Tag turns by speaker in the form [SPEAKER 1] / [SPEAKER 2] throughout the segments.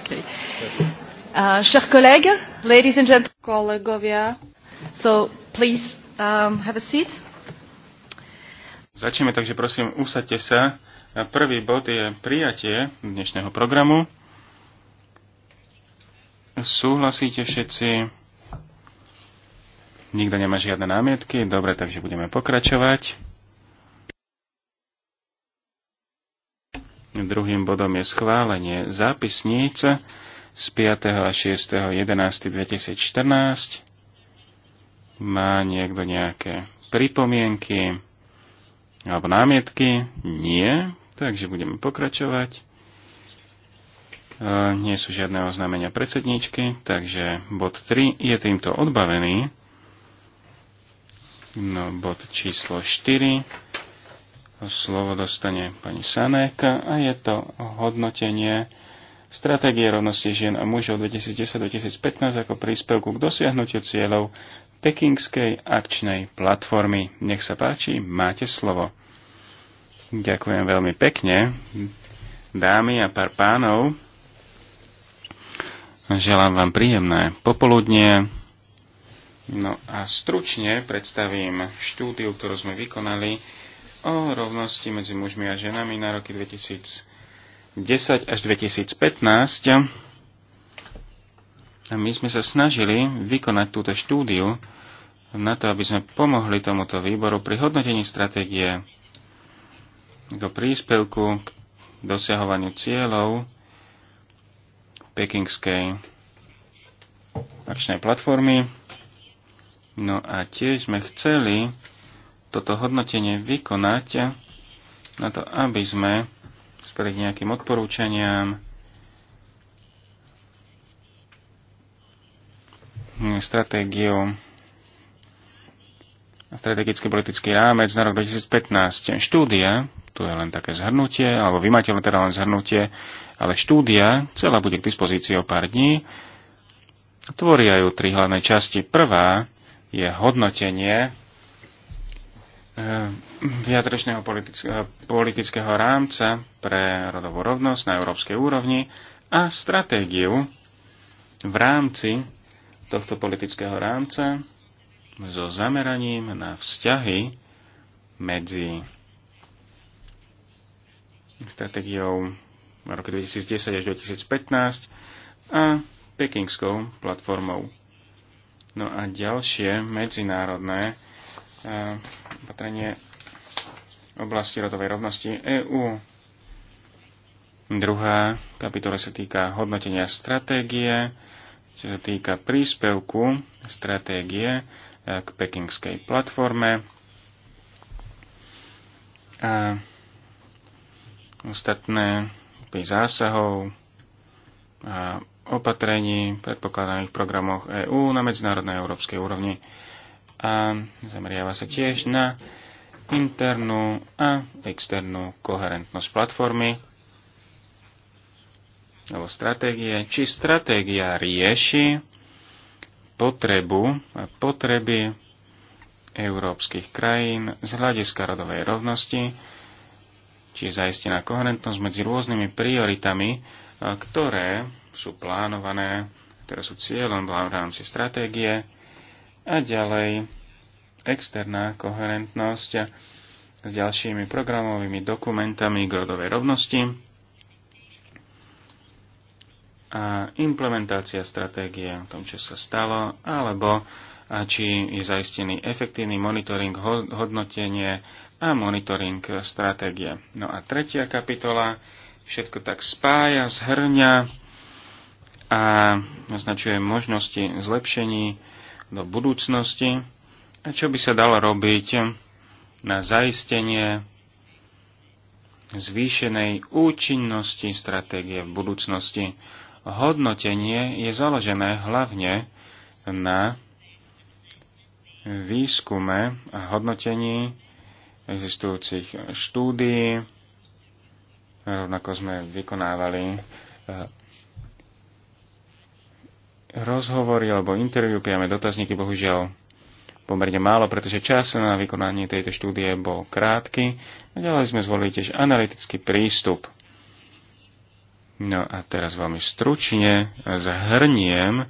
[SPEAKER 1] Okay. Uh, collègues, ladies and gentlemen, kolegovia, so please um, have a seat.
[SPEAKER 2] Začneme, takže prosím, usadte sa. Prvý bod je prijatie dnešného programu. Súhlasíte všetci? Nikto nemá žiadne námietky? Dobre, takže budeme pokračovať. Druhým bodom je schválenie zápisníc z 5. a 6. 11. 2014. Má niekto nejaké pripomienky alebo námietky? Nie. Takže budeme pokračovať. E, nie sú žiadne oznámenia predsedničky, takže bod 3 je týmto odbavený. No, bod číslo 4 slovo dostane pani Sanek a je to hodnotenie stratégie rovnosti žien a mužov 2010-2015 ako príspevku k dosiahnutiu cieľov Pekingskej akčnej platformy. Nech sa páči, máte slovo. Ďakujem veľmi pekne, dámy a pár pánov. Želám vám príjemné popoludnie. No a stručne predstavím štúdiu, ktorú sme vykonali o rovnosti medzi mužmi a ženami na roky 2010 až 2015. A my sme sa snažili vykonať túto štúdiu na to, aby sme pomohli tomuto výboru pri hodnotení stratégie do príspevku k dosahovaniu cieľov pekingskej akčnej platformy. No a tiež sme chceli toto hodnotenie vykonať na to, aby sme speli k nejakým odporúčaniam, stratégiu a strategický politický rámec na rok 2015. Štúdia, tu je len také zhrnutie, alebo vy máte len teda len zhrnutie, ale štúdia celá bude k dispozícii o pár dní. Tvoria ju tri hlavné časti. Prvá je hodnotenie Eh, viacročného eh, politického rámca pre rodovú rovnosť na európskej úrovni a stratégiu v rámci tohto politického rámca so zameraním na vzťahy medzi stratégiou roku 2010 až 2015 a pekingskou platformou. No a ďalšie medzinárodné E, opatrenie oblasti rodovej rovnosti EÚ. Druhá kapitola sa týka hodnotenia stratégie, čo sa týka príspevku stratégie e, k pekingskej platforme. A ostatné pri zásahov a opatrení predpokladaných v programoch EÚ na medzinárodnej európskej úrovni a zameriava sa tiež na internú a externú koherentnosť platformy alebo stratégie, či stratégia rieši potrebu a potreby európskych krajín z hľadiska rodovej rovnosti, či je zaistená koherentnosť medzi rôznymi prioritami, ktoré sú plánované, ktoré sú cieľom v rámci stratégie, a ďalej externá koherentnosť s ďalšími programovými dokumentami k rodovej rovnosti a implementácia stratégie o tom, čo sa stalo, alebo a či je zaistený efektívny monitoring, hodnotenie a monitoring stratégie. No a tretia kapitola všetko tak spája, zhrňa a označuje možnosti zlepšení do budúcnosti a čo by sa dalo robiť na zaistenie zvýšenej účinnosti stratégie v budúcnosti. Hodnotenie je založené hlavne na výskume a hodnotení existujúcich štúdií. Rovnako sme vykonávali eh, rozhovory alebo interviu, priame dotazníky, bohužiaľ pomerne málo, pretože čas na vykonanie tejto štúdie bol krátky a ďalej sme zvolili tiež analytický prístup. No a teraz veľmi stručne zhrniem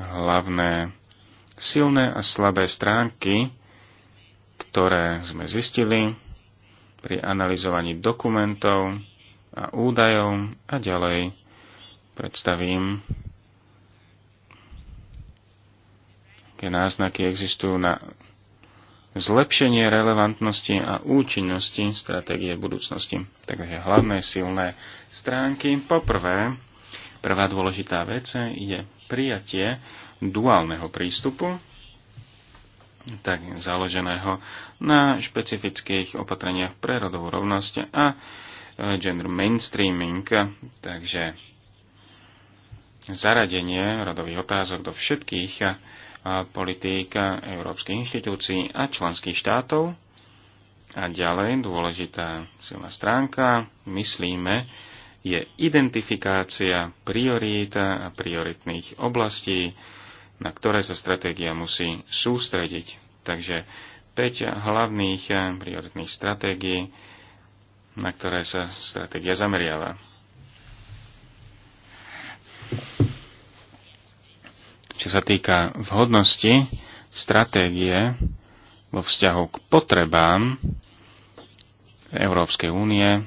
[SPEAKER 2] hlavné silné a slabé stránky, ktoré sme zistili pri analyzovaní dokumentov a údajov a ďalej predstavím aké náznaky existujú na zlepšenie relevantnosti a účinnosti stratégie budúcnosti. Takže hlavné silné stránky. Poprvé, prvá dôležitá vec je prijatie duálneho prístupu, tak založeného na špecifických opatreniach pre rodovú rovnosť a e, gender mainstreaming, takže zaradenie rodových otázok do všetkých e, politík európskych inštitúcií a členských štátov. A ďalej dôležitá silná stránka, myslíme, je identifikácia priorít a prioritných oblastí, na ktoré sa stratégia musí sústrediť. Takže 5 hlavných prioritných stratégií, na ktoré sa stratégia zameriava. Čo sa týka vhodnosti stratégie vo vzťahu k potrebám Európskej únie,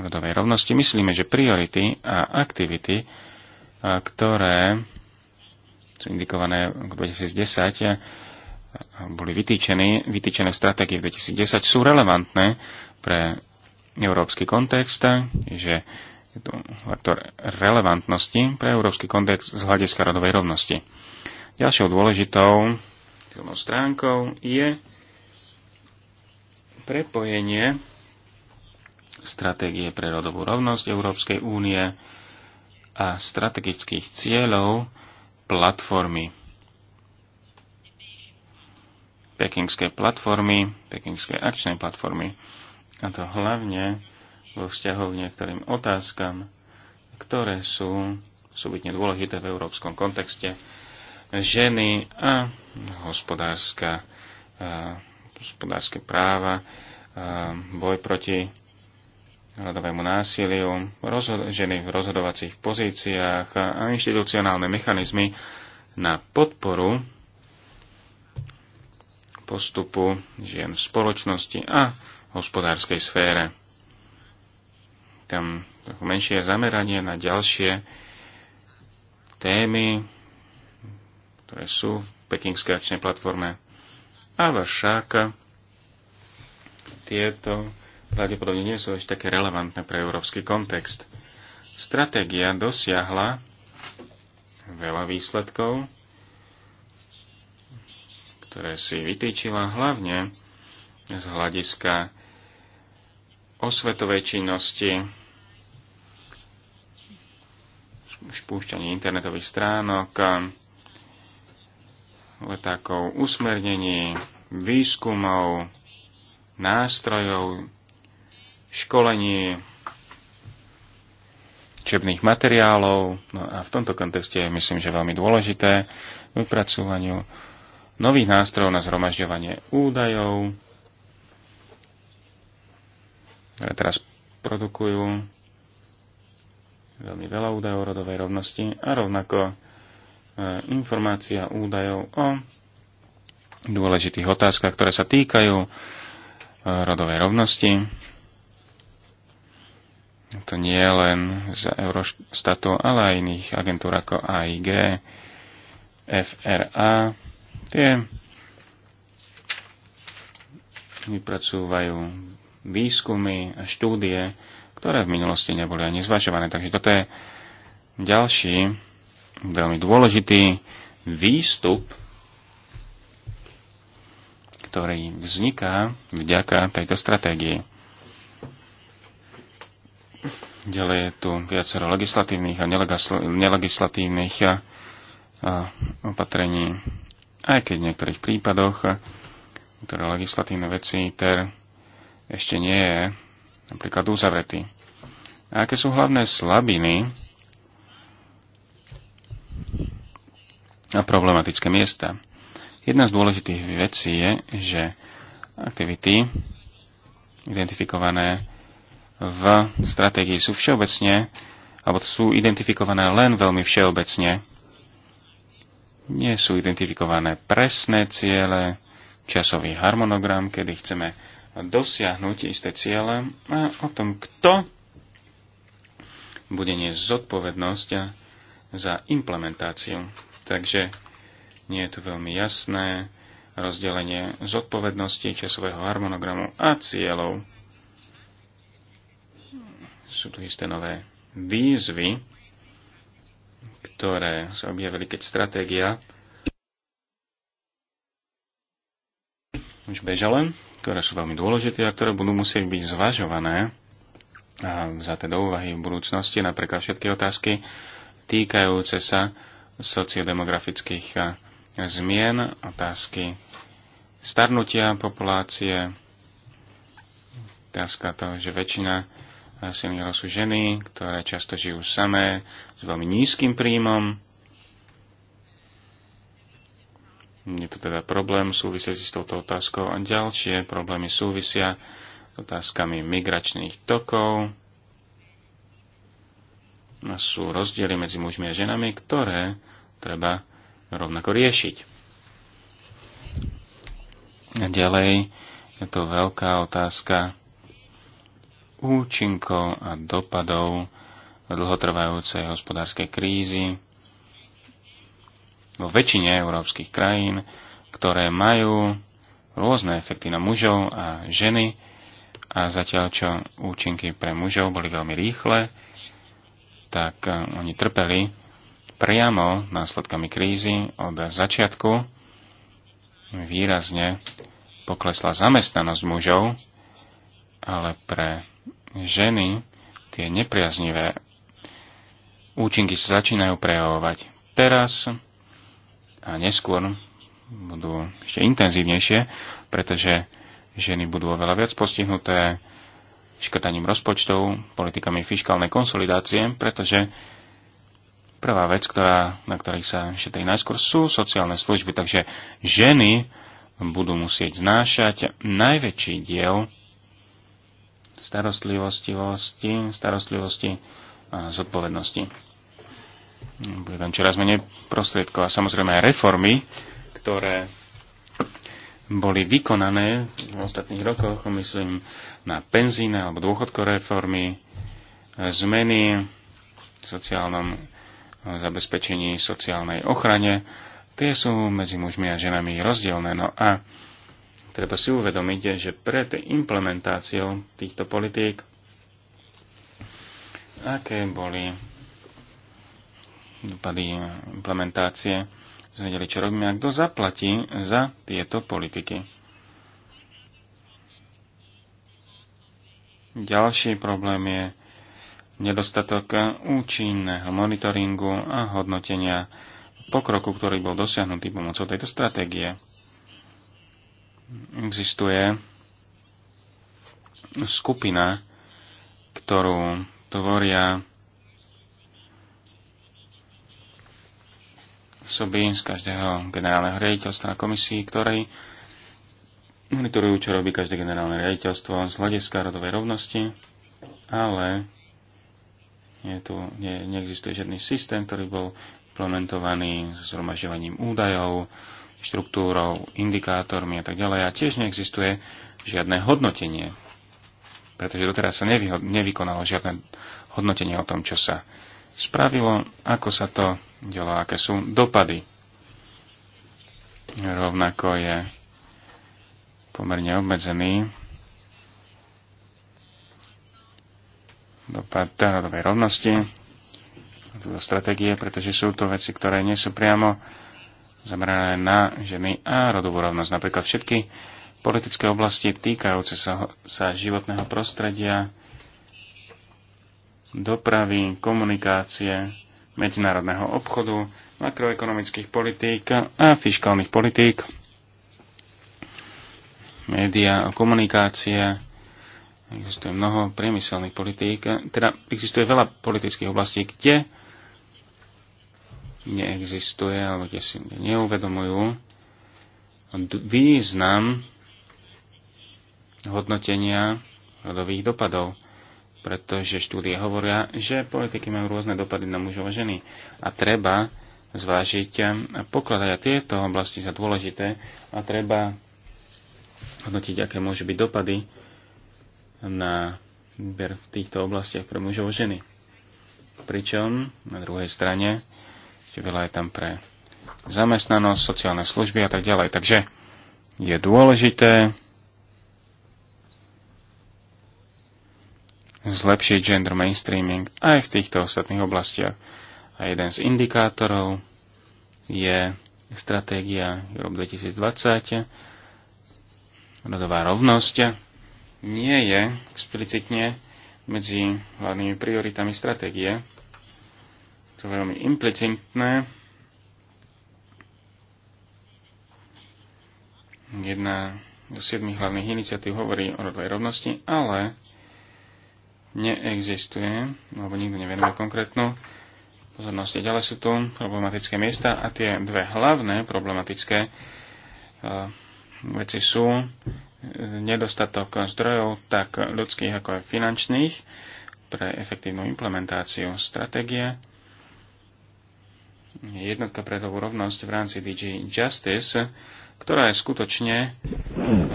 [SPEAKER 2] rodovej rovnosti, myslíme, že priority a aktivity, ktoré sú indikované v 2010, boli vytýčené, vytýčené v stratégii v 2010, sú relevantné pre európsky kontext, že je tu faktor relevantnosti pre Európsky kontext z hľadiska rodovej rovnosti. Ďalšou dôležitou stránkou je prepojenie stratégie pre rodovú rovnosť Európskej únie a strategických cieľov platformy. Pekingskej platformy, pekingskej akčnej platformy. A to hlavne vo vzťahu k niektorým otázkam, ktoré sú súbytne dôležité v európskom kontexte. Ženy a hospodárska, hospodárske práva, boj proti rodovému násiliu, ženy v rozhodovacích pozíciách a, a inštitucionálne mechanizmy na podporu postupu žien v spoločnosti a hospodárskej sfére tam trochu menšie zameranie na ďalšie témy, ktoré sú v pekingskej akčnej platforme. A však tieto pravdepodobne nie sú ešte také relevantné pre európsky kontext. Stratégia dosiahla veľa výsledkov, ktoré si vytýčila hlavne z hľadiska osvetovej činnosti, spúšťanie internetových stránok, letákov usmernení, výskumov, nástrojov, školení, učebných materiálov no a v tomto kontexte je myslím, že veľmi dôležité vypracovaniu nových nástrojov na zhromažďovanie údajov, ktoré teraz produkujú veľmi veľa údajov o rodovej rovnosti a rovnako e, informácia údajov o dôležitých otázkach, ktoré sa týkajú e, rodovej rovnosti. To nie je len z Eurostatu, ale aj iných agentúr ako AIG, FRA. Tie vypracúvajú výskumy a štúdie, ktoré v minulosti neboli ani zvažované. Takže toto je ďalší veľmi dôležitý výstup, ktorý vzniká vďaka tejto stratégii. Ďalej je tu viacero legislatívnych a nelegislatívnych opatrení, aj keď v niektorých prípadoch, ktoré legislatívne veci ter ešte nie je napríklad uzavretý. A aké sú hlavné slabiny a problematické miesta? Jedna z dôležitých vecí je, že aktivity identifikované v stratégii sú všeobecne, alebo sú identifikované len veľmi všeobecne. Nie sú identifikované presné ciele, časový harmonogram, kedy chceme dosiahnuť isté ciele a o tom, kto bude niesť zodpovednosť za implementáciu. Takže nie je tu veľmi jasné rozdelenie zodpovednosti časového harmonogramu a cieľov. Sú tu isté nové výzvy, ktoré sa objavili, keď stratégia už beža len ktoré sú veľmi dôležité a ktoré budú musieť byť zvažované a tie do úvahy v budúcnosti, napríklad všetky otázky týkajúce sa sociodemografických zmien, otázky starnutia populácie, otázka toho, že väčšina seniorov sú ženy, ktoré často žijú samé, s veľmi nízkym príjmom, Je to teda problém súvisiaci s touto otázkou a ďalšie problémy súvisia s otázkami migračných tokov. A sú rozdiely medzi mužmi a ženami, ktoré treba rovnako riešiť. A ďalej je to veľká otázka účinkov a dopadov dlhotrvajúcej hospodárskej krízy, vo väčšine európskych krajín, ktoré majú rôzne efekty na mužov a ženy a zatiaľ čo účinky pre mužov boli veľmi rýchle, tak eh, oni trpeli priamo následkami krízy od začiatku výrazne poklesla zamestnanosť mužov, ale pre ženy tie nepriaznivé účinky sa začínajú prejavovať. Teraz a neskôr budú ešte intenzívnejšie, pretože ženy budú oveľa viac postihnuté škrtaním rozpočtov, politikami fiskálnej konsolidácie, pretože prvá vec, ktorá, na ktorých sa šetrí najskôr, sú sociálne služby. Takže ženy budú musieť znášať najväčší diel starostlivosti, starostlivosti a zodpovednosti bude tam čoraz menej prostriedkov a samozrejme aj reformy, ktoré boli vykonané v ostatných rokoch, myslím na penzíne alebo dôchodkové reformy, zmeny v sociálnom zabezpečení, sociálnej ochrane, tie sú medzi mužmi a ženami rozdielne. No a treba si uvedomiť, že pred implementáciou týchto politík, aké boli dopady implementácie, sme vedeli, čo robíme a kto zaplatí za tieto politiky. Ďalší problém je nedostatok účinného monitoringu a hodnotenia pokroku, ktorý bol dosiahnutý pomocou tejto stratégie. Existuje skupina, ktorú tvoria osoby z každého generálneho riaditeľstva na komisii, ktorej monitorujú, čo robí každé generálne riaditeľstvo z hľadiska rodovej rovnosti, ale je tu, nie, neexistuje žiadny systém, ktorý bol implementovaný s zhromažďovaním údajov, štruktúrou, indikátormi a tak ďalej. A tiež neexistuje žiadne hodnotenie, pretože doteraz sa nevyho- nevykonalo žiadne hodnotenie o tom, čo sa spravilo, ako sa to vedelo, aké sú dopady. Rovnako je pomerne obmedzený dopad národovej rovnosti, do stratégie, pretože sú to veci, ktoré nie sú priamo zamerané na ženy a rodovú rovnosť. Napríklad všetky politické oblasti týkajúce sa, sa životného prostredia, dopravy, komunikácie, medzinárodného obchodu, makroekonomických politík a fiskálnych politík, média a komunikácie, existuje mnoho priemyselných politík, teda existuje veľa politických oblastí, kde neexistuje alebo kde si neuvedomujú význam hodnotenia rodových dopadov pretože štúdie hovoria, že politiky majú rôzne dopady na mužov a ženy a treba zvážiť a pokladať a tieto oblasti za dôležité a treba hodnotiť, aké môžu byť dopady na výber v týchto oblastiach pre mužov a ženy. Pričom na druhej strane že veľa je tam pre zamestnanosť, sociálne služby a tak ďalej. Takže je dôležité zlepšiť gender mainstreaming aj v týchto ostatných oblastiach. A jeden z indikátorov je stratégia Europe 2020, rodová rovnosť, nie je explicitne medzi hlavnými prioritami stratégie. To je veľmi implicitné. Jedna z siedmých hlavných iniciatív hovorí o rodovej rovnosti, ale neexistuje, alebo nikto nevenuje konkrétnu pozornosť. Ďalej sú tu problematické miesta a tie dve hlavné problematické e, veci sú e, nedostatok zdrojov, tak ľudských ako aj finančných, pre efektívnu implementáciu stratégie. Jednotka pre dobu rovnosť v rámci DG Justice, ktorá je skutočne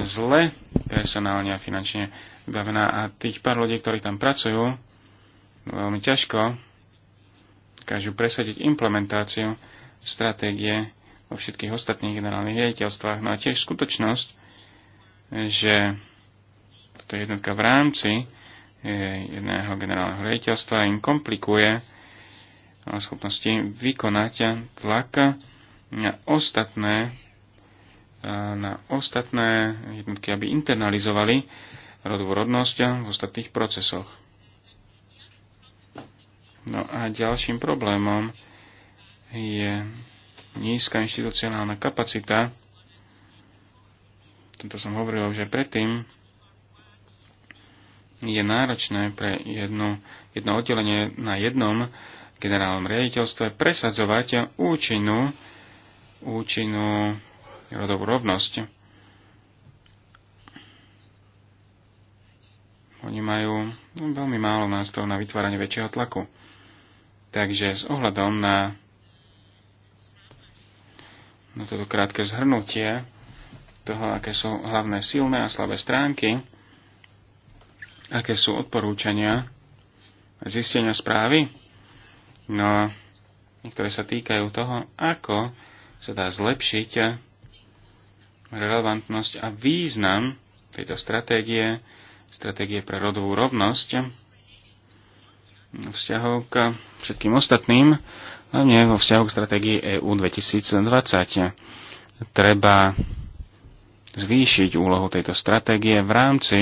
[SPEAKER 2] zle personálne a finančne vybavená a tých pár ľudí, ktorí tam pracujú, veľmi ťažko dokážu presadiť implementáciu stratégie vo všetkých ostatných generálnych riaditeľstvách. No a tiež skutočnosť, že toto je jednotka v rámci e, jedného generálneho riaditeľstva im komplikuje e, schopnosti vykonať tlak na ostatné, e, na ostatné jednotky, aby internalizovali rodovú rodnosť v ostatných procesoch. No a ďalším problémom je nízka inštitucionálna kapacita. Toto som hovoril už aj predtým. Je náročné pre jednu, jedno oddelenie na jednom generálnom riaditeľstve presadzovať účinnú, účinnú rodovú rovnosť. Oni majú no, veľmi málo nástrojov na vytváranie väčšieho tlaku. Takže s ohľadom na, na toto krátke zhrnutie toho, aké sú hlavné silné a slabé stránky, aké sú odporúčania a zistenia správy, no niektoré sa týkajú toho, ako sa dá zlepšiť relevantnosť a význam tejto stratégie stratégie pre rodovú rovnosť vzťahov k všetkým ostatným, hlavne vo vzťahu k stratégii EU 2020. Treba zvýšiť úlohu tejto stratégie v rámci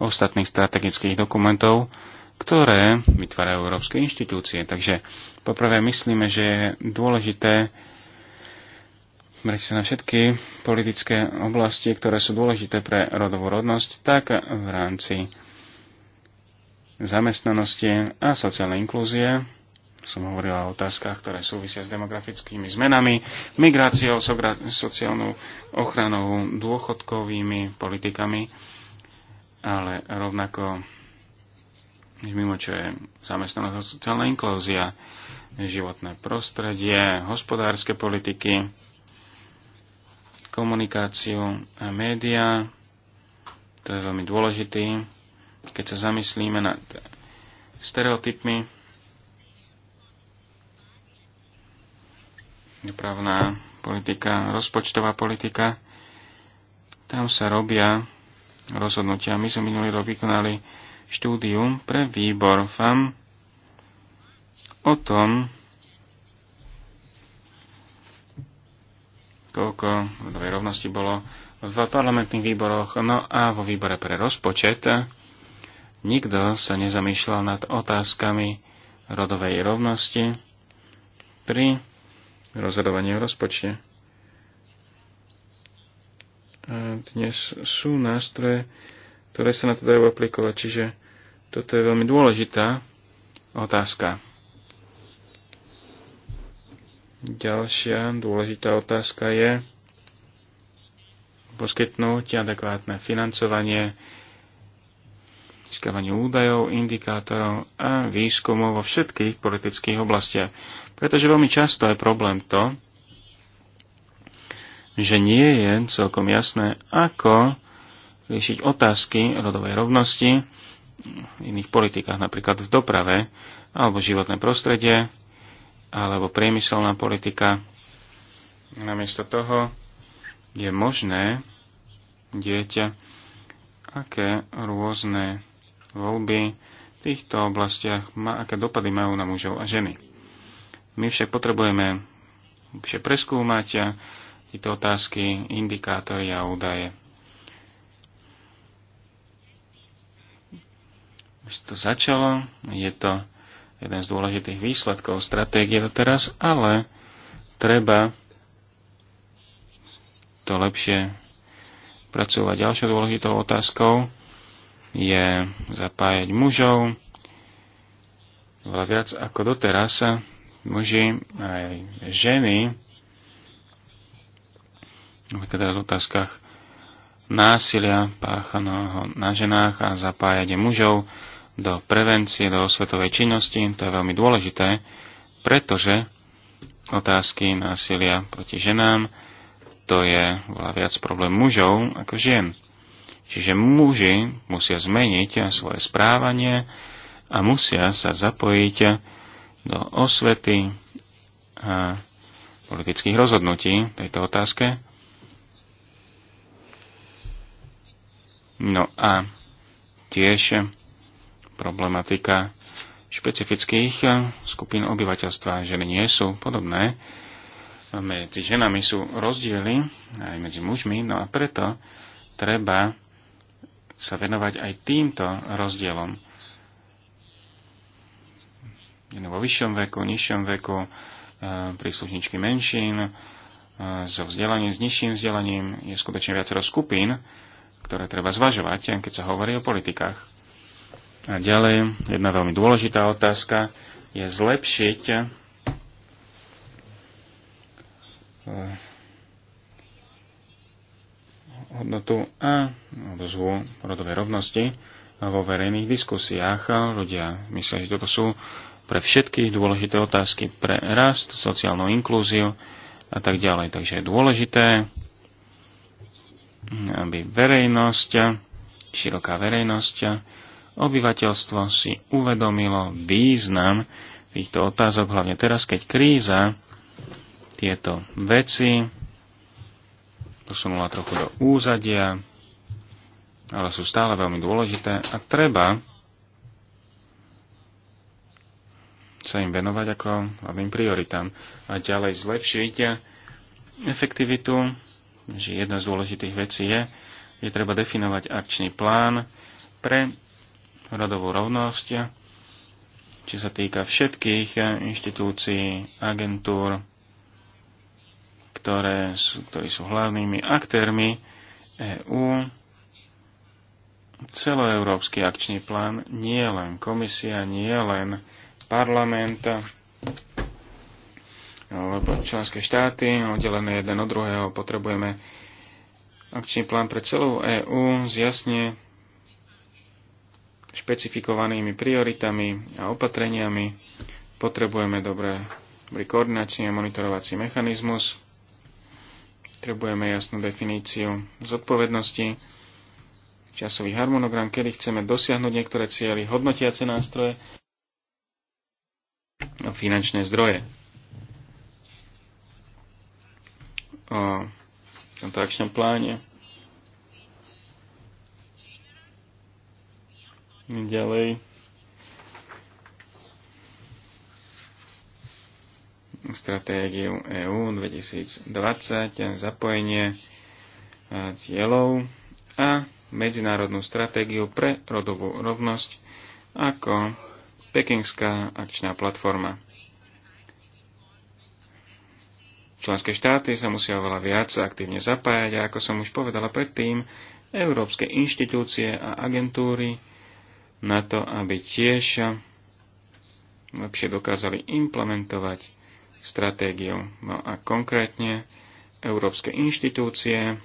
[SPEAKER 2] ostatných strategických dokumentov, ktoré vytvárajú európske inštitúcie. Takže poprvé myslíme, že je dôležité brať sa na všetky politické oblasti, ktoré sú dôležité pre rodovú rodnosť, tak v rámci zamestnanosti a sociálnej inklúzie. Som hovorila o otázkach, ktoré súvisia s demografickými zmenami, migráciou, sociálnou ochranou, dôchodkovými politikami, ale rovnako mimo čo je zamestnanosť sociálna inklúzia, životné prostredie, hospodárske politiky, komunikáciu a médiá. To je veľmi dôležitý. Keď sa zamyslíme nad stereotypmi, dopravná politika, rozpočtová politika, tam sa robia rozhodnutia. My sme minulý rok vykonali štúdium pre výbor FAM o tom, koľko rodovej rovnosti bolo v parlamentných výboroch, no a vo výbore pre rozpočet. Nikto sa nezamýšľal nad otázkami rodovej rovnosti pri rozhodovaní o rozpočte. A dnes sú nástroje, ktoré sa na to dajú aplikovať, čiže toto je veľmi dôležitá otázka. Ďalšia dôležitá otázka je poskytnúť adekvátne financovanie, získavanie údajov, indikátorov a výskumov vo všetkých politických oblastiach. Pretože veľmi často je problém to, že nie je celkom jasné, ako riešiť otázky rodovej rovnosti v iných politikách, napríklad v doprave alebo životné prostredie, alebo priemyselná politika. Namiesto toho je možné dieťa, aké rôzne voľby v týchto oblastiach, má, aké dopady majú na mužov a ženy. My však potrebujeme lepšie preskúmať tieto otázky, indikátory a údaje. Už to začalo, je to jeden z dôležitých výsledkov stratégie doteraz, ale treba to lepšie pracovať. Ďalšou dôležitou otázkou je zapájať mužov. Veľa viac ako doteraz muži aj ženy, napríklad teraz v otázkach násilia páchaného na ženách a zapájať mužov do prevencie, do osvetovej činnosti. To je veľmi dôležité, pretože otázky násilia proti ženám, to je veľa viac problém mužov ako žien. Čiže muži musia zmeniť svoje správanie a musia sa zapojiť do osvety a politických rozhodnutí tejto otázke. No a tiež problematika špecifických eh, skupín obyvateľstva. Ženy nie sú podobné. Medzi ženami sú rozdiely aj medzi mužmi, no a preto treba sa venovať aj týmto rozdielom. Jedno vo vyššom veku, nižšom veku, eh, príslušničky menšín, eh, so vzdelaním, s nižším vzdelaním je skutočne viacero skupín, ktoré treba zvažovať, keď sa hovorí o politikách. A ďalej, jedna veľmi dôležitá otázka je zlepšiť eh, hodnotu a odozvu rodovej rovnosti vo verejných diskusiách. Ľudia myslia, že toto sú pre všetky dôležité otázky pre rast, sociálnu inklúziu a tak ďalej. Takže je dôležité, eh, aby verejnosť, široká verejnosť obyvateľstvo si uvedomilo význam týchto otázok, hlavne teraz, keď kríza tieto veci posunula trochu do úzadia, ale sú stále veľmi dôležité a treba sa im venovať ako hlavným prioritám a ďalej zlepšiť efektivitu, že jedna z dôležitých vecí je, že treba definovať akčný plán pre radovú rovnosť, čo sa týka všetkých inštitúcií, agentúr, ktoré sú, ktorí sú hlavnými aktérmi EÚ. Celoeurópsky akčný plán nie len komisia, nie len parlament, alebo členské štáty, oddelené jeden od druhého, potrebujeme akčný plán pre celú EÚ s jasne špecifikovanými prioritami a opatreniami. Potrebujeme dobré, dobrý koordinačný a monitorovací mechanizmus. Potrebujeme jasnú definíciu zodpovednosti, časový harmonogram, kedy chceme dosiahnuť niektoré cieľy, hodnotiace nástroje a finančné zdroje. O tomto akčnom pláne Ďalej. stratégiu EÚ 2020, zapojenie cieľov a medzinárodnú stratégiu pre rodovú rovnosť ako Pekingská akčná platforma. Členské štáty sa musia oveľa viac aktívne zapájať a ako som už povedala predtým, európske inštitúcie a agentúry na to, aby tiež lepšie dokázali implementovať stratégiu. No a konkrétne európske inštitúcie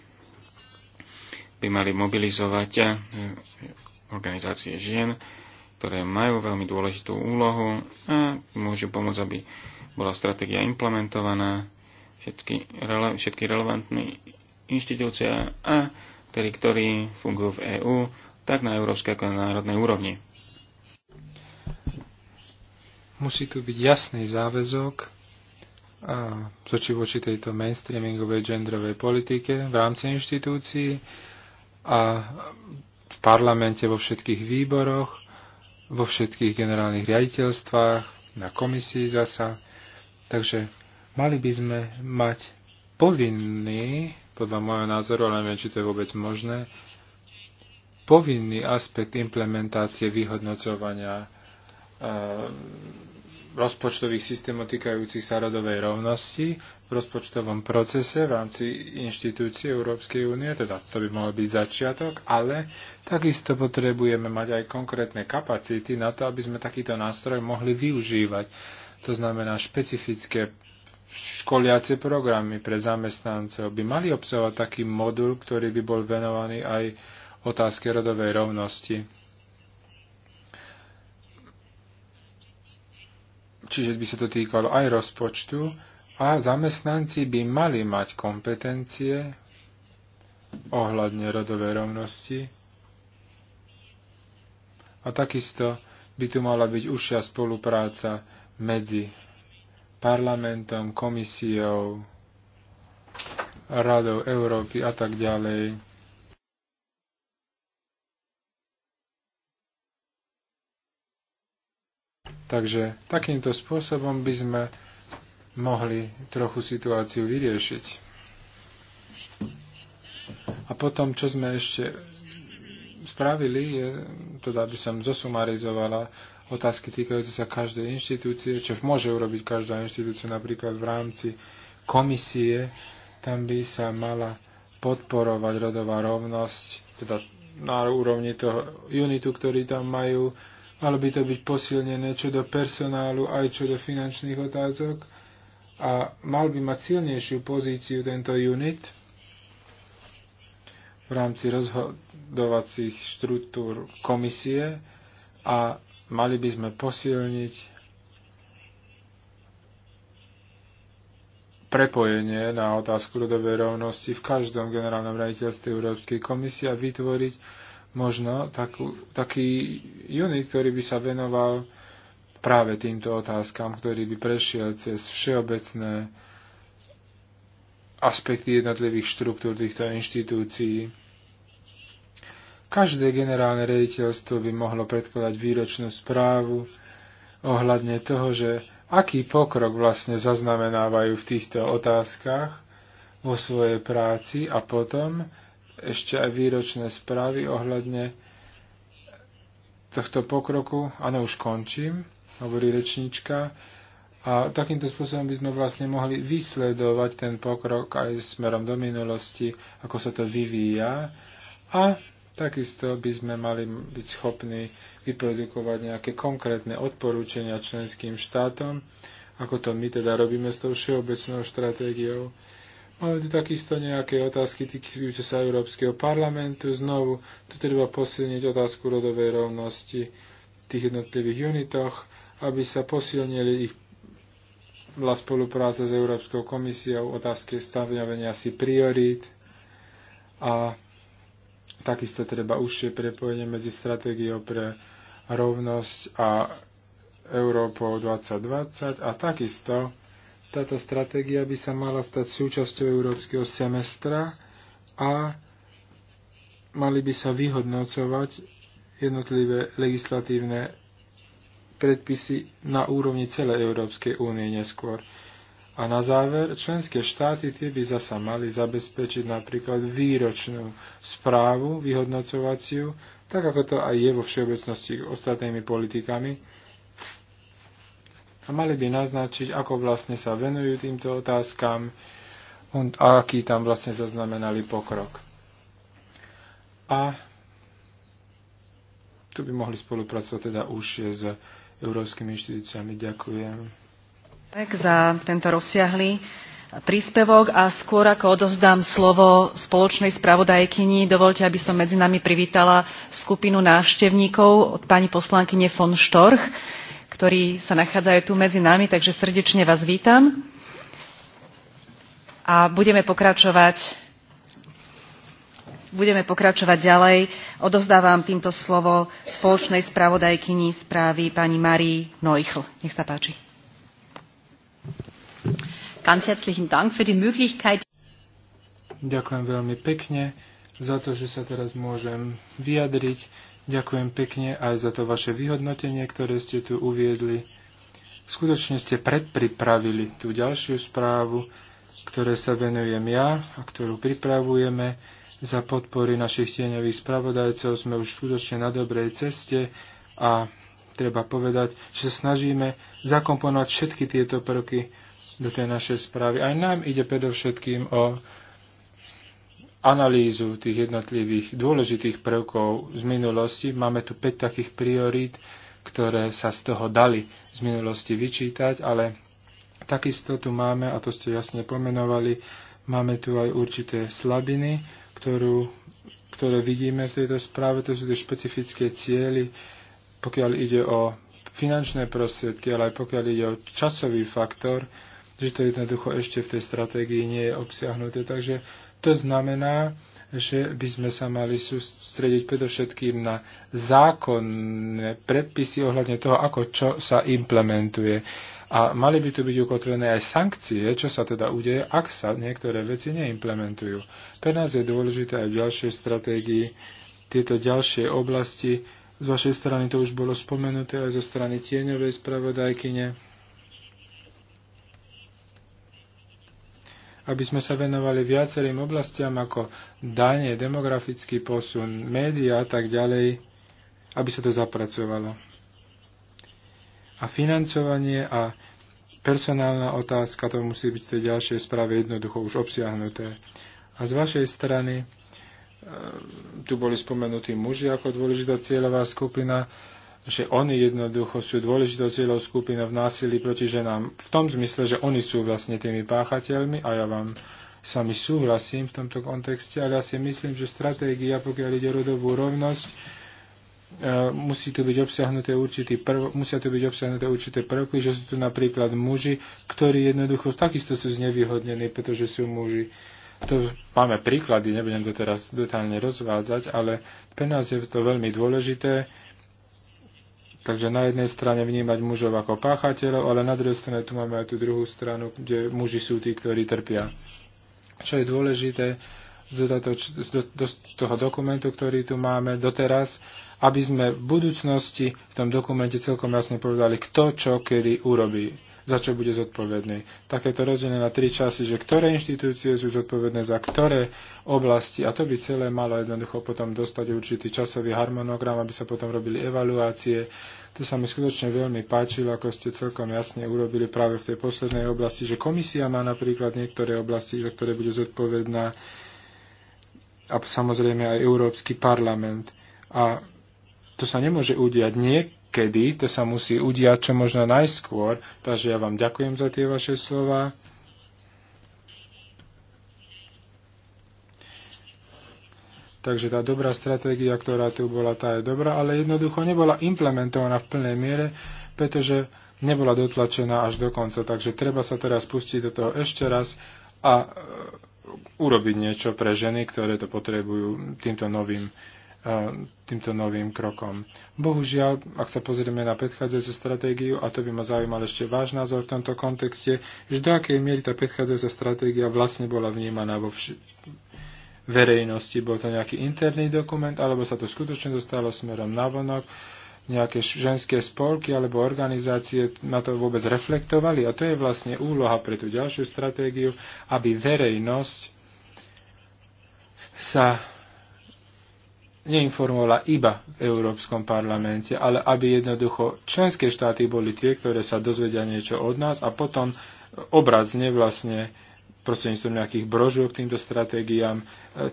[SPEAKER 2] by mali mobilizovať eh, organizácie žien, ktoré majú veľmi dôležitú úlohu a môžu pomôcť, aby bola stratégia implementovaná, všetky, rele, všetky relevantné inštitúcie a ktorí, ktorí fungujú v EÚ, tak na európskej ako na národnej úrovni.
[SPEAKER 3] Musí tu byť jasný záväzok zoči voči tejto mainstreamingovej genderovej politike v rámci inštitúcií a v parlamente vo všetkých výboroch, vo všetkých generálnych riaditeľstvách, na komisii zasa. Takže mali by sme mať povinný, podľa môjho názoru, ale neviem, či to je vôbec možné, povinný aspekt implementácie vyhodnocovania e, rozpočtových systémov týkajúcich sa rodovej rovnosti v rozpočtovom procese v rámci inštitúcie Európskej únie, teda to by mohol byť začiatok, ale takisto potrebujeme mať aj konkrétne kapacity na to, aby sme takýto nástroj mohli využívať. To znamená špecifické školiace programy pre zamestnancov by mali obsahovať taký modul, ktorý by bol venovaný aj otázke rodovej rovnosti. Čiže by sa to týkalo aj rozpočtu a zamestnanci by mali mať kompetencie ohľadne rodovej rovnosti. A takisto by tu mala byť užšia spolupráca medzi parlamentom, komisiou, Radou Európy a tak ďalej. Takže takýmto spôsobom by sme mohli trochu situáciu vyriešiť. A potom, čo sme ešte spravili, je, teda by som zosumarizovala otázky týkajúce sa každej inštitúcie, čo môže urobiť každá inštitúcia napríklad v rámci komisie, tam by sa mala podporovať rodová rovnosť, teda na úrovni toho unitu, ktorý tam majú, Malo by to byť posilnené čo do personálu, aj čo do finančných otázok a mal by mať silnejšiu pozíciu tento unit v rámci rozhodovacích štruktúr komisie a mali by sme posilniť prepojenie na otázku rodovej rovnosti v každom generálnom raditeľstve Európskej komisie a vytvoriť možno takú, taký unit, ktorý by sa venoval práve týmto otázkam, ktorý by prešiel cez všeobecné aspekty jednotlivých štruktúr týchto inštitúcií. Každé generálne rediteľstvo by mohlo predkladať výročnú správu ohľadne toho, že aký pokrok vlastne zaznamenávajú v týchto otázkach vo svojej práci a potom ešte aj výročné správy ohľadne tohto pokroku. Áno, už končím, hovorí rečnička. A takýmto spôsobom by sme vlastne mohli vysledovať ten pokrok aj smerom do minulosti, ako sa to vyvíja. A takisto by sme mali byť schopní vyprodukovať nejaké konkrétne odporúčania členským štátom, ako to my teda robíme s tou všeobecnou stratégiou Máme tu takisto nejaké otázky týkajúce sa Európskeho parlamentu. Znovu, tu treba posilniť otázku rodovej rovnosti v tých jednotlivých unitoch, aby sa posilnili ich bola spolupráca s Európskou komisiou, otázky stavňovania si priorít a takisto treba užšie prepojenie medzi stratégiou pre rovnosť a Európou 2020 a takisto táto stratégia by sa mala stať súčasťou európskeho semestra a mali by sa vyhodnocovať jednotlivé legislatívne predpisy na úrovni celej Európskej únie neskôr. A na záver, členské štáty tie by zasa mali zabezpečiť napríklad výročnú správu, vyhodnocovaciu, tak ako to aj je vo všeobecnosti ostatnými politikami, a mali by naznačiť, ako vlastne sa venujú týmto otázkam a aký tam vlastne zaznamenali pokrok. A tu by mohli spolupracovať teda už s európskymi inštitúciami. Ďakujem.
[SPEAKER 1] Tak za tento rozsiahly príspevok a skôr ako odovzdám slovo spoločnej spravodajkyni, dovolte, aby som medzi nami privítala skupinu návštevníkov od pani poslankyne von Štorch ktorí sa nachádzajú tu medzi nami, takže srdečne vás vítam. A budeme pokračovať budeme pokračovať ďalej. Odozdávam týmto slovo spoločnej spravodajkyni správy pani Marii Neuchl. Nech sa páči. Ganz herzlichen Dank für die Möglichkeit.
[SPEAKER 3] Ďakujem veľmi pekne za to, že sa teraz môžem vyjadriť Ďakujem pekne aj za to vaše vyhodnotenie, ktoré ste tu uviedli. Skutočne ste predpripravili tú ďalšiu správu, ktoré sa venujem ja a ktorú pripravujeme. Za podpory našich tieňových spravodajcov sme už skutočne na dobrej ceste a treba povedať, že snažíme zakomponovať všetky tieto prvky do tej našej správy. Aj nám ide predovšetkým o analýzu tých jednotlivých dôležitých prvkov z minulosti. Máme tu 5 takých priorít, ktoré sa z toho dali z minulosti vyčítať, ale takisto tu máme, a to ste jasne pomenovali, máme tu aj určité slabiny, ktorú, ktoré vidíme v tejto správe. To sú tie špecifické cieľy, pokiaľ ide o finančné prostriedky, ale aj pokiaľ ide o časový faktor, že to jednoducho ešte v tej stratégii nie je obsiahnuté. Takže to znamená, že by sme sa mali sústrediť predovšetkým na zákonné predpisy ohľadne toho, ako čo sa implementuje. A mali by tu byť ukotvené aj sankcie, čo sa teda udeje, ak sa niektoré veci neimplementujú. Pre nás je dôležité aj v ďalšej stratégii tieto ďalšie oblasti. Z vašej strany to už bolo spomenuté aj zo strany tieňovej spravodajkyne aby sme sa venovali viacerým oblastiam ako dane, demografický posun, média a tak ďalej, aby sa to zapracovalo. A financovanie a personálna otázka, to musí byť v tej ďalšej správe jednoducho už obsiahnuté. A z vašej strany, e, tu boli spomenutí muži ako dôležitá cieľová skupina, že oni jednoducho sú dôležitou cieľou skupina v násilí proti ženám. V tom zmysle, že oni sú vlastne tými páchateľmi a ja vám s vami súhlasím v tomto kontexte, ale ja si myslím, že stratégia, pokiaľ ide o rodovú rovnosť, e, musí tu byť obsiahnuté určité prv, musia tu byť obsiahnuté určité prvky, že sú tu napríklad muži, ktorí jednoducho takisto sú znevýhodnení, pretože sú muži. To máme príklady, nebudem to teraz detálne rozvádzať, ale pre nás je to veľmi dôležité, Takže na jednej strane vnímať mužov ako páchateľov, ale na druhej strane tu máme aj tú druhú stranu, kde muži sú tí, ktorí trpia. Čo je dôležité z, toho dokumentu, ktorý tu máme doteraz, aby sme v budúcnosti v tom dokumente celkom jasne povedali, kto čo kedy urobí za čo bude zodpovedný. Takéto rozdelené na tri časy, že ktoré inštitúcie sú zodpovedné za ktoré oblasti a to by celé malo jednoducho potom dostať určitý časový harmonogram, aby sa potom robili evaluácie. To sa mi skutočne veľmi páčilo, ako ste celkom jasne urobili práve v tej poslednej oblasti, že komisia má napríklad niektoré oblasti, za ktoré bude zodpovedná a samozrejme aj Európsky parlament. A to sa nemôže udiať. Nie, kedy, to sa musí udiať čo možno najskôr, takže ja vám ďakujem za tie vaše slova. Takže tá dobrá stratégia, ktorá tu bola, tá je dobrá, ale jednoducho nebola implementovaná v plnej miere, pretože nebola dotlačená až do konca. Takže treba sa teraz pustiť do toho ešte raz a e, urobiť niečo pre ženy, ktoré to potrebujú týmto novým týmto novým krokom. Bohužiaľ, ak sa pozrieme na predchádzajúcu stratégiu, a to by ma zaujímal ešte váš názor v tomto kontexte, že do akej miery tá predchádzajúca stratégia vlastne bola vnímaná vo vš- verejnosti. Bol to nejaký interný dokument, alebo sa to skutočne dostalo smerom na vonok, nejaké ženské spolky alebo organizácie na to vôbec reflektovali. A to je vlastne úloha pre tú ďalšiu stratégiu, aby verejnosť sa neinformovala iba v Európskom parlamente, ale aby jednoducho členské štáty boli tie, ktoré sa dozvedia niečo od nás a potom obrazne vlastne prostredníctvom nejakých brožúk týmto stratégiám e,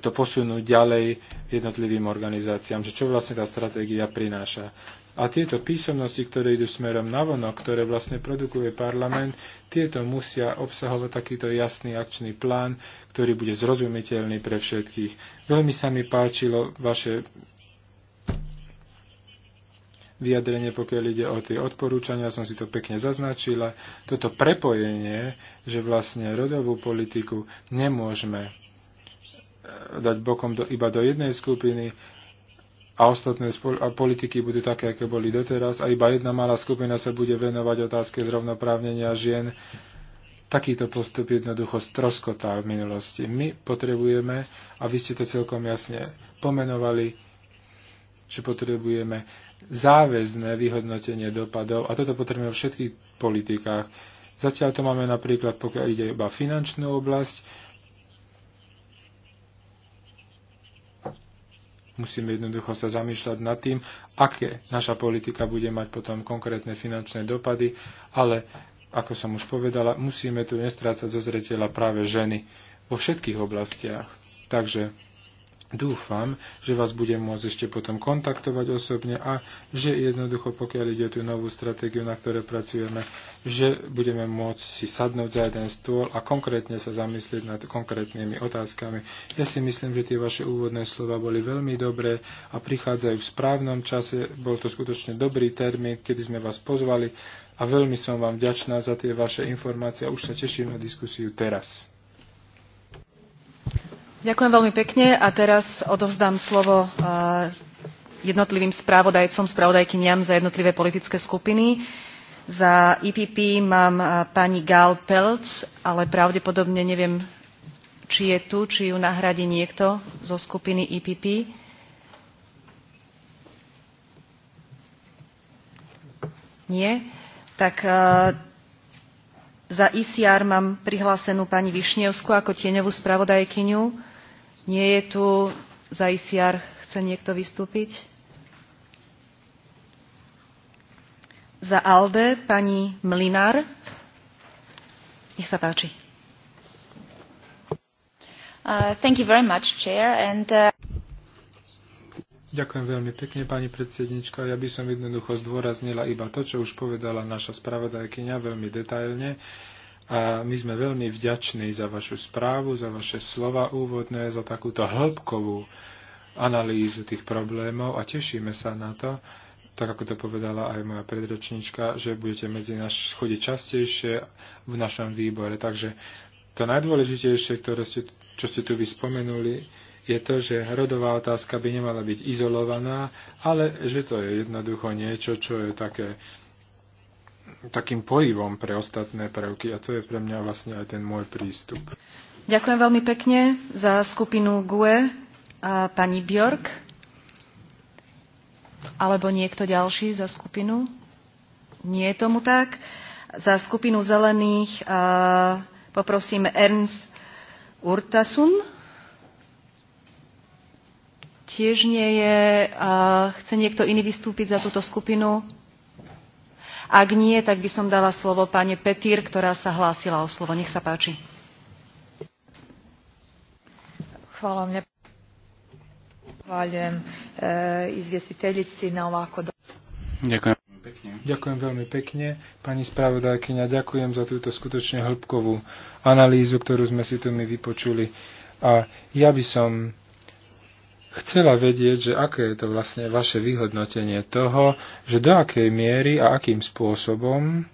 [SPEAKER 3] to posunúť ďalej jednotlivým organizáciám, že čo vlastne tá stratégia prináša. A tieto písomnosti, ktoré idú smerom na navonok, ktoré vlastne produkuje parlament, tieto musia obsahovať takýto jasný akčný plán, ktorý bude zrozumiteľný pre všetkých. Veľmi sa mi páčilo vaše vyjadrenie, pokiaľ ide o tie odporúčania, som si to pekne zaznačila. Toto prepojenie, že vlastne rodovú politiku nemôžeme eh, dať bokom do, iba do jednej skupiny, a ostatné politiky budú také, aké boli doteraz a iba jedna malá skupina sa bude venovať otázke zrovnoprávnenia žien. Takýto postup jednoducho stroskotá v minulosti. My potrebujeme, a vy ste to celkom jasne pomenovali, že potrebujeme záväzné vyhodnotenie dopadov a toto potrebujeme v všetkých politikách. Zatiaľ to máme napríklad, pokiaľ ide iba finančnú oblasť, Musíme jednoducho sa zamýšľať nad tým, aké naša politika bude mať potom konkrétne finančné dopady, ale ako som už povedala, musíme tu nestrácať zo zretela práve ženy vo všetkých oblastiach. Takže Dúfam, že vás budem môcť ešte potom kontaktovať osobne a že jednoducho, pokiaľ ide o tú novú stratégiu, na ktoré pracujeme, že budeme môcť si sadnúť za jeden stôl a konkrétne sa zamyslieť nad konkrétnymi otázkami. Ja si myslím, že tie vaše úvodné slova boli veľmi dobré a prichádzajú v správnom čase. Bol to skutočne dobrý termín, kedy sme vás pozvali a veľmi som vám vďačná za tie vaše informácie a už sa teším na diskusiu
[SPEAKER 1] teraz. Ďakujem veľmi pekne a teraz odovzdám slovo e, jednotlivým správodajcom, spravodajkyniam za jednotlivé politické skupiny. Za IPP e mám e, pani Gal Pelc, ale pravdepodobne neviem, či je tu, či ju nahradí niekto zo skupiny IPP. Nie? Tak za ICR mám prihlásenú pani Višnievsku ako tieňovú spravodajkyňu. Nie je tu za ICR. Chce niekto vystúpiť? Za ALDE pani Mlinár. Nech sa páči. Uh, thank you very much, Chair. And, uh...
[SPEAKER 3] Ďakujem veľmi pekne, pani predsednička. Ja by som jednoducho zdôraznila iba to, čo už povedala naša spravodajkyňa veľmi detailne. Uh, a my sme veľmi vďační za vašu správu, za vaše slova úvodné, za takúto hĺbkovú analýzu tých problémov a tešíme sa na to, tak ako to povedala aj moja predročníčka, že budete medzi nás chodiť častejšie v našom výbore. Takže to najdôležitejšie, ktoré ste, čo ste tu vyspomenuli, je to, že rodová otázka by nemala byť izolovaná, ale že to je jednoducho niečo, čo je také takým pojivom pre ostatné prvky a to je pre mňa vlastne aj ten môj prístup.
[SPEAKER 1] Ďakujem veľmi pekne za skupinu GUE a pani Bjork alebo niekto ďalší za skupinu. Nie je tomu tak. Za skupinu zelených a poprosím Ernst Urtasun tiež nie je. A chce niekto iný vystúpiť za túto skupinu? Ak nie, tak by som dala slovo pani Petír, ktorá sa hlásila o slovo. Nech sa páči.
[SPEAKER 4] Hvala mne. Zahvaljujem eh, izvjestiteljici na ovako...
[SPEAKER 3] Ďakujem. Pekne. Ďakujem veľmi pekne. Pani spravodajkyňa, ďakujem za túto skutočne hĺbkovú analýzu, ktorú sme si tu my vypočuli. A ja by som chcela vedieť, že aké je to vlastne vaše vyhodnotenie toho, že do akej miery a akým spôsobom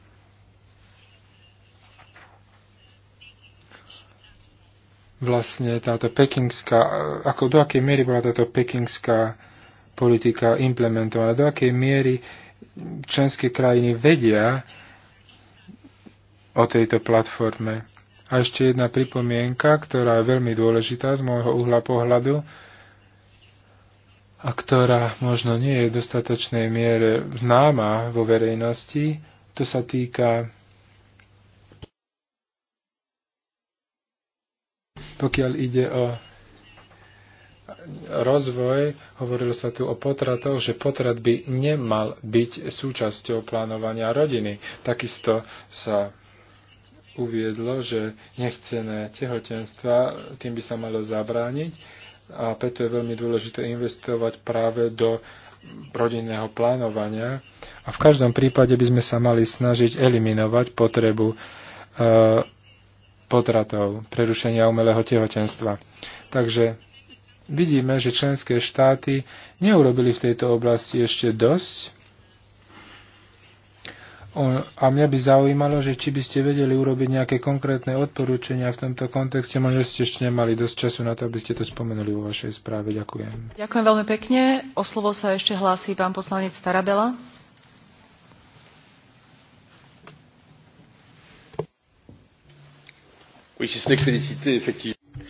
[SPEAKER 3] vlastne táto pekingská, ako do akej miery bola táto pekingská politika implementovaná, do akej miery členské krajiny vedia o tejto platforme. A ešte jedna pripomienka, ktorá je veľmi dôležitá z môjho uhla pohľadu a ktorá možno nie je v dostatočnej miere známa vo verejnosti. To sa týka pokiaľ ide o rozvoj, hovorilo sa tu o potratoch, že potrat by nemal byť súčasťou plánovania rodiny. Takisto sa uviedlo, že nechcené tehotenstva, tým by sa malo zabrániť a preto je veľmi dôležité investovať práve do rodinného plánovania a v každom prípade by sme sa mali snažiť eliminovať potrebu e, potratov, prerušenia umelého tehotenstva. Takže vidíme, že členské štáty neurobili v tejto oblasti ešte dosť a mňa by zaujímalo, že či by ste vedeli urobiť nejaké konkrétne odporúčania v tomto kontexte, možno ste ešte nemali dosť času na to, aby ste to spomenuli vo vašej správe. Ďakujem.
[SPEAKER 1] Ďakujem veľmi pekne. O slovo sa ešte hlási pán poslanec Tarabela.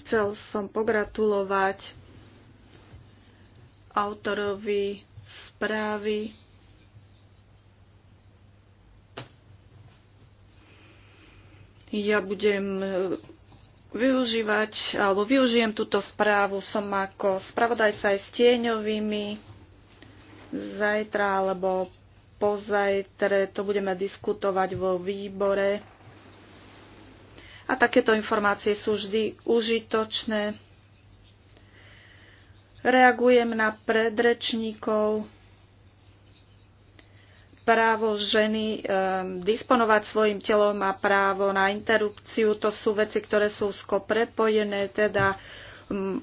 [SPEAKER 4] Chcel som pogratulovať autorovi správy Ja budem e, využívať, alebo využijem túto správu. Som ako spravodajca aj s tieňovými. Zajtra alebo pozajtre to budeme diskutovať vo výbore. A takéto informácie sú vždy užitočné. Reagujem na predrečníkov právo ženy um, disponovať svojim telom a právo na interrupciu. To sú veci, ktoré sú úzko prepojené, teda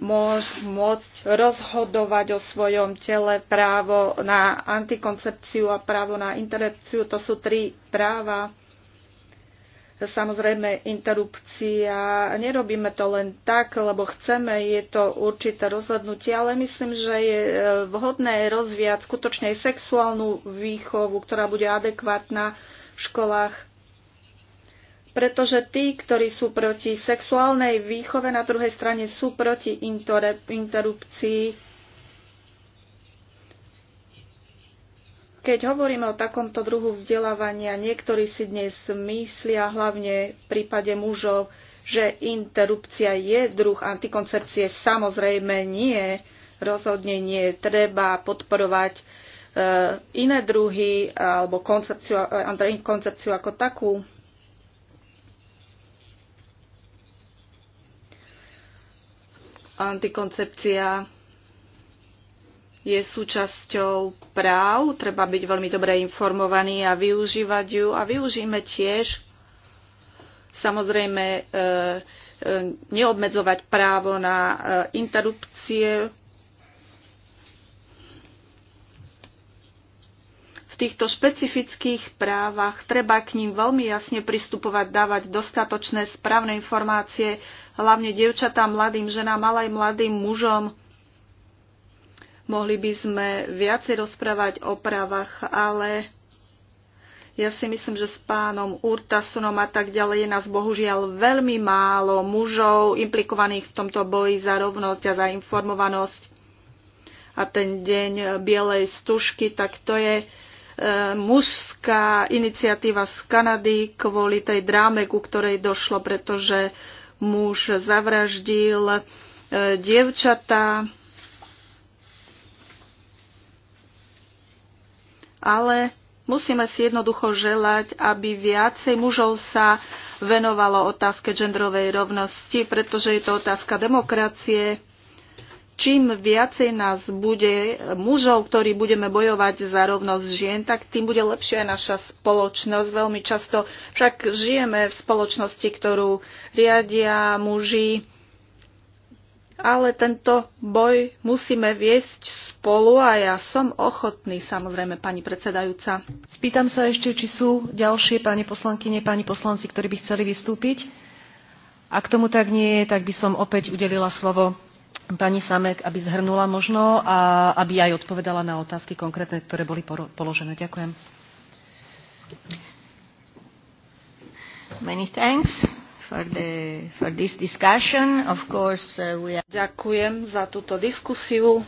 [SPEAKER 4] môž, môcť rozhodovať o svojom tele, právo na antikoncepciu a právo na interrupciu. To sú tri práva Samozrejme, interrupcia, nerobíme to len tak, lebo chceme, je to určité rozhodnutie, ale myslím, že je e, vhodné rozviať skutočne aj sexuálnu výchovu, ktorá bude adekvátna v školách. Pretože tí, ktorí sú proti sexuálnej výchove, na druhej strane sú proti interrupcii Keď hovoríme o takomto druhu vzdelávania, niektorí si dnes myslia, hlavne v prípade mužov, že interrupcia je druh antikoncepcie. Samozrejme nie, rozhodne nie. Treba podporovať e, iné druhy alebo koncepciu, koncepciu ako takú. Antikoncepcia je súčasťou práv, treba byť veľmi dobre informovaný a využívať ju. A využíme tiež, samozrejme, e, e, neobmedzovať právo na e, interrupcie. V týchto špecifických právach treba k ním veľmi jasne pristupovať, dávať dostatočné správne informácie, hlavne dievčatám, mladým ženám, ale aj mladým mužom Mohli by sme viacej rozprávať o právach, ale ja si myslím, že s pánom Urtasunom a tak ďalej je nás bohužiaľ veľmi málo mužov implikovaných v tomto boji za rovnosť a za informovanosť. A ten deň bielej stužky, tak to je e, mužská iniciatíva z Kanady kvôli tej dráme, ku ktorej došlo, pretože muž zavraždil e, dievčata. ale musíme si jednoducho želať, aby viacej mužov sa venovalo otázke genderovej rovnosti, pretože je to otázka demokracie. Čím viacej nás bude mužov, ktorí budeme bojovať za rovnosť žien, tak tým bude lepšia aj naša spoločnosť. Veľmi často však žijeme v spoločnosti, ktorú riadia muži, ale tento boj musíme viesť spolu a ja som ochotný, samozrejme, pani predsedajúca.
[SPEAKER 1] Spýtam sa ešte, či sú ďalšie pani poslankyne, pani poslanci, ktorí by chceli vystúpiť. Ak tomu tak nie je, tak by som opäť udelila slovo pani Samek, aby zhrnula možno a aby aj odpovedala na otázky konkrétne, ktoré boli položené. Ďakujem.
[SPEAKER 4] Many thanks for, the, for this discussion. Of course, uh, we are... Ďakujem za túto diskusiu.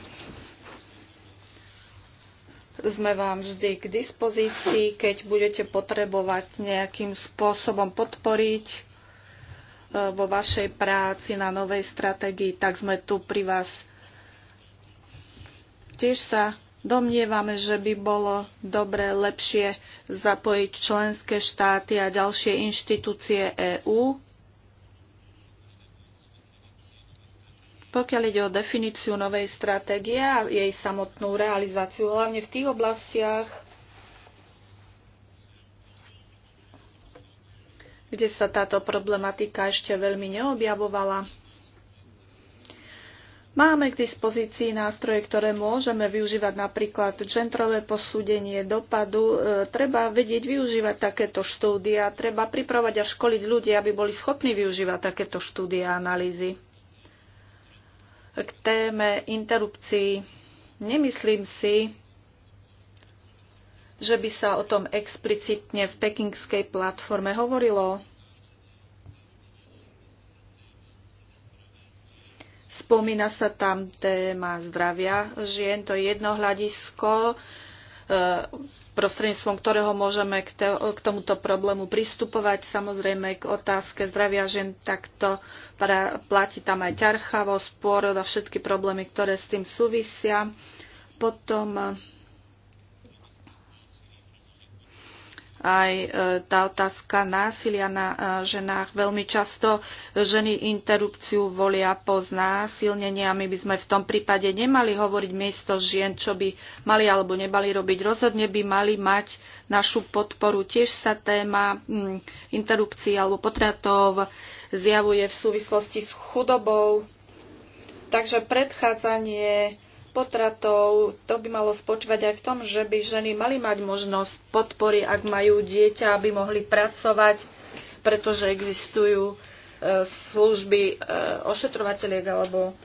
[SPEAKER 4] Sme vám vždy k dispozícii, keď budete potrebovať nejakým spôsobom podporiť uh, vo vašej práci na novej stratégii, tak sme tu pri vás. Tiež sa domnievame, že by bolo dobre lepšie zapojiť členské štáty a ďalšie inštitúcie EÚ Pokiaľ ide o definíciu novej stratégie a jej samotnú realizáciu, hlavne v tých oblastiach, kde sa táto problematika ešte veľmi neobjavovala. Máme k dispozícii nástroje, ktoré môžeme využívať, napríklad gentrové posúdenie dopadu. E, treba vedieť využívať takéto štúdia, treba pripravať a školiť ľudí, aby boli schopní využívať takéto štúdia a analýzy k téme interrupcií. Nemyslím si, že by sa o tom explicitne v pekingskej platforme hovorilo. Spomína sa tam téma zdravia žien, to je jedno hľadisko, E, prostredníctvom ktorého môžeme k tomuto problému pristupovať. Samozrejme k otázke zdravia žien takto platí tam aj ťarchavosť, pôrod a všetky problémy, ktoré s tým súvisia. Potom aj e, tá otázka násilia na e, ženách. Veľmi často ženy interrupciu volia po znásilnenie a my by sme v tom prípade nemali hovoriť miesto žien, čo by mali alebo nebali robiť. Rozhodne by mali mať našu podporu. Tiež sa téma mm, interrupcií alebo potratov zjavuje v súvislosti s chudobou. Takže predchádzanie potratov, to by malo spočívať aj v tom, že by ženy mali mať možnosť podpory, ak majú dieťa, aby mohli pracovať, pretože existujú e, služby e, ošetrovateľiek alebo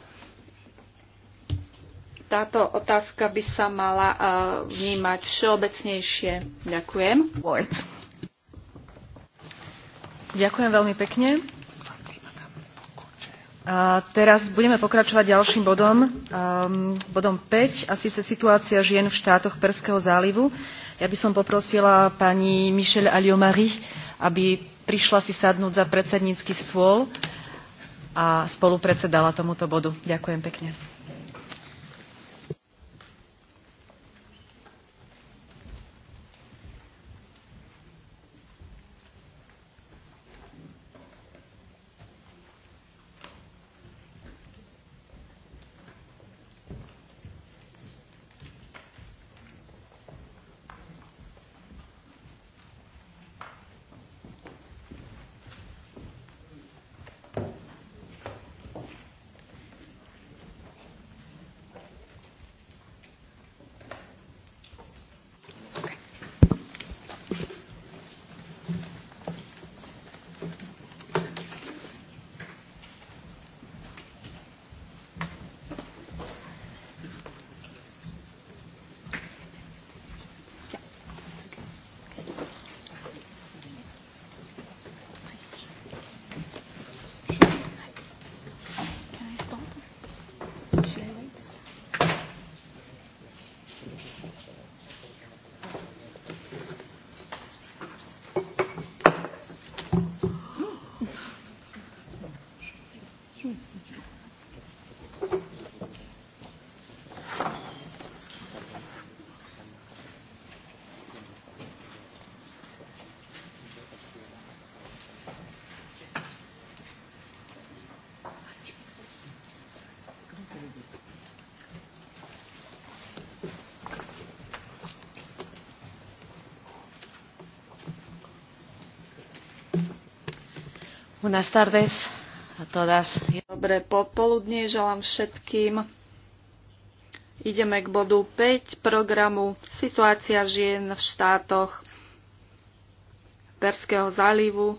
[SPEAKER 4] táto otázka by sa mala e, vnímať všeobecnejšie. Ďakujem.
[SPEAKER 1] Ďakujem veľmi pekne teraz budeme pokračovať ďalším bodom, um, bodom 5, a síce situácia žien v štátoch Perského zálivu. Ja by som poprosila pani Michelle Aliomari, aby prišla si sadnúť za predsednícky stôl a spolupredsedala tomuto bodu. Ďakujem pekne.
[SPEAKER 4] Buenas tardes a todas. Dobré popoludnie želám všetkým. Ideme k bodu 5 programu Situácia žien v štátoch Perského zálivu.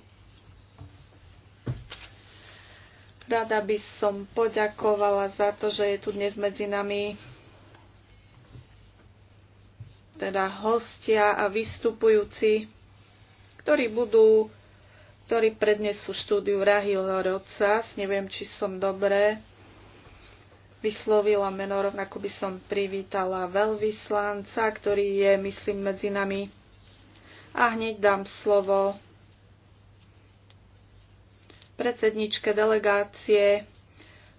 [SPEAKER 4] Rada by som poďakovala za to, že je tu dnes medzi nami teda hostia a vystupujúci, ktorí budú ktorí prednesú štúdiu Rahila Roca. Neviem, či som dobre vyslovila meno, rovnako by som privítala veľvyslanca, ktorý je, myslím, medzi nami. A hneď dám slovo predsedničke delegácie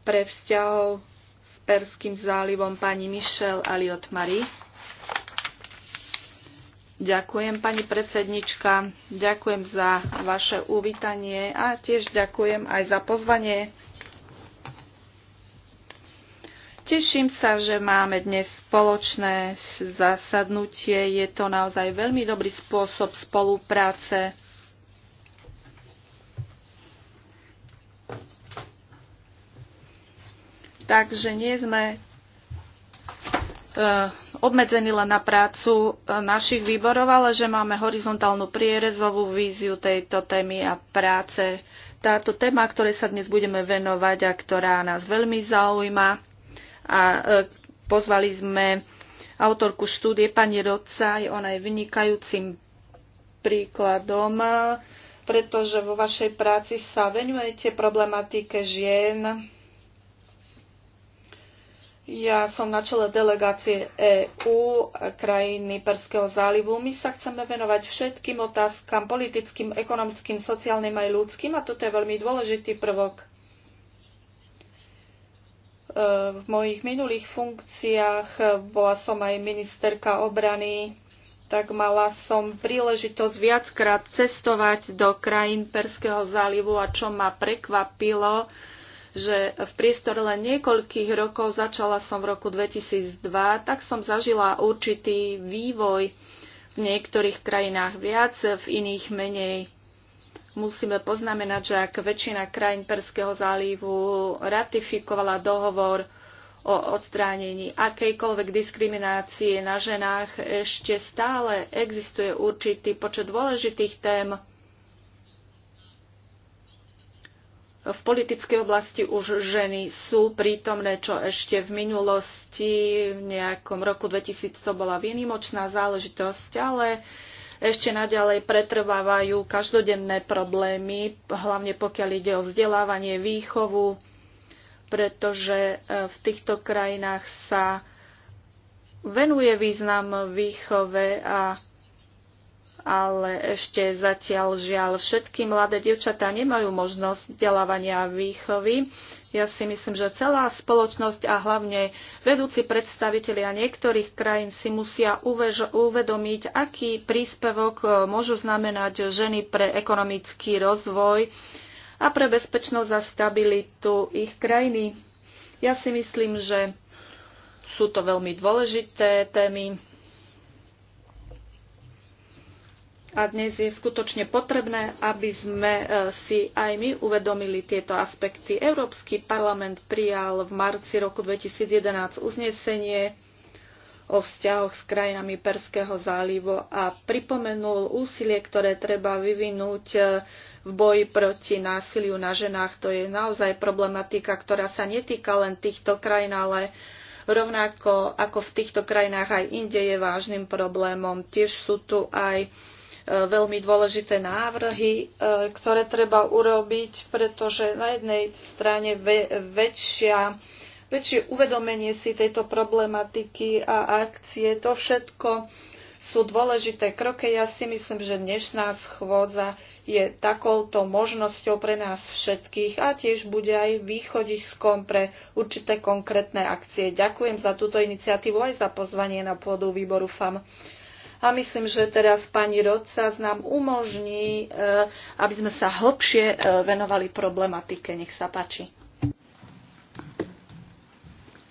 [SPEAKER 4] pre vzťahov s Perským zálivom pani Michelle Aliot Marie. Ďakujem, pani predsednička, ďakujem za vaše uvítanie a tiež ďakujem aj za pozvanie. Teším sa, že máme dnes spoločné zasadnutie. Je to naozaj veľmi dobrý spôsob spolupráce. Takže nie sme uh, obmedzení len na prácu e, našich výborov, ale že máme horizontálnu prierezovú víziu tejto témy a práce. Táto téma, ktorej sa dnes budeme venovať a ktorá nás veľmi zaujíma a e, pozvali sme autorku štúdie pani rocaj, ona je vynikajúcim príkladom, e, pretože vo vašej práci sa venujete problematike žien ja som na čele delegácie EÚ krajiny Perského zálivu. My sa chceme venovať všetkým otázkam politickým, ekonomickým, sociálnym aj ľudským a toto je veľmi dôležitý prvok. E, v mojich minulých funkciách e, bola som aj ministerka obrany, tak mala som príležitosť viackrát cestovať do krajín Perského zálivu a čo ma prekvapilo, že v priestore len niekoľkých rokov, začala som v roku 2002, tak som zažila určitý vývoj v niektorých krajinách viac, v iných menej. Musíme poznamenať, že ak väčšina krajín Perského zálivu ratifikovala dohovor o odstránení akejkoľvek diskriminácie na ženách, ešte stále existuje určitý počet dôležitých tém, v politickej oblasti už ženy sú prítomné, čo ešte v minulosti, v nejakom roku 2000 to bola výnimočná záležitosť, ale ešte naďalej pretrvávajú každodenné problémy, hlavne pokiaľ ide o vzdelávanie, výchovu, pretože e, v týchto krajinách sa venuje význam výchove a ale ešte zatiaľ žiaľ všetky mladé dievčatá nemajú možnosť vzdelávania a výchovy. Ja si myslím, že celá spoločnosť a hlavne vedúci predstavitelia niektorých krajín si musia uvedomiť, aký príspevok e, môžu znamenať ženy pre ekonomický rozvoj a pre bezpečnosť a stabilitu ich krajiny. Ja si myslím, že sú to veľmi dôležité témy A dnes je skutočne potrebné, aby sme e, si aj my uvedomili tieto aspekty. Európsky parlament prijal v marci roku 2011 uznesenie o vzťahoch s krajinami Perského zálivu a pripomenul úsilie, ktoré treba vyvinúť e, v boji proti násiliu na ženách. To je naozaj problematika, ktorá sa netýka len týchto krajín, ale rovnako ako v týchto krajinách aj inde je vážnym problémom. Tiež sú tu aj veľmi dôležité návrhy, e, ktoré treba urobiť, pretože na jednej strane väčšia, väčšie uvedomenie si tejto problematiky a akcie, to všetko sú dôležité kroky. Ja si myslím, že dnešná schôdza je takouto možnosťou pre nás všetkých a tiež bude aj východiskom pre určité konkrétne akcie. Ďakujem za túto iniciatívu aj za pozvanie na pôdu výboru FAM a myslím, že teraz pani Rodcas nám umožní, eh, aby sme sa hlbšie eh, venovali problematike. Nech sa páči.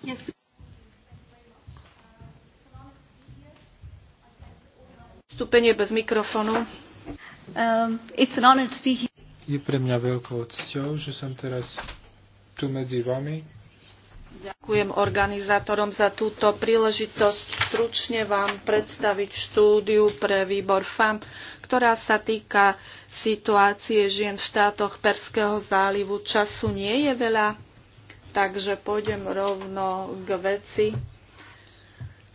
[SPEAKER 4] Yes. Vstúpenie bez mikrofónu. Um, it's an honor to be here.
[SPEAKER 3] Je pre mňa veľkou cťou, že som teraz tu medzi vami
[SPEAKER 4] Ďakujem organizátorom za túto príležitosť stručne vám predstaviť štúdiu pre výbor FAM, ktorá sa týka situácie žien v štátoch Perského zálivu. Času nie je veľa, takže pôjdem rovno k veci.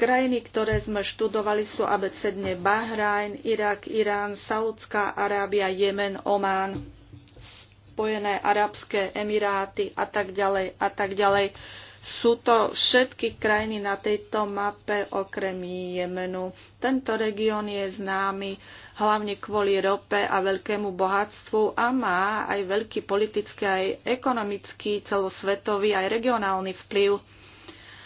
[SPEAKER 4] Krajiny, ktoré sme študovali, sú abecedne Bahrajn, Irak, Irán, Saudská Arábia, Jemen, Omán, Spojené arabské emiráty a tak ďalej a tak ďalej sú to všetky krajiny na tejto mape okrem Jemenu. Tento región je známy hlavne kvôli rope a veľkému bohatstvu a má aj veľký politický, aj ekonomický, celosvetový, aj regionálny vplyv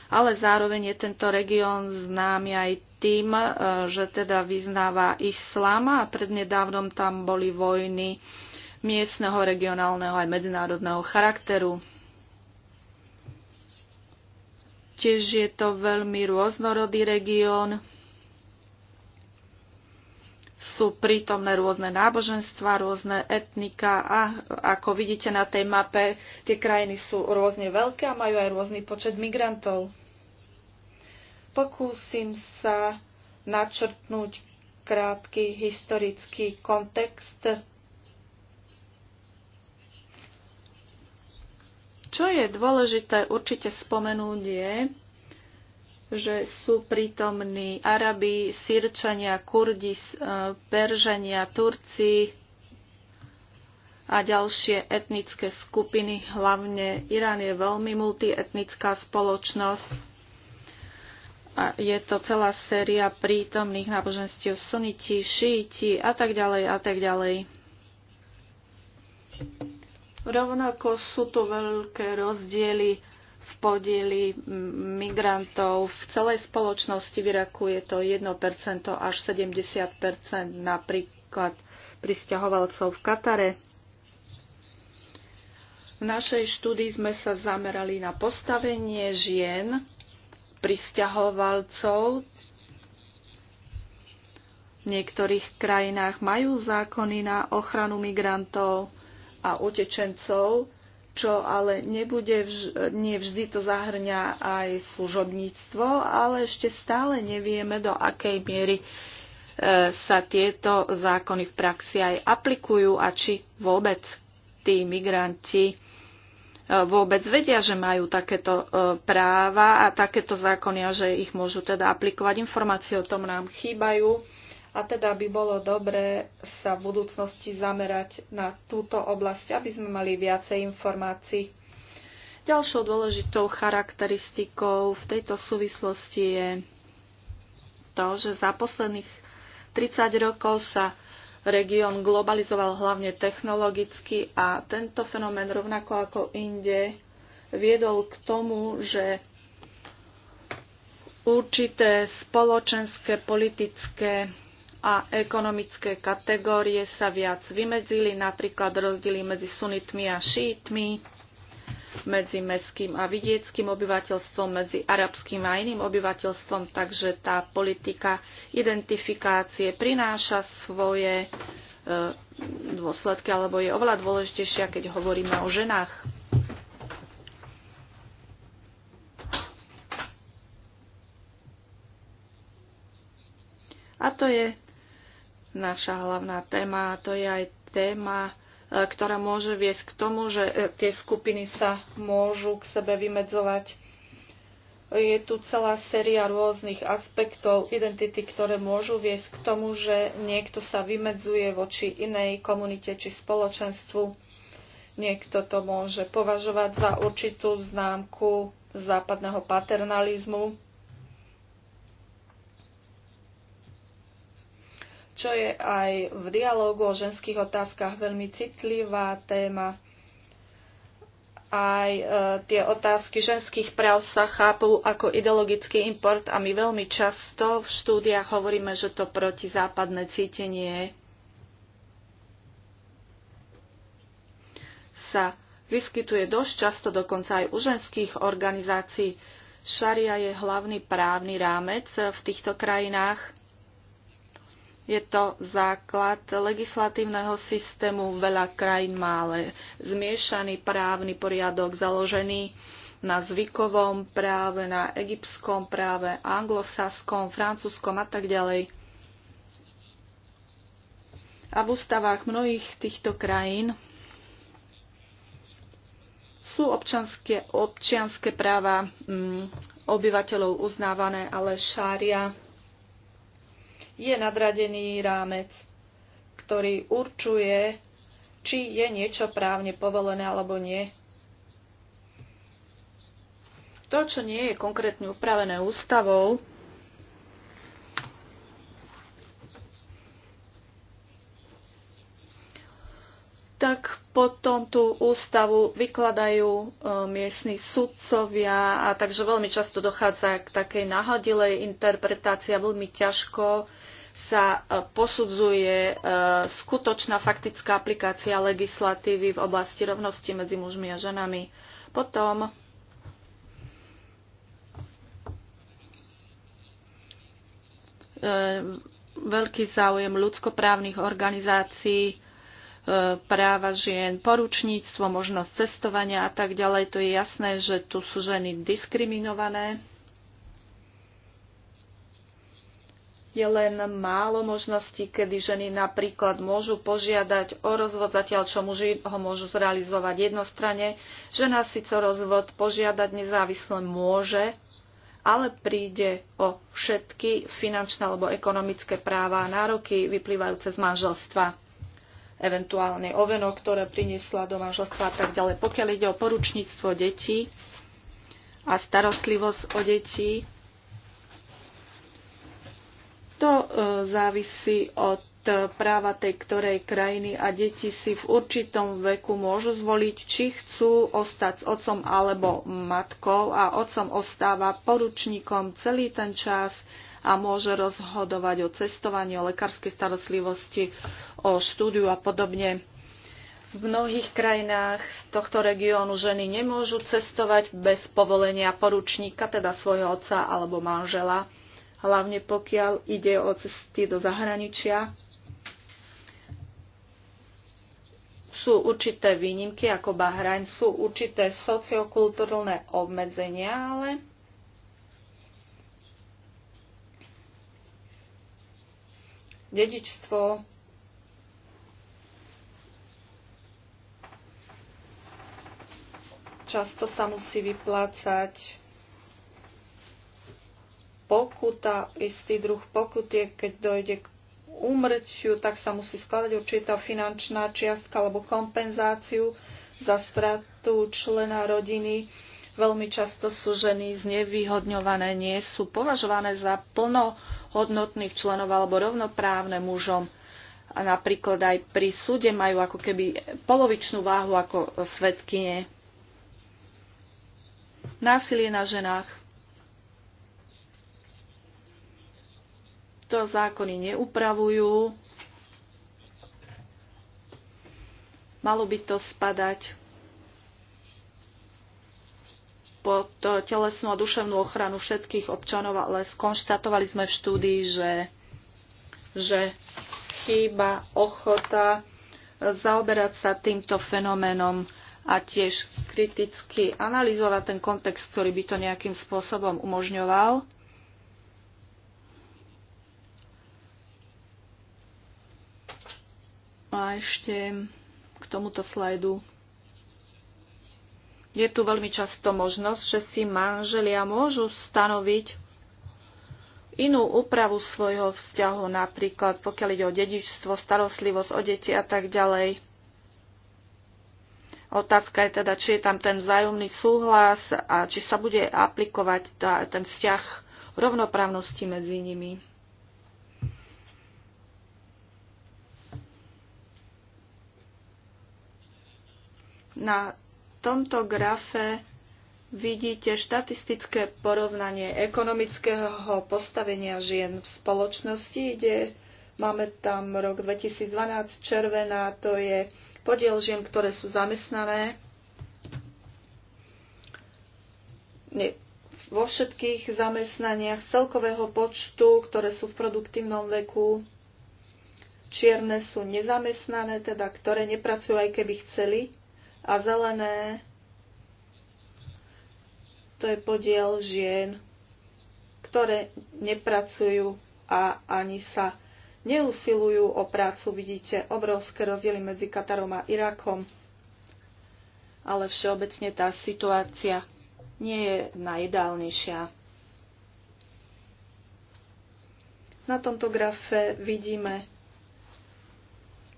[SPEAKER 4] ale zároveň je tento región známy aj tým, e, že teda vyznáva islám a prednedávnom tam boli vojny miestneho, regionálneho aj medzinárodného charakteru. Tiež je to veľmi rôznorodý región. Sú prítomné rôzne náboženstva, rôzne etnika a ako vidíte na tej mape, tie krajiny sú rôzne veľké a majú aj rôzny počet migrantov. Pokúsim sa načrtnúť krátky historický kontext Čo je dôležité určite spomenúť je, že sú prítomní Arabi, Sirčania, Kurdi, e, Peržania, Turci a ďalšie etnické skupiny. Hlavne Irán je veľmi multietnická spoločnosť. A je to celá séria prítomných náboženstiev suniti, šíti a tak ďalej a tak ďalej. Rovnako sú tu veľké rozdiely v podieli migrantov. V celej spoločnosti v Iraku je to 1% až 70% napríklad pristahovalcov v Katare. V našej štúdii sme sa zamerali na postavenie žien pristahovalcov. V niektorých krajinách majú zákony na ochranu migrantov, a utečencov, čo ale nebude vž- nie vždy to zahrňa aj služobníctvo, ale ešte stále nevieme, do akej miery e, sa tieto zákony v praxi aj aplikujú a či vôbec tí migranti e, vôbec vedia, že majú takéto e, práva a takéto zákony a že ich môžu teda aplikovať. Informácie o tom nám chýbajú a teda by bolo dobré sa v budúcnosti zamerať na túto oblasť, aby sme mali viacej informácií. Ďalšou dôležitou charakteristikou v tejto súvislosti je to, že za posledných 30 rokov sa región globalizoval hlavne technologicky a tento fenomén rovnako ako inde viedol k tomu, že určité spoločenské, politické a ekonomické kategórie sa viac vymedzili, napríklad rozdiely medzi sunitmi a šítmi, medzi mestským a vidieckým obyvateľstvom, medzi arabským a iným obyvateľstvom, takže tá politika identifikácie prináša svoje e, dôsledky, alebo je oveľa dôležitejšia, keď hovoríme o ženách. A to je naša hlavná téma a to je aj téma, e, ktorá môže viesť k tomu, že e, tie skupiny sa môžu k sebe vymedzovať. Je tu celá séria rôznych aspektov identity, ktoré môžu viesť k tomu, že niekto sa vymedzuje voči inej komunite či spoločenstvu. Niekto to môže považovať za určitú známku západného paternalizmu čo je aj v dialógu o ženských otázkach veľmi citlivá téma. Aj e, tie otázky ženských práv sa chápu ako ideologický import a my veľmi často v štúdiách hovoríme, že to protizápadné cítenie sa vyskytuje dosť často dokonca aj u ženských organizácií. Šaria je hlavný právny rámec v týchto krajinách je to základ legislatívneho systému. Veľa krajín má ale zmiešaný právny poriadok založený na zvykovom práve, na egyptskom práve, anglosaskom, francúzskom a tak ďalej. A v ústavách mnohých týchto krajín sú občanské, občianské práva mm, obyvateľov uznávané, ale šária je nadradený rámec, ktorý určuje, či je niečo právne povolené alebo nie. To, čo nie je konkrétne upravené ústavou, tak potom tú ústavu vykladajú e, miestni sudcovia a takže veľmi často dochádza k takej nahodilej interpretácii a veľmi ťažko sa e, posudzuje e, skutočná faktická aplikácia legislatívy v oblasti rovnosti medzi mužmi a ženami. Potom e, veľký záujem ľudskoprávnych organizácií práva žien, poručníctvo, možnosť cestovania a tak ďalej. To je jasné, že tu sú ženy diskriminované. Je len málo možností, kedy ženy napríklad môžu požiadať o rozvod, zatiaľ čo muži ho môžu zrealizovať jednostranne. Žena síce rozvod požiadať nezávisle môže, ale príde o všetky finančné alebo ekonomické práva a nároky vyplývajúce z manželstva eventuálne oveno, ktoré priniesla do manželstva a tak ďalej. Pokiaľ ide o poručníctvo detí a starostlivosť o deti, to e, závisí od práva tej ktorej krajiny a deti si v určitom veku môžu zvoliť, či chcú ostať s otcom alebo matkou a otcom ostáva poručníkom celý ten čas, a môže rozhodovať o cestovaní, o lekárskej starostlivosti, o štúdiu a podobne. V mnohých krajinách z tohto regiónu ženy nemôžu cestovať bez povolenia poručníka, teda svojho otca alebo manžela, hlavne pokiaľ ide o cesty do zahraničia. Sú určité výnimky, ako Bahrajn, sú určité sociokultúrne obmedzenia, ale dedičstvo. Často sa musí vyplácať pokuta, istý druh pokutie, keď dojde k úmrťu, tak sa musí skladať určitá finančná čiastka alebo kompenzáciu za stratu člena rodiny Veľmi často sú ženy znevýhodňované, nie sú považované za plnohodnotných členov alebo rovnoprávne mužom. A napríklad aj pri súde majú ako keby polovičnú váhu ako svetkine. Násilie na ženách. To zákony neupravujú. Malo by to spadať pod telesnú a duševnú ochranu všetkých občanov, ale skonštatovali sme v štúdii, že, že chýba ochota zaoberať sa týmto fenoménom a tiež kriticky analyzovať ten kontext, ktorý by to nejakým spôsobom umožňoval. A ešte k tomuto slajdu je tu veľmi často možnosť, že si manželia môžu stanoviť inú úpravu svojho vzťahu, napríklad pokiaľ ide o dedičstvo, starostlivosť o deti a tak ďalej. Otázka je teda, či je tam ten vzájomný súhlas a či sa bude aplikovať tá, ten vzťah rovnoprávnosti medzi nimi. Na tomto grafe vidíte štatistické porovnanie ekonomického postavenia žien v spoločnosti. Ide, máme tam rok 2012, červená, to je podiel žien, ktoré sú zamestnané. Nie, vo všetkých zamestnaniach celkového počtu, ktoré sú v produktívnom veku. Čierne sú nezamestnané, teda ktoré nepracujú aj keby chceli. A zelené to je podiel žien, ktoré nepracujú a ani sa neusilujú o prácu. Vidíte obrovské rozdiely medzi Katarom a Irakom. Ale všeobecne tá situácia nie je najideálnejšia. Na tomto grafe vidíme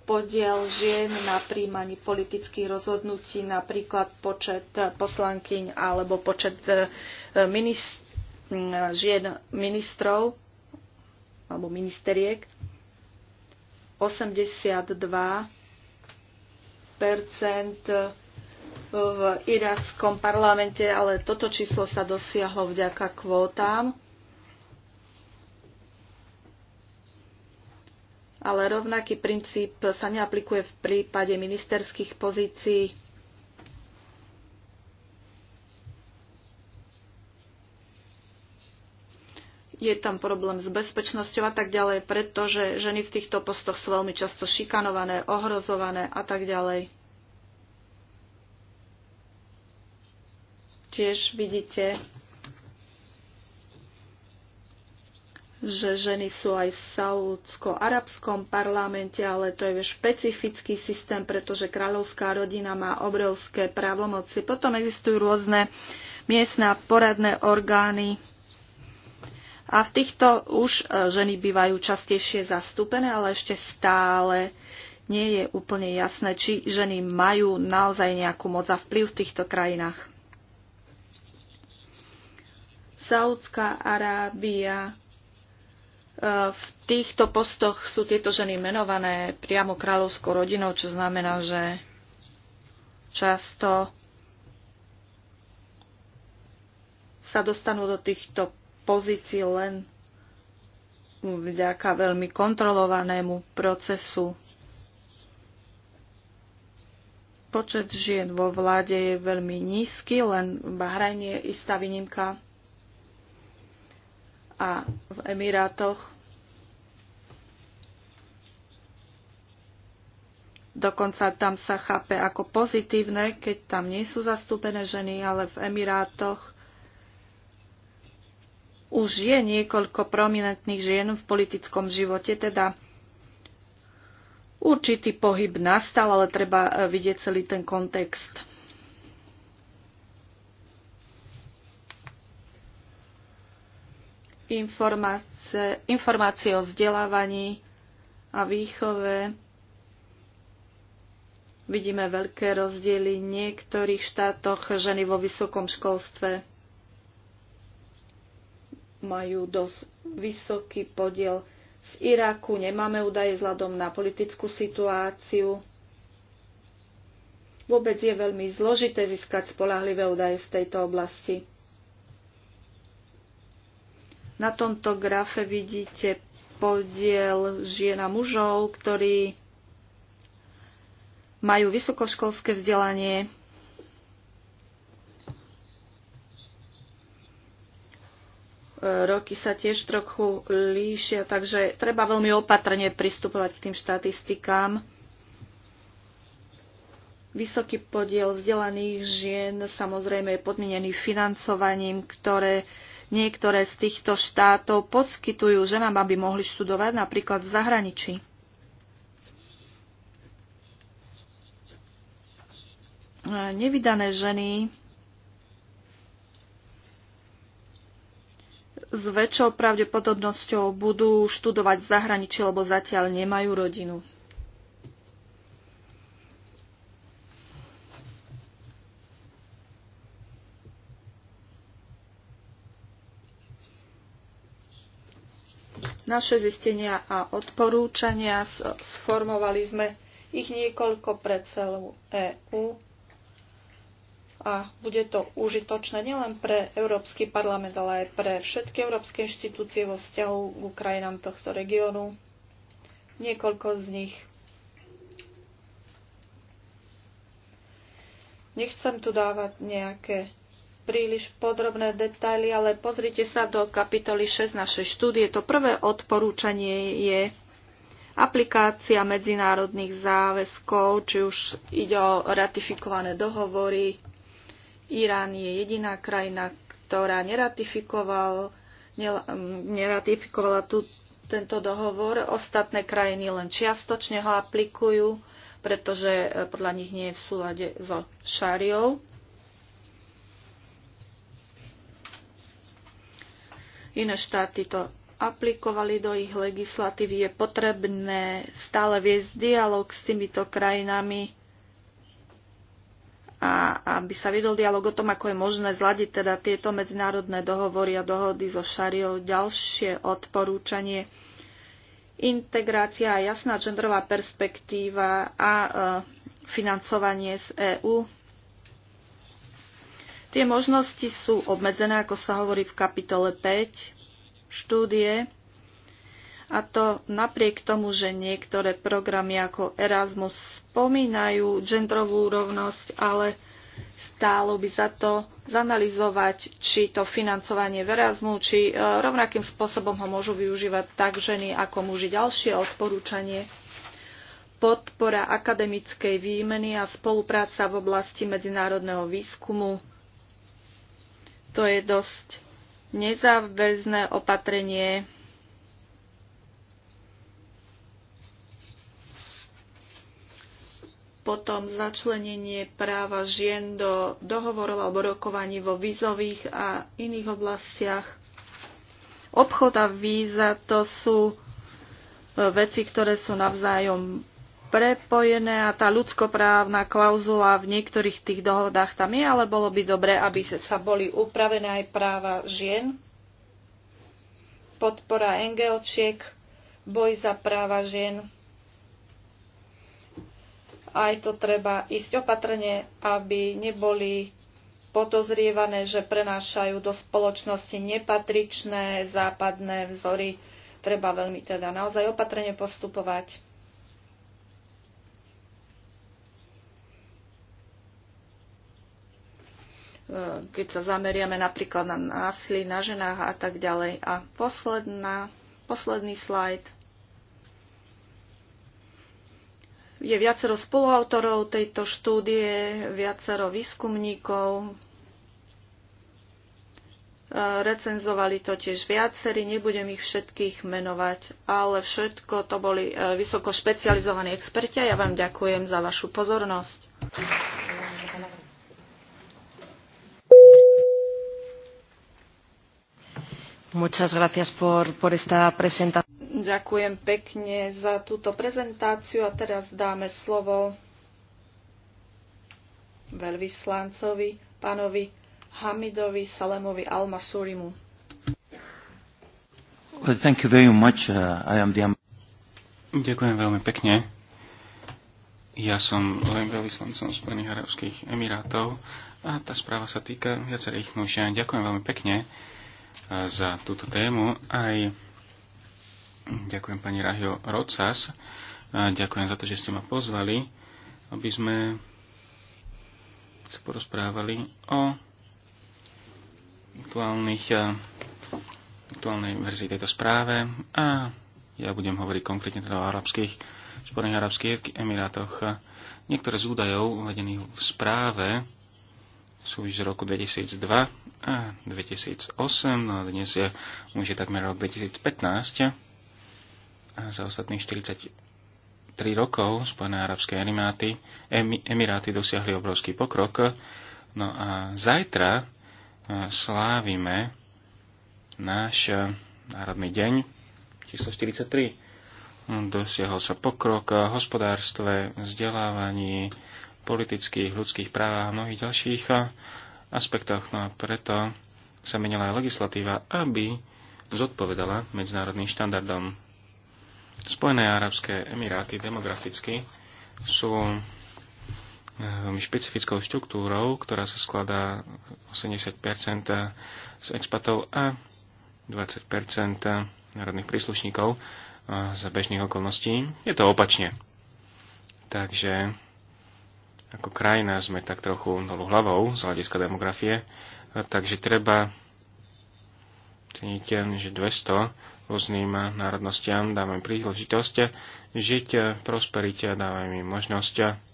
[SPEAKER 4] podiel žien na príjmaní politických rozhodnutí, napríklad počet poslankyň alebo počet e, minist- žien ministrov alebo ministeriek. 82 e, v irackom parlamente, ale toto číslo sa dosiahlo vďaka kvótám ale rovnaký princíp sa neaplikuje v prípade ministerských pozícií. Je tam problém s bezpečnosťou a tak ďalej, pretože ženy v týchto postoch sú veľmi často šikanované, ohrozované a tak ďalej. Tiež vidíte, že ženy sú aj v saúdsko-arabskom parlamente, ale to je špecifický systém, pretože kráľovská rodina má obrovské právomoci. Potom existujú rôzne miestne a poradné orgány. A v týchto už e, ženy bývajú častejšie zastúpené, ale ešte stále nie je úplne jasné, či ženy majú naozaj nejakú moc a vplyv v týchto krajinách. Saudská Arábia v týchto postoch sú tieto ženy menované priamo kráľovskou rodinou, čo znamená, že často sa dostanú do týchto pozícií len vďaka veľmi kontrolovanému procesu. Počet žien vo vláde je veľmi nízky, len v Bahrajne je istá výnimka a v Emirátoch. Dokonca tam sa chápe ako pozitívne, keď tam nie sú zastúpené ženy, ale v Emirátoch už je niekoľko prominentných žien v politickom živote, teda určitý pohyb nastal, ale treba eh, vidieť celý ten kontext. informácie, informácie o vzdelávaní a výchove. Vidíme veľké rozdiely v niektorých štátoch ženy vo vysokom školstve majú dosť vysoký podiel z Iraku. Nemáme údaje vzhľadom na politickú situáciu. Vôbec je veľmi zložité získať spolahlivé údaje z tejto oblasti. Na tomto grafe vidíte podiel žien a mužov, ktorí majú vysokoškolské vzdelanie. Roky sa tiež trochu líšia, takže treba veľmi opatrne pristupovať k tým štatistikám. Vysoký podiel vzdelaných žien samozrejme je podmienený financovaním, ktoré Niektoré z týchto štátov poskytujú ženám, aby mohli študovať napríklad v zahraničí. Nevydané ženy s väčšou pravdepodobnosťou budú študovať v zahraničí, lebo zatiaľ nemajú rodinu. Naše zistenia a odporúčania sformovali sme ich niekoľko pre celú EÚ a bude to užitočné nielen pre Európsky parlament, ale aj pre všetky európske inštitúcie vo vzťahu k krajinám tohto regiónu. Niekoľko z nich. Nechcem tu dávať nejaké príliš podrobné detaily, ale pozrite sa do kapitoly 6 našej štúdie. To prvé odporúčanie je aplikácia medzinárodných záväzkov, či už ide o ratifikované dohovory. Irán je jediná krajina, ktorá neratifikoval, mm, neratifikovala tú, tento dohovor. Ostatné krajiny len čiastočne ho aplikujú, pretože eh, podľa nich nie je v súlade so šáriou. Iné štáty to aplikovali do ich legislatívy. Je potrebné stále viesť dialog s týmito krajinami a aby sa vedol dialog o tom, ako je možné zladiť teda tieto medzinárodné dohovory a dohody so šariou. Ďalšie odporúčanie integrácia, jasná genderová perspektíva a e, financovanie z EÚ. Tie možnosti sú obmedzené, ako sa hovorí v kapitole 5 štúdie, a to napriek tomu, že niektoré programy ako Erasmus spomínajú genderovú rovnosť, ale stálo by za to zanalizovať, či to financovanie v Erasmu, či e, rovnakým spôsobom ho môžu využívať tak ženy ako muži. Ďalšie odporúčanie podpora akademickej výmeny a spolupráca v oblasti medzinárodného výskumu to je dosť nezáväzné opatrenie. Potom začlenenie práva žien do dohovorov alebo rokovaní vo vízových a iných oblastiach. Obchod a víza to sú e, veci, ktoré sú navzájom prepojené a tá ľudskoprávna klauzula v niektorých tých dohodách tam je, ale bolo by dobre, aby sa boli upravené aj práva žien, podpora NGOčiek, boj za práva žien. Aj to treba ísť opatrne, aby neboli podozrievané, že prenášajú do spoločnosti nepatričné západné vzory. Treba veľmi teda naozaj opatrne postupovať. E, keď sa zameriame napríklad na násilie na ženách a tak ďalej. A posledná, posledný slajd. Je viacero spoluautorov tejto štúdie, viacero výskumníkov. E, recenzovali to tiež viacerí, nebudem ich všetkých menovať, ale všetko to boli e, vysoko špecializovaní experti a ja vám ďakujem za vašu pozornosť.
[SPEAKER 1] Muchas gracias por, por esta presentación.
[SPEAKER 4] Ďakujem pekne za túto prezentáciu a teraz dáme slovo veľvyslancovi, pánovi Hamidovi Salemovi Al-Masurimu.
[SPEAKER 2] Well, thank you very much. Uh, I am the... Ďakujem veľmi pekne. Ja som len veľvyslancom Spojených arabských emirátov a tá správa sa týka viacerých mužia. Ďakujem veľmi pekne. Uh, za túto tému. Aj ďakujem pani Rahio Rocas. Ďakujem za to, že ste ma pozvali, aby sme sa porozprávali o aktuálnych, aktuálnej verzii tejto správe a ja budem hovoriť konkrétne teda o arabských, Spojených arabských emirátoch. Niektoré z údajov uvedených v správe sú z roku 2002 a 2008, no a dnes je už je takmer rok 2015 a za ostatných 43 rokov Spojené arabské Emiráty, Emiráty dosiahli obrovský pokrok. No a zajtra e, slávime náš e, národný deň číslo 43. Dosiahol sa pokrok v hospodárstve, vzdelávaní, politických, ľudských práv a mnohých ďalších aspektoch. No a preto sa menila aj legislatíva, aby zodpovedala medzinárodným štandardom. Spojené arabské emiráty demograficky sú e, špecifickou štruktúrou, ktorá sa skladá 80 z expatov a 20 národných príslušníkov e, za bežných okolností. Je to opačne. Takže ako krajina sme tak trochu dolu hlavou z hľadiska demografie, takže treba ceniť, eh, že 200 rôznym eh, národnostiam dáme príležitosť eh, žiť v prosperite a dávame im možnosť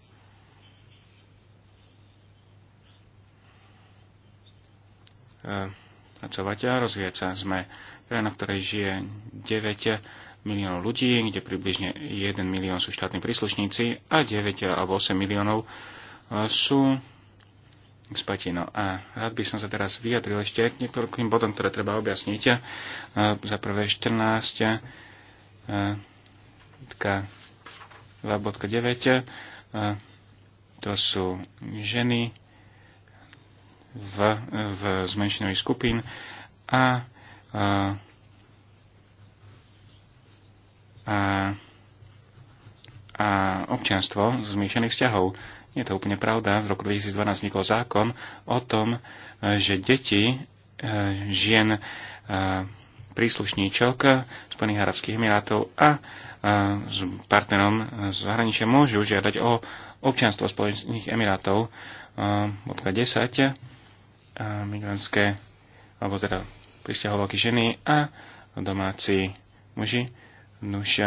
[SPEAKER 2] pracovať a rozvíjať sa. Sme krajina, v ktorej žije 9 miliónov ľudí, kde približne 1 milión sú štátni príslušníci a 9 alebo 8 miliónov e, sú expati. No a rád by som sa teraz vyjadril ešte k niektorým bodom, ktoré treba objasniť. E, za prvé 14, 2.9, e, to sú ženy v, v zmenšených skupín a, a a, a občianstvo zmiešaných vzťahov. Nie je to úplne pravda. V roku 2012 vznikol zákon o tom, e, že deti e, žien e, príslušníčok Spojených arabských emirátov a s partnerom z zahraničia môžu žiadať o občanstvo Spojených emirátov bodka 10 migrantské alebo teda pristahovalky ženy a domáci muži Nuž,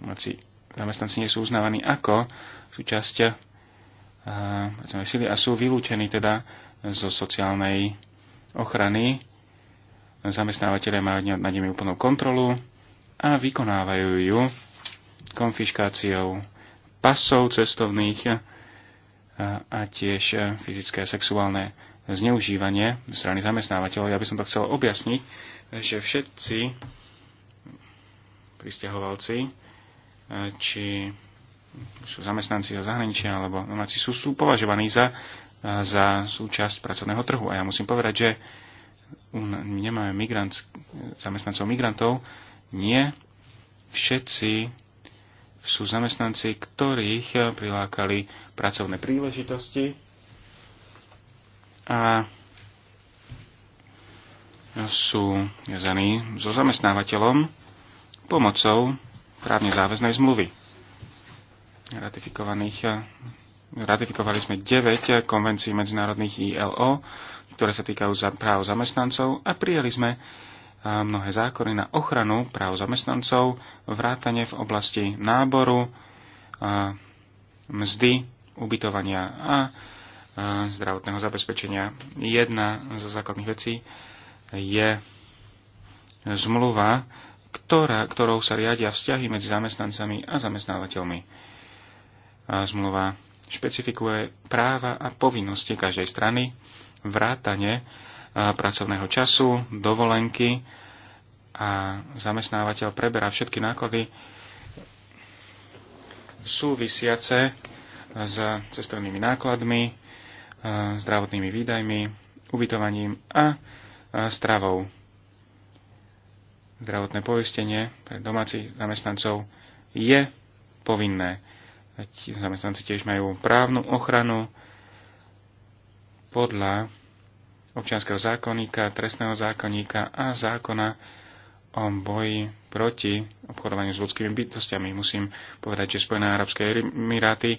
[SPEAKER 2] moci zamestnanci nie sú uznávaní ako súčasť eh, pracovnej sily a sú vylúčení teda zo sociálnej ochrany. Zamestnávateľe majú nad nimi úplnú kontrolu a vykonávajú ju konfiškáciou pasov cestovných eh, a tiež eh, fyzické a sexuálne zneužívanie strany zamestnávateľov. Ja by som to chcel objasniť, že všetci pristahovalci, e, či sú zamestnanci zo zahraničia alebo domáci, sú, sú považovaní za, e, za súčasť pracovného trhu. A ja musím povedať, že nemáme migrant, zamestnancov migrantov, nie. Všetci sú zamestnanci, ktorých prilákali pracovné príležitosti a sú viazaní so zamestnávateľom pomocou právne záväznej zmluvy. Ratifikovaných, ratifikovali sme 9 konvencií medzinárodných ILO, ktoré sa týkajú za práv zamestnancov a prijali sme mnohé zákony na ochranu práv zamestnancov, vrátane v oblasti náboru, mzdy, ubytovania a zdravotného zabezpečenia. Jedna zo základných vecí je zmluva ktorá, ktorou sa riadia vzťahy medzi zamestnancami a zamestnávateľmi. A zmluva špecifikuje práva a povinnosti každej strany, vrátane pracovného času, dovolenky a zamestnávateľ preberá všetky náklady súvisiace s cestovnými nákladmi, zdravotnými výdajmi, ubytovaním a stravou zdravotné poistenie pre domácich zamestnancov je povinné. Tí zamestnanci tiež majú právnu ochranu podľa občianského zákonníka, trestného zákonníka a zákona o boji proti obchodovaniu s ľudskými bytostiami. Musím povedať, že Spojené arabské emiráty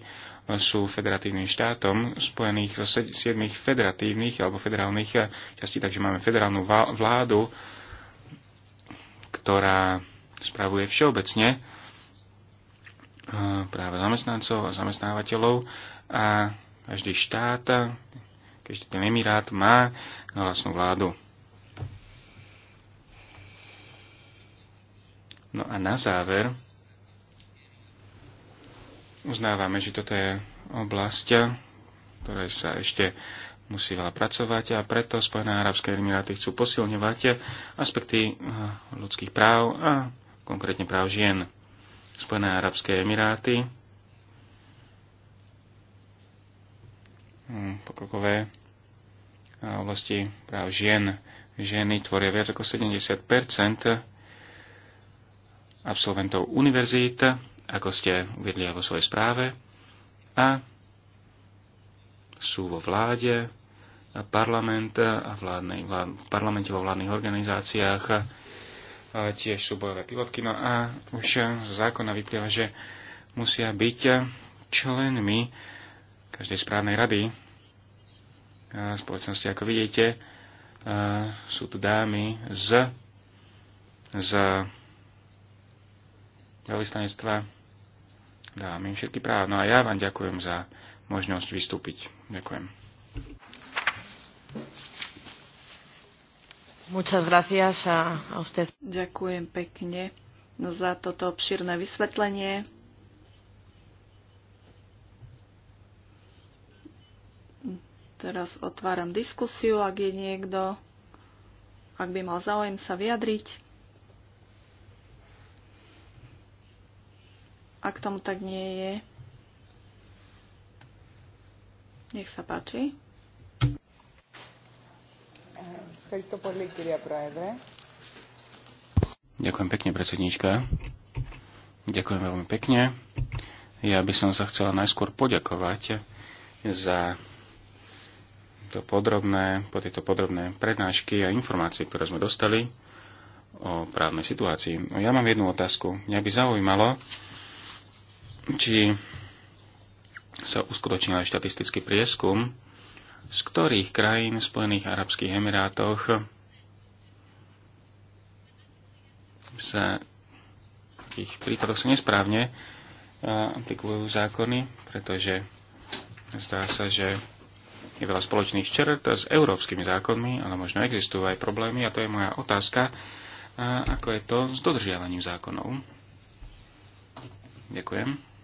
[SPEAKER 2] sú federatívnym štátom spojených zo siedmých federatívnych alebo federálnych eh, častí, takže máme federálnu vládu, ktorá spravuje všeobecne e, práve zamestnancov a zamestnávateľov a každý štát, každý ten emirát má vlastnú vládu. No a na záver uznávame, že toto je oblasť, ktorej sa ešte musí veľa pracovať a preto Spojené arabské emiráty chcú posilňovať aspekty eh, ľudských práv a konkrétne práv žien. Spojené arabské emiráty hm, pokrokové eh, oblasti práv žien. Ženy tvoria viac ako 70 absolventov univerzít, ako ste uvedli aj vo svojej správe, a sú vo vláde, parlament a vládnej, vlád, v parlamente vo vládnych organizáciách tiež sú bojové pilotky. No a už z zákona vyplýva, že musia byť členmi každej správnej rady spoločnosti. Ako vidíte, sú tu dámy z, z veľvyslanectva. dámy všetky práva. No a ja vám ďakujem za možnosť vystúpiť. Ďakujem.
[SPEAKER 4] Muchas gracias a, usted. Ďakujem pekne za toto obšírne vysvetlenie. Teraz otváram diskusiu, ak je niekto, ak by mal záujem sa vyjadriť. Ak tomu tak nie je, nech sa páči.
[SPEAKER 2] Ďakujem pekne, predsednička. Ďakujem veľmi pekne. Ja by som sa chcela najskôr poďakovať za to podrobné, po tieto podrobné prednášky a informácie, ktoré sme dostali o právnej situácii. No, ja mám jednu otázku. Mňa by zaujímalo, či sa uskutočnil aj štatistický prieskum, z ktorých krajín v Spojených Arabských Emirátoch sa v tých prípadoch sa nesprávne e, aplikujú zákony, pretože zdá sa, že je veľa spoločných čert s európskymi zákonmi, ale možno existujú aj problémy a to je moja otázka, e, ako je to s dodržiavaním zákonov. Ďakujem.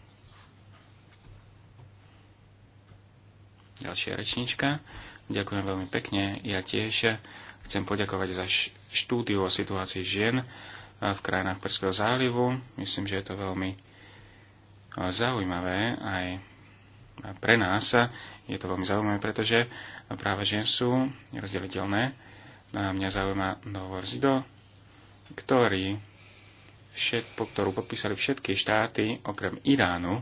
[SPEAKER 2] Ďalšia rečnička. Ďakujem veľmi pekne. Ja tiež chcem poďakovať za štúdiu o situácii žien e, v krajinách Perského zálivu. Myslím, že je to veľmi e, zaujímavé aj pre nás. Je to veľmi zaujímavé, pretože práve žien sú rozdeliteľné. A mňa zaujíma Novor Zido, ktorý všet, po ktorú podpísali všetky štáty okrem Iránu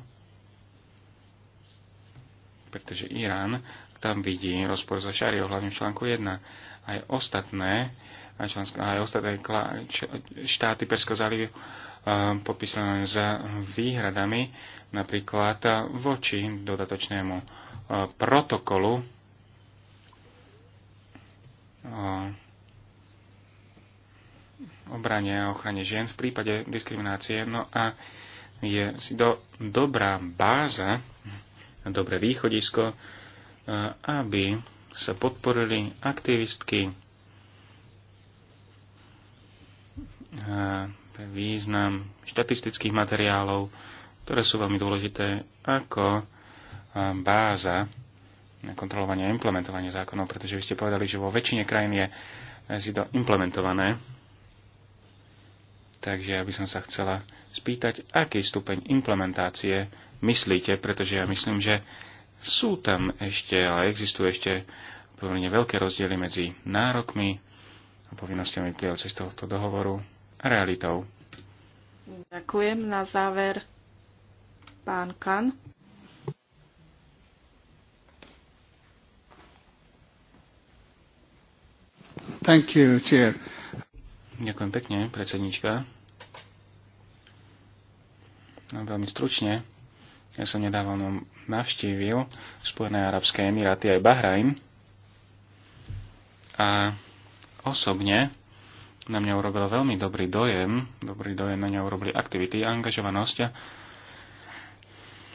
[SPEAKER 2] pretože Irán tam vidí rozpor so šariou, hlavne v článku 1. Aj ostatné, aj, člansko, aj ostatné štáty Perského zálivu eh, popísané za výhradami, napríklad eh, voči dodatočnému eh, protokolu obrane a ochrane žien v prípade diskriminácie. No a je si do, dobrá báza dobré východisko, aby sa podporili aktivistky význam štatistických materiálov, ktoré sú veľmi dôležité ako báza na kontrolovanie a implementovanie zákonov, pretože vy ste povedali, že vo väčšine krajín je e, to implementované. Takže ja by som sa chcela spýtať, aký stupeň implementácie myslíte, pretože ja myslím, že sú tam ešte, ale existujú ešte pomerne veľké rozdiely medzi nárokmi a povinnosťami plývajúce z tohto dohovoru a realitou.
[SPEAKER 4] Ďakujem. Na záver pán Kan.
[SPEAKER 2] Thank you, chair. Ďakujem pekne, predsednička. No, veľmi stručne ja som nedávno navštívil Spojené arabské emiráty aj Bahrajn a osobne na mňa urobil veľmi dobrý dojem, dobrý dojem na mňa urobili aktivity a angažovanosť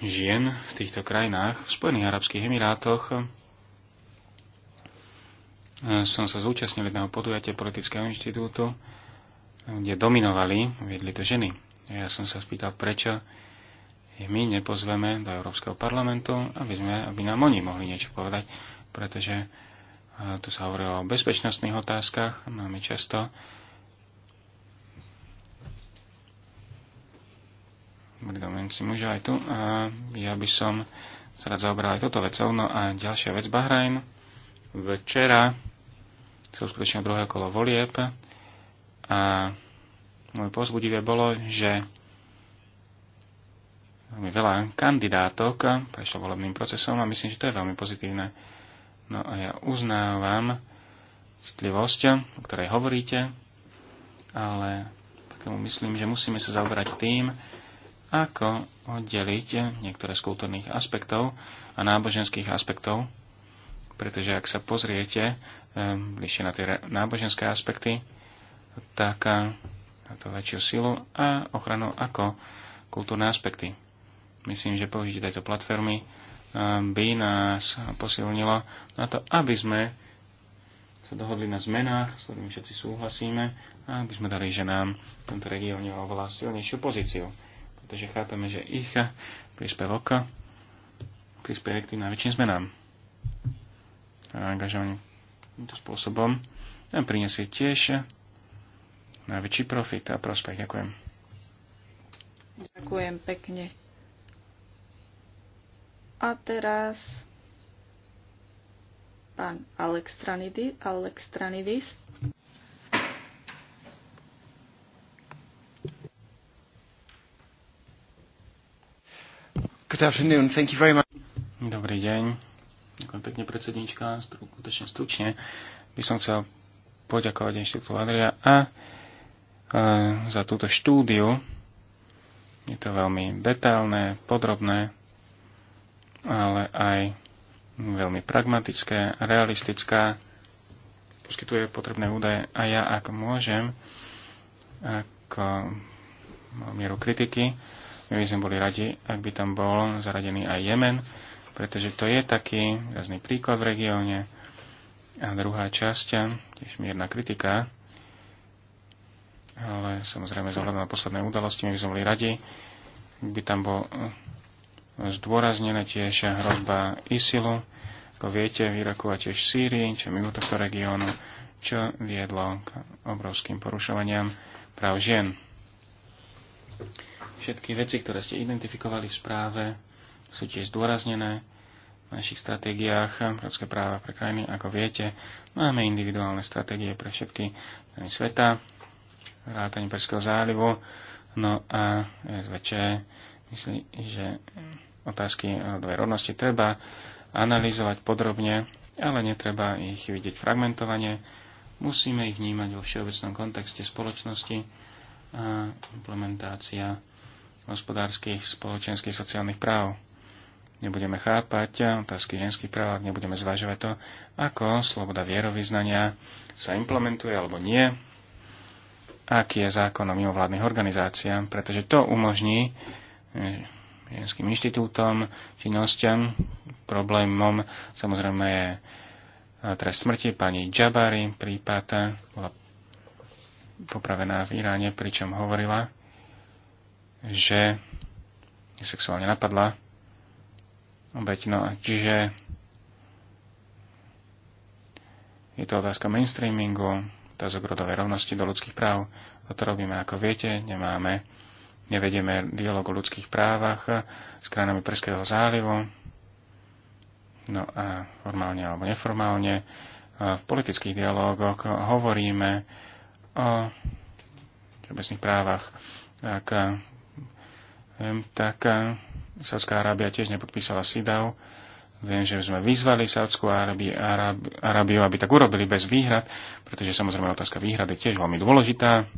[SPEAKER 2] žien v týchto krajinách, v Spojených Arabských Emirátoch. Eh, som sa zúčastnil jedného podujatia politického inštitútu, kde dominovali, viedli to ženy. Ja som sa spýtal, prečo my nepozveme do Európskeho parlamentu, aby, sme, aby nám oni mohli niečo povedať, pretože e, tu sa hovorí o bezpečnostných otázkach, máme často uvedomujem si muža aj tu. A ja by som sa rád zaoberal aj toto vecou. No a ďalšia vec, Bahrajn. Včera sú skutočne druhé kolo volieb a môj pozbudivé bolo, že veľmi veľa kandidátok prešlo volebným procesom a myslím, že to je veľmi pozitívne. No a ja uznávam citlivosť, o ktorej hovoríte, ale takému myslím, že musíme sa zaoberať tým, ako oddeliť niektoré z kultúrnych aspektov a náboženských aspektov, pretože ak sa pozriete ehm, bližšie na tie náboženské aspekty, tak eh, na to väčšiu silu a ochranu ako kultúrne aspekty. Myslím, že použitie tejto platformy eh, by nás posilnilo na to, aby sme sa dohodli na zmenách, s ktorými všetci súhlasíme, a aby sme dali ženám v tomto regióne oveľa silnejšiu pozíciu. Pretože chápeme, že ich príspevok prispieje k tým najväčším zmenám. A angažovanie týmto spôsobom nám priniesie tiež najväčší profit a prospech. Ďakujem.
[SPEAKER 4] Ďakujem pekne. A teraz pán Alextranidis.
[SPEAKER 2] Good afternoon. Thank you very much. Dobrý deň. Ďakujem pekne predsednička. Skutočne stručne by som chcel poďakovať inštitútu Adria a e, za túto štúdiu. Je to veľmi detailné, podrobné ale aj veľmi pragmatické, realistická, poskytuje potrebné údaje a ja, ak môžem, ako mieru kritiky, my by sme boli radi, ak by tam bol zaradený aj Jemen, pretože to je taký rázny príklad v regióne. A druhá časť, tiež mierna kritika, ale samozrejme zohľadom na posledné udalosti, my by sme boli radi, ak by tam bol zdôraznená tiež hrozba ISILu, ako viete, v Iraku a tiež v Sýrii, čo mimo tohto regiónu, čo viedlo k obrovským porušovaniam práv žien. Všetky veci, ktoré ste identifikovali v správe, sú tiež zdôraznené v našich stratégiách ľudské práva pre krajiny. Ako viete, máme individuálne stratégie pre všetky krajiny sveta, vrátanie Perského zálivu, no a SVČ Myslím, že mm, otázky rodovej eh, rovnosti treba analyzovať podrobne, ale netreba ich vidieť fragmentovane. Musíme ich vnímať vo všeobecnom kontexte spoločnosti a implementácia hospodárskych, spoločenských, sociálnych práv. Nebudeme chápať otázky ženských práv, ak nebudeme zvažovať to, ako sloboda vierovýznania sa implementuje alebo nie, aký je zákon o mimovládnych organizáciám, pretože to umožní Eh, ženským inštitútom, činnosťam. Problémom samozrejme je eh, trest smrti pani Jabari, prípad eh, bola popravená v Iráne, pričom hovorila, že sexuálne napadla obeď. No a čiže je to otázka mainstreamingu, otázok rodovej rovnosti do ľudských práv. A to robíme, ako viete, nemáme nevedieme dialog o ľudských právach s krajinami Perského zálivu, no a formálne alebo neformálne v politických dialogoch hovoríme o všeobecných právach. tak, viem, tak Saudská Arábia tiež nepodpísala SIDAV. Viem, že sme vyzvali Saudskú Arábiu, Arábiu, aby tak urobili bez výhrad, pretože samozrejme otázka výhrady je tiež veľmi dôležitá.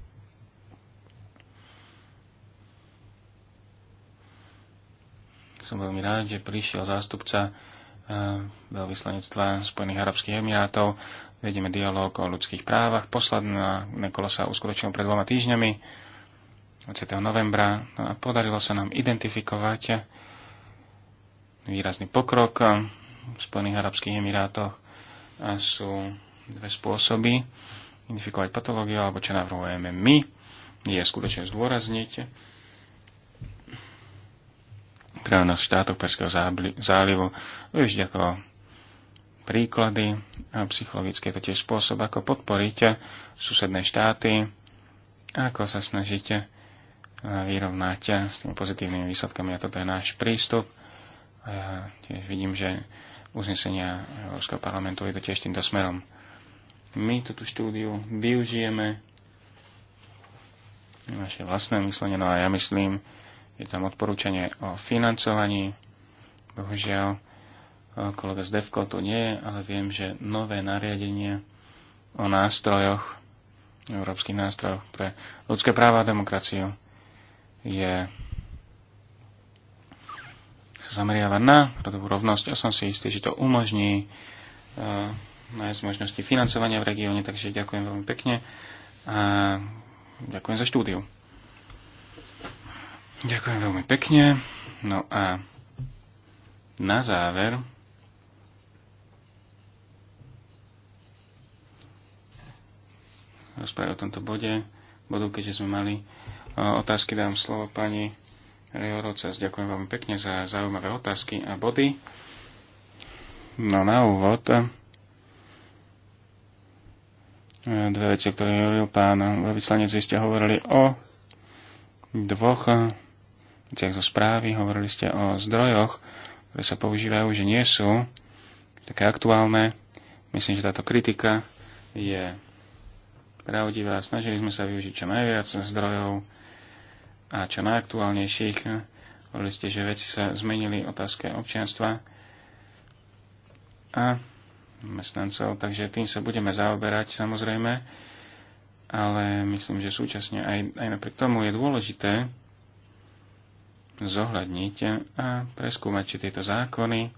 [SPEAKER 2] Som veľmi rád, že prišiel zástupca eh, veľvyslanectva Spojených Arabských Emirátov. Vedieme dialog o ľudských právach. Posledné kolo sa uskutočnilo pred dvoma týždňami, 20. novembra. No a podarilo sa nám identifikovať výrazný pokrok v Spojených Arabských Emirátoch. A sú dve spôsoby identifikovať patológiu, alebo čo navrhujeme my, je skutočne zdôrazniť krajinách štátoch Perského zálivu už ako príklady a psychologicky je to tiež spôsob, ako podporíte susedné štáty, ako sa snažíte eh, vyrovnať eh, s tými pozitívnymi výsledkami a toto je náš prístup. A ja tiež vidím, že uznesenia Európskeho parlamentu je to tiež týmto smerom. My túto štúdiu využijeme naše vlastné myslenie, no a ja myslím, je tam odporúčanie o financovaní. Bohužiaľ, e, kolega z DEFCO tu nie je, ale viem, že nové nariadenie o nástrojoch, európskych nástrojoch pre ľudské práva a demokraciu je sa zameriava na rodovú rovnosť a som si istý, že to umožní uh, nájsť možnosti financovania v regióne, takže ďakujem veľmi pekne a ďakujem za štúdiu. Ďakujem veľmi pekne. No a na záver rozprávať o tomto bode, bodu, keďže sme mali otázky, dám slovo pani Rehorovcas. Ďakujem veľmi pekne za zaujímavé otázky a body. No na úvod e, dve veci, o ktorých hovoril pán Vyslanec ste hovorili o dvoch zo správy, hovorili ste o zdrojoch, ktoré sa používajú, že nie sú také aktuálne. Myslím, že táto kritika je pravdivá. Snažili sme sa využiť čo najviac zdrojov a čo najaktuálnejších. Hovorili ste, že veci sa zmenili otázke občianstva a mestnancov, takže tým sa budeme zaoberať samozrejme, ale myslím, že súčasne aj, aj napriek tomu je dôležité, zohľadniť a preskúmať, či tieto zákony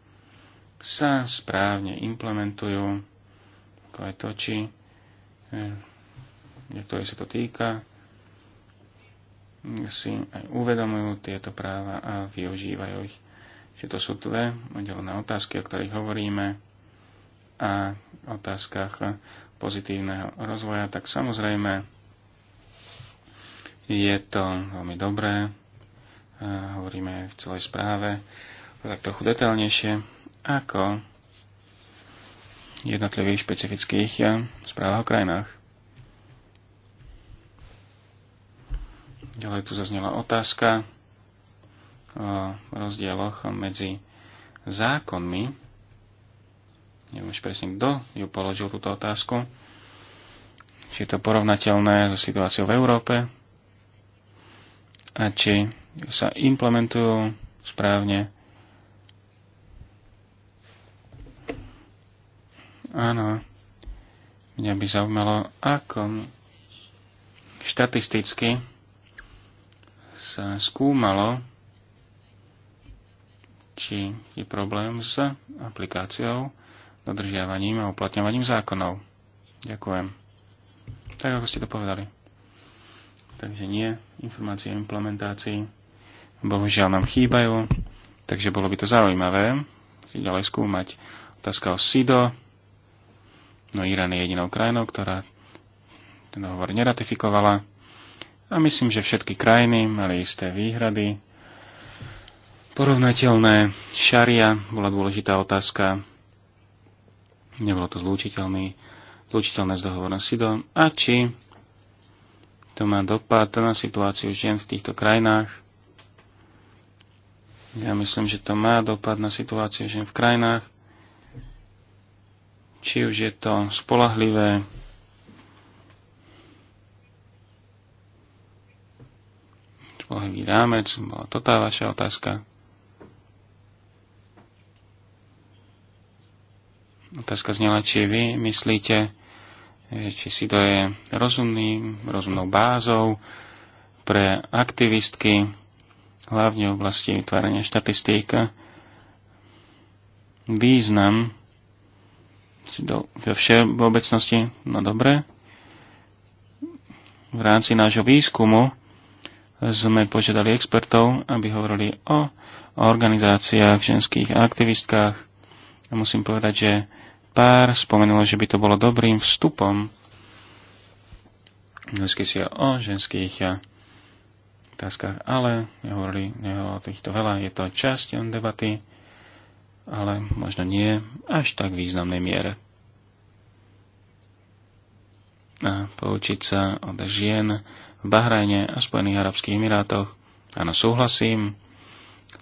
[SPEAKER 2] sa správne implementujú, ako aj to, či niektorí eh, sa to týka, si aj uvedomujú tieto práva a využívajú ich. Čiže to sú dve oddelené otázky, o ktorých hovoríme a otázkach pozitívneho rozvoja, tak samozrejme je to veľmi dobré, hovoríme v celej správe, tak trochu detailnejšie, ako jednotlivých špecifických eh, správach o krajinách. Ďalej tu zaznela otázka o rozdieloch medzi zákonmi. Neviem už presne, kto ju položil túto otázku. Či je to porovnateľné so situáciou v Európe a či sa implementujú správne. Áno, mňa by zaujímalo, ako štatisticky sa skúmalo, či je problém s aplikáciou, dodržiavaním a uplatňovaním zákonov. Ďakujem. Tak, ako ste to povedali. Takže nie informácie o implementácii bohužiaľ nám chýbajú, takže bolo by to zaujímavé ďalej skúmať. Otázka o SIDO. No Irán je jedinou krajinou, ktorá ten hovor neratifikovala. A myslím, že všetky krajiny mali isté výhrady. Porovnateľné šaria bola dôležitá otázka. Nebolo to zlúčiteľný, zlúčiteľné s dohovorom SIDO. A či to má dopad na situáciu žien v týchto krajinách? Ja myslím, že to má dopad na situáciu žien v krajinách. Či už je to spolahlivé, spolahlivý rámec, bola to tá vaša otázka. Otázka znela, či vy myslíte, či si to je rozumný, rozumnou bázou pre aktivistky, hlavne v oblasti vytvárania štatistík, význam si do, vo všeobecnosti, no dobre, v rámci nášho výskumu sme požiadali expertov, aby hovorili o, organizáciách, ženských aktivistkách. A musím povedať, že pár spomenulo, že by to bolo dobrým vstupom. Vysky si o ženských otázkach, ale nehovorili, nehovorili o týchto veľa. Je to časť debaty, ale možno nie až tak významnej miere. A poučiť sa od žien v Bahrajne a Spojených Arabských Emirátoch. Áno, súhlasím.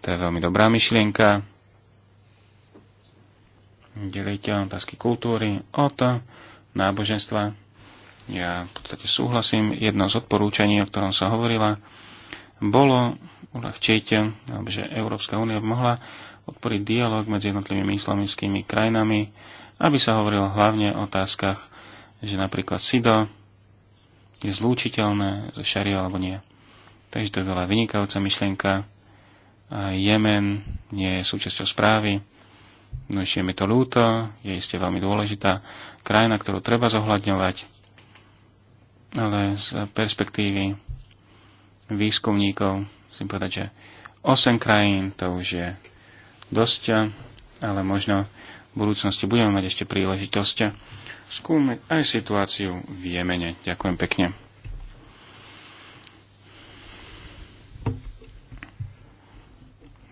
[SPEAKER 2] To je veľmi dobrá myšlienka. Delíte otázky kultúry od náboženstva. Ja v podstate súhlasím. Jedno z odporúčaní, o ktorom sa hovorila, bolo uľahčiť, alebo že Európska únia mohla podporiť dialog medzi jednotlivými islamickými krajinami, aby sa hovorilo hlavne o otázkach, že napríklad SIDO je zlúčiteľné so šariou alebo nie. Takže to je bola vynikajúca myšlienka. A Jemen nie je súčasťou správy. No je mi to ľúto, je iste veľmi dôležitá krajina, ktorú treba zohľadňovať, ale z perspektívy výskumníkov. Musím povedať, že 8 krajín to už je dosť, ale možno v budúcnosti budeme mať ešte príležitosť skúmať aj situáciu v Jemene. Ďakujem pekne.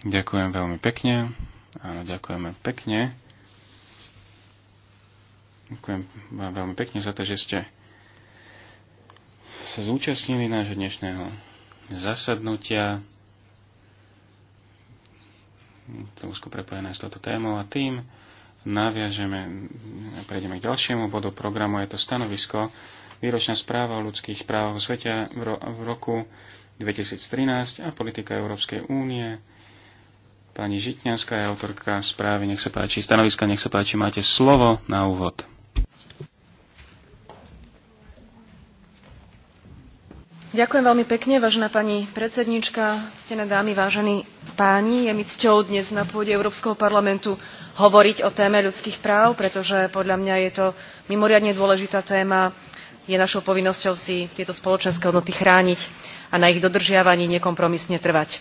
[SPEAKER 2] Ďakujem veľmi pekne. Áno, ďakujeme pekne. Ďakujem vám veľmi pekne za to, že ste sa zúčastnili nášho dnešného zasadnutia. To úzko prepojené s touto témou a tým naviažeme, prejdeme k ďalšiemu bodu programu, je to stanovisko Výročná správa o ľudských právach svete v roku 2013 a politika Európskej únie. Pani Žitňanská je autorka správy, nech sa páči, stanoviska, nech sa páči, máte slovo na úvod.
[SPEAKER 1] Ďakujem veľmi pekne, vážená pani predsednička, ctené dámy, vážení páni. Je mi cťou dnes na pôde Európskeho parlamentu hovoriť o téme ľudských práv, pretože podľa mňa je to mimoriadne dôležitá téma. Je našou povinnosťou si tieto spoločenské hodnoty chrániť a na ich dodržiavaní nekompromisne trvať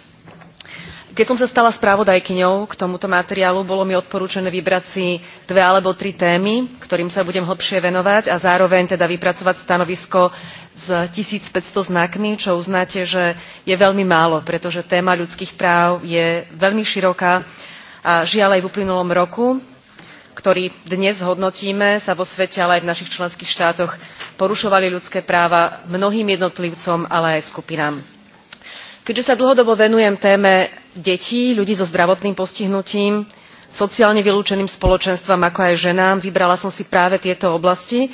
[SPEAKER 1] keď som sa stala správodajkyňou k tomuto materiálu, bolo mi odporúčané vybrať si dve alebo tri témy, ktorým sa budem hlbšie venovať a zároveň teda vypracovať stanovisko s 1500 znakmi, čo uznáte, že je veľmi málo, pretože téma ľudských práv je veľmi široká a žiaľ aj v uplynulom roku, ktorý dnes hodnotíme, sa vo svete, ale aj v našich členských štátoch porušovali ľudské práva mnohým jednotlivcom, ale aj skupinám keďže sa dlhodobo venujem téme detí ľudí so zdravotným postihnutím sociálne vylúčeným spoločenstvám ako aj ženám vybrala som si práve tieto oblasti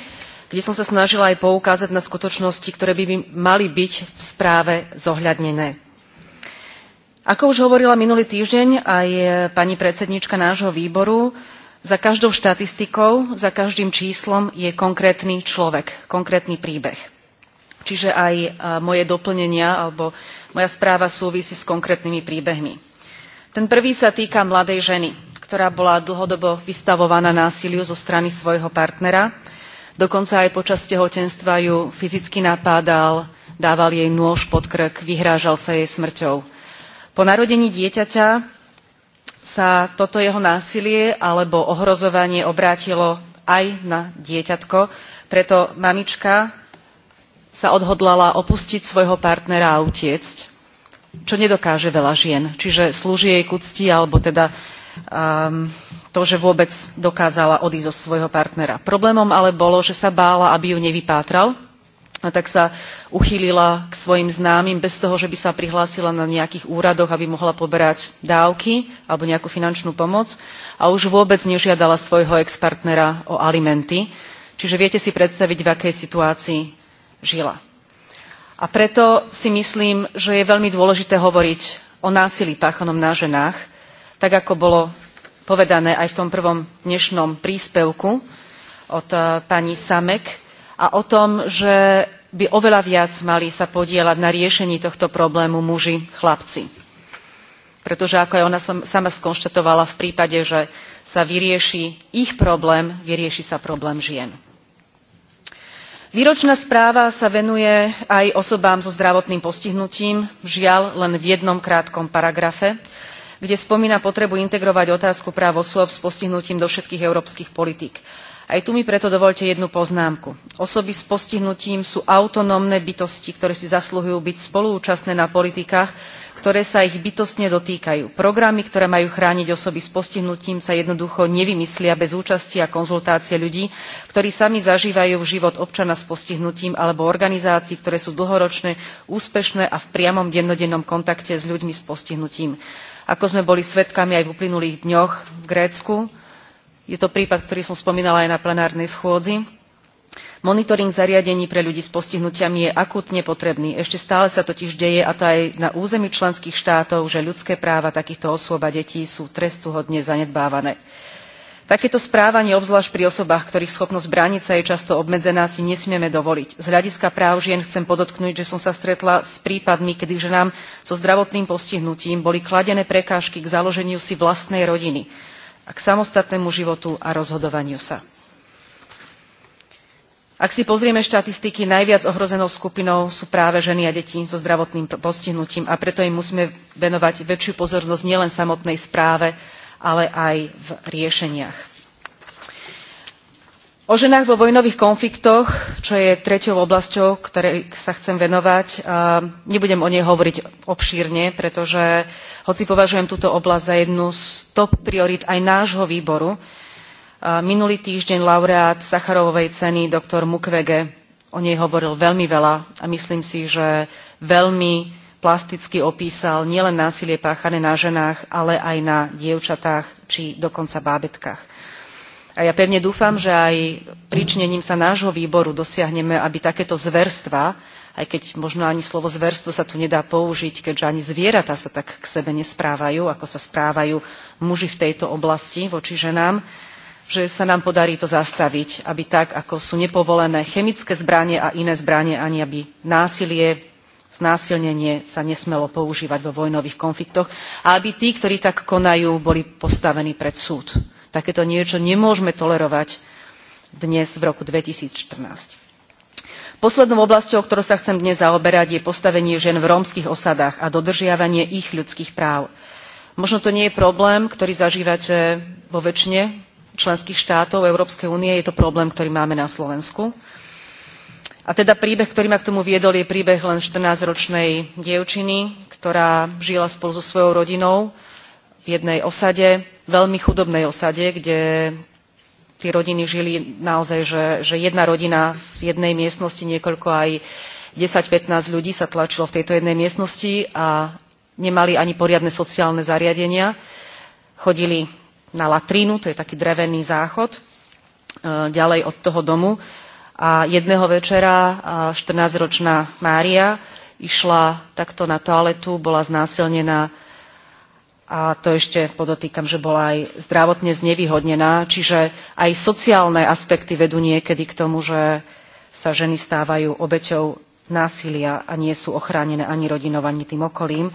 [SPEAKER 1] kde som sa snažila aj poukázať na skutočnosti ktoré by mali byť v správe zohľadnené. ako už hovorila minulý týždeň aj pani predsednička nášho výboru za každou štatistikou, za každým číslom je konkrétny človek, konkrétny príbeh. Čiže aj moje doplnenia alebo moja správa súvisí s konkrétnymi príbehmi. Ten prvý sa týka mladej ženy, ktorá bola dlhodobo vystavovaná násiliu zo strany svojho partnera. Dokonca aj počas tehotenstva ju fyzicky napádal, dával jej nôž pod krk, vyhrážal sa jej smrťou. Po narodení dieťaťa sa toto jeho násilie alebo ohrozovanie obrátilo aj na dieťatko, preto mamička sa odhodlala opustiť svojho partnera a utiecť, čo nedokáže veľa žien. Čiže slúži jej ku cti, alebo teda um, to, že vôbec dokázala odísť zo svojho partnera. Problémom ale bolo, že sa bála, aby ju nevypátral, a tak sa uchýlila k svojim známym bez toho, že by sa prihlásila na nejakých úradoch, aby mohla poberať dávky alebo nejakú finančnú pomoc a už vôbec nežiadala svojho ex-partnera o alimenty. Čiže viete si predstaviť, v akej situácii žila. A preto si myslím, že je veľmi dôležité hovoriť o násilí páchanom na ženách, tak ako bolo povedané aj v tom prvom dnešnom príspevku od eh, pani Samek a o tom, že by oveľa viac mali sa podielať na riešení tohto problému muži, chlapci. Pretože ako aj ona som, sama skonštatovala v prípade, že sa vyrieši ich problém, vyrieši sa problém žien výročná správa sa venuje aj osobám so zdravotným postihnutím žiaľ len v jednom krátkom paragrafe kde spomína potrebu integrovať otázku práv osôb s postihnutím do všetkých európskych politík. aj tu mi preto dovoľte jednu poznámku osoby s postihnutím sú autonómne bytosti ktoré si zasluhujú byť spoluúčastné na politikách ktoré sa ich bytostne dotýkajú. Programy, ktoré majú chrániť osoby s postihnutím, sa jednoducho nevymyslia bez účasti a konzultácie ľudí, ktorí sami zažívajú život občana s postihnutím alebo organizácií, ktoré sú dlhoročné, úspešné a v priamom dennodennom kontakte s ľuďmi s postihnutím. Ako sme boli svedkami aj v uplynulých dňoch v Grécku, je to prípad, ktorý som spomínala aj na plenárnej schôdzi, monitoring zariadení pre ľudí s postihnutiami je akútne potrebný ešte stále sa totiž deje a to aj na území členských štátov že ľudské práva takýchto osôb a detí sú trestuhodne zanedbávané. takéto správanie obzvlášť pri osobách ktorých schopnosť brániť sa je často obmedzená si nesmieme dovoliť. z hľadiska práv žien chcem podotknúť že som sa stretla s prípadmi kedy ženám so zdravotným postihnutím boli kladené prekážky k založeniu si vlastnej rodiny a k samostatnému životu a rozhodovaniu sa ak si pozrieme štatistiky najviac ohrozenou skupinou sú práve ženy a deti so zdravotným postihnutím a preto im musíme venovať väčšiu pozornosť nielen v samotnej správe ale aj v riešeniach. o ženách vo vojnových konfliktoch čo je treťou oblasťou ktorej sa chcem venovať nebudem o nej hovoriť obšírne pretože hoci považujem túto oblasť za jednu z top priorít aj nášho výboru Minulý týždeň laureát Sacharovovej ceny doktor Mukwege o nej hovoril veľmi veľa a myslím si, že veľmi plasticky opísal nielen násilie páchané na ženách, ale aj na dievčatách či dokonca bábetkách. A ja pevne dúfam, že aj pričnením sa nášho výboru dosiahneme, aby takéto zverstva, aj keď možno ani slovo zverstvo sa tu nedá použiť, keďže ani zvieratá sa tak k sebe nesprávajú, ako sa správajú muži v tejto oblasti voči ženám, že sa nám podarí to zastaviť, aby tak, ako sú nepovolené chemické zbranie a iné zbranie, ani aby násilie, znásilnenie sa nesmelo používať vo vojnových konfliktoch a aby tí, ktorí tak konajú, boli postavení pred súd. Takéto niečo nemôžeme tolerovať dnes v roku 2014. Poslednou oblasťou, ktorou sa chcem dnes zaoberať, je postavenie žien v rómskych osadách a dodržiavanie ich ľudských práv. Možno to nie je problém, ktorý zažívate vo väčšine členských štátov Európskej únie, je to problém, ktorý máme na Slovensku. A teda príbeh, ktorý ma k tomu viedol, je príbeh len 14-ročnej dievčiny, ktorá žila spolu so svojou rodinou v jednej osade, veľmi chudobnej osade, kde tí rodiny žili naozaj, že, že jedna rodina v jednej miestnosti niekoľko aj 10-15 ľudí sa tlačilo v tejto jednej miestnosti a nemali ani poriadne sociálne zariadenia. Chodili na latrínu, to je taký drevený záchod, e, ďalej od toho domu. A jedného večera 14-ročná e, Mária išla takto na toaletu, bola znásilnená a to ešte podotýkam, že bola aj zdravotne znevýhodnená, čiže aj sociálne aspekty vedú niekedy k tomu, že sa ženy stávajú obeťou násilia a nie sú ochránené ani rodinou, ani tým okolím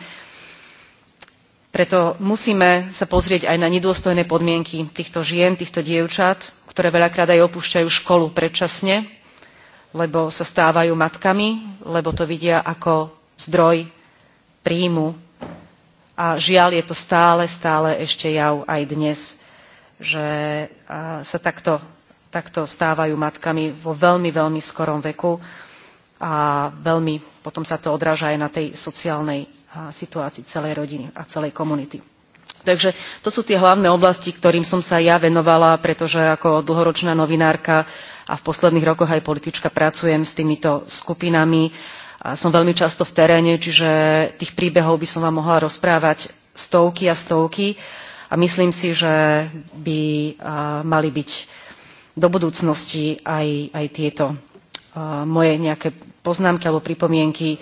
[SPEAKER 1] preto musíme sa pozrieť aj na nedôstojné podmienky týchto žien týchto dievčat ktoré veľakrát aj opúšťajú školu predčasne lebo sa stávajú matkami lebo to vidia ako zdroj príjmu a žiaľ je to stále stále ešte jav aj dnes že sa takto, takto stávajú matkami vo veľmi veľmi skorom veku a veľmi potom sa to odráža aj na tej sociálnej situácii celej rodiny a celej komunity. Takže to sú tie hlavné oblasti, ktorým som sa ja venovala, pretože ako dlhoročná novinárka a v posledných rokoch aj politička pracujem s týmito skupinami. A som veľmi často v teréne, čiže tých príbehov by som vám mohla rozprávať stovky a stovky a myslím si, že by mali byť do budúcnosti aj, aj tieto moje nejaké poznámky alebo pripomienky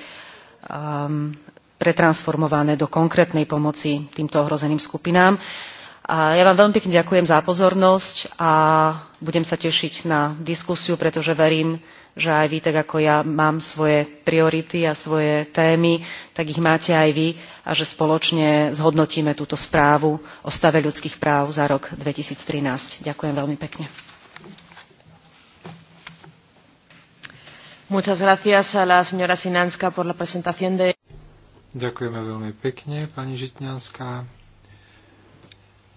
[SPEAKER 1] pretransformované do konkrétnej pomoci týmto ohrozeným skupinám. A ja vám veľmi pekne ďakujem za pozornosť a budem sa tešiť na diskusiu, pretože verím, že aj vy, tak ako ja, mám svoje priority a svoje témy, tak ich máte aj vy a že spoločne zhodnotíme túto správu o stave ľudských práv za rok 2013. Ďakujem veľmi pekne. Muchas gracias a la señora Sinanska por la presentación de Ďakujeme
[SPEAKER 3] veľmi pekne, pani Žitňanská.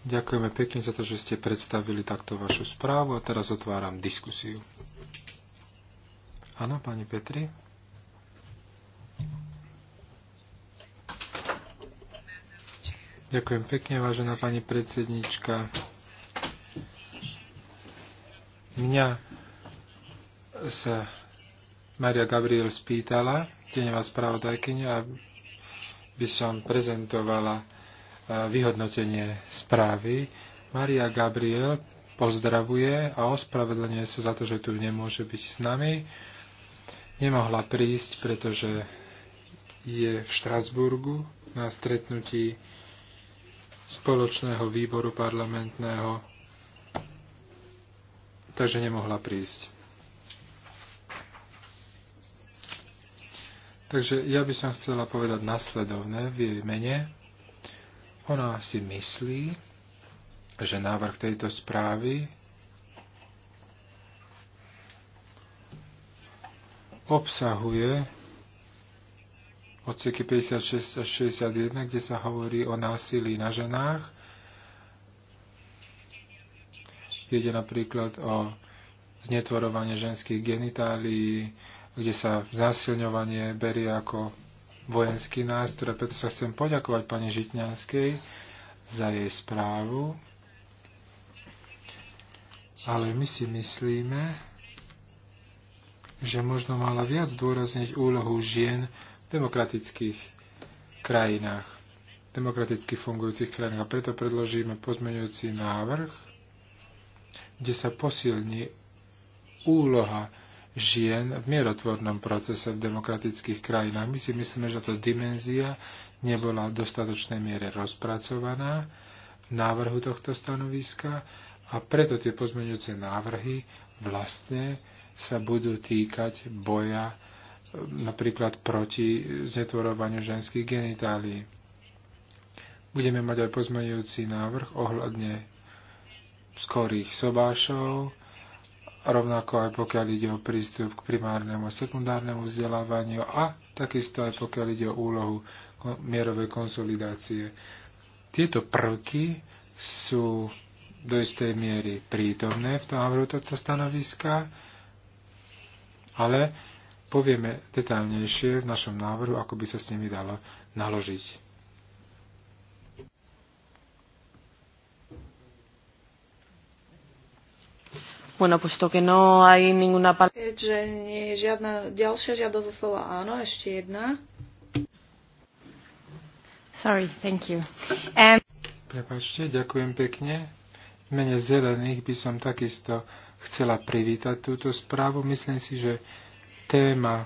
[SPEAKER 3] Ďakujeme pekne za to, že ste predstavili takto vašu správu a teraz otváram diskusiu. Áno, pani Petri? Ďakujem pekne, vážená pani predsednička. Mňa sa Maria Gabriel spýtala, tieňová správodajkynia, a by som prezentovala e, vyhodnotenie správy. Maria Gabriel pozdravuje a ospravedlňuje sa za to, že tu nemôže byť s nami. Nemohla prísť, pretože je v Štrasburgu na stretnutí spoločného výboru parlamentného, takže nemohla prísť. Takže ja by som chcela povedať nasledovné v jej mene. Ona si myslí, že návrh tejto správy obsahuje odseky 56 až 61, kde sa hovorí o násilí na ženách. Ide napríklad o znetvorovanie ženských genitálií, kde sa zásilňovanie berie ako vojenský nástroj. Preto sa chcem poďakovať pani Žitňanskej za jej správu. Ale my si myslíme, že možno mala viac dôrazniť úlohu žien v demokratických krajinách, demokraticky fungujúcich krajinách. A preto predložíme pozmeňujúci návrh, kde sa posilní úloha žien v mierotvornom procese v demokratických krajinách. My si myslíme, že to dimenzia nebola v dostatočnej miere rozpracovaná v návrhu tohto stanoviska a preto tie pozmeňujúce návrhy vlastne sa budú týkať boja e, napríklad proti znetvorovaniu ženských genitálií. Budeme mať aj pozmeňujúci návrh ohľadne skorých sobášov, rovnako aj pokiaľ ide o prístup k primárnemu a sekundárnemu vzdelávaniu a takisto aj pokiaľ ide o úlohu mierovej konsolidácie. Tieto prvky sú do istej miery prítomné v návrhu tohto stanoviska, ale povieme detálnejšie v našom návrhu, ako by sa s nimi dalo
[SPEAKER 1] naložiť. Bueno, puesto que no hay ninguna palabra.
[SPEAKER 4] Keďže nie je žiadna ďalšia žiadosť o slovo áno, ešte jedna.
[SPEAKER 1] Sorry, thank you. Um...
[SPEAKER 3] Prepačte, ďakujem pekne. V mene zelených by som takisto chcela privítať túto správu. Myslím si, že téma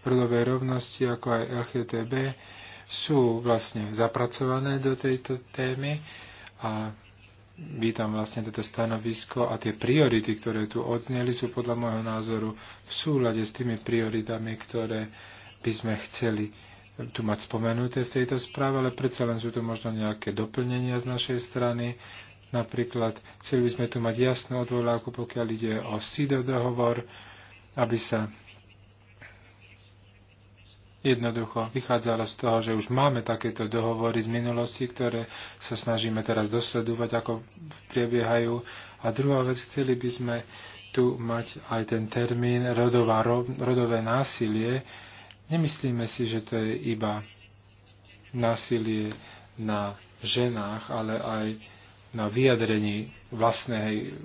[SPEAKER 3] rodovej rovnosti, ako aj LGTB, sú vlastne zapracované do tejto témy a vítam vlastne toto stanovisko a tie priority, ktoré tu odzneli, sú podľa môjho názoru v súlade s tými prioritami, ktoré by sme chceli tu mať spomenuté v tejto správe, ale predsa len sú tu možno nejaké doplnenia z našej strany. Napríklad chceli by sme tu mať jasnú odvolávku, pokiaľ ide o SIDO dohovor, aby sa jednoducho vychádzalo z toho, že už máme takéto dohovory z minulosti, ktoré sa snažíme teraz dosledovať, ako prebiehajú. A druhá vec, chceli by sme tu mať aj ten termín rodová, rodové násilie. Nemyslíme si, že to je iba násilie na ženách, ale aj na vyjadrení vlastnej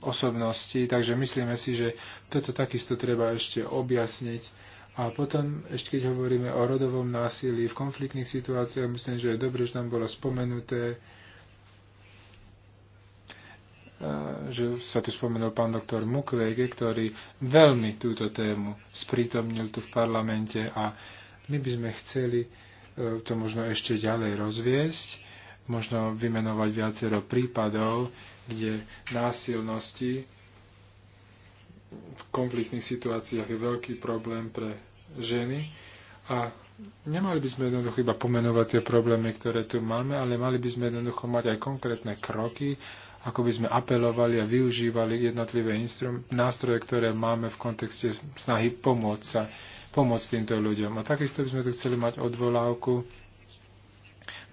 [SPEAKER 3] osobnosti. Takže myslíme si, že toto takisto treba ešte objasniť a potom, ešte keď hovoríme o rodovom násilí v konfliktných situáciách, myslím, že je dobre, že tam bolo spomenuté, e, že sa tu spomenul pán doktor Mukwege, ktorý veľmi túto tému sprítomnil tu v parlamente a my by sme chceli e, to možno ešte ďalej rozviesť, možno vymenovať viacero prípadov, kde násilnosti v konfliktných situáciách je veľký problém pre ženy a nemali by sme jednoducho iba pomenovať tie problémy, ktoré tu máme, ale mali by sme jednoducho mať aj konkrétne kroky, ako by sme apelovali a využívali jednotlivé nástroje, ktoré máme v kontexte snahy pomôcť sa, pomôcť týmto ľuďom. A takisto by sme tu chceli mať odvolávku,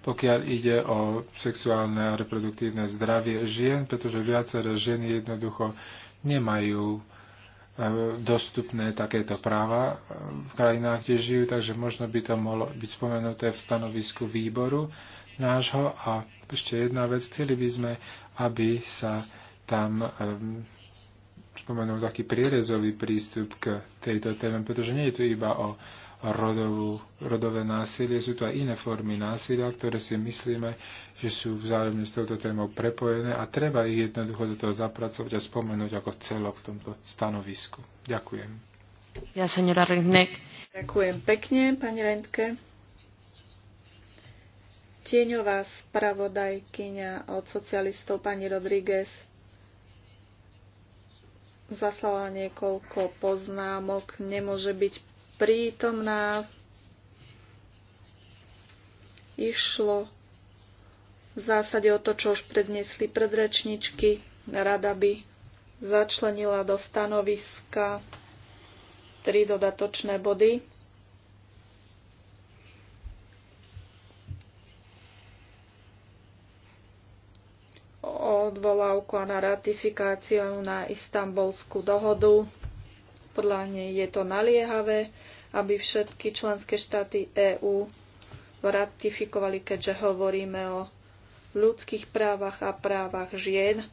[SPEAKER 3] pokiaľ ide o sexuálne a reproduktívne zdravie žien, pretože viaceré ženy jednoducho nemajú dostupné takéto práva e, v krajinách, kde žijú, takže možno by to mohlo byť spomenuté v stanovisku výboru nášho. A ešte jedna vec, chceli by sme, aby sa tam e, spomenul taký prierezový prístup k tejto téme, pretože nie je tu iba o rodovú, rodové násilie. Sú to aj iné formy násilia, ktoré si myslíme, že sú vzájomne s touto témou prepojené a treba ich jednoducho do toho zapracovať a spomenúť ako celok v tomto stanovisku. Ďakujem.
[SPEAKER 4] Ja, senora Rindnek. Ďakujem pekne, pani Rentke. Tieňová spravodajkyňa od socialistov pani Rodríguez zaslala niekoľko poznámok. Nemôže byť prítomná. Išlo v zásade o to, čo už predniesli predrečničky. Rada by začlenila do stanoviska tri dodatočné body. odvolávku a na ratifikáciu na istambulskú dohodu. Podľa nej je to naliehavé, aby všetky členské štáty EÚ ratifikovali, keďže hovoríme o ľudských právach a právach žien.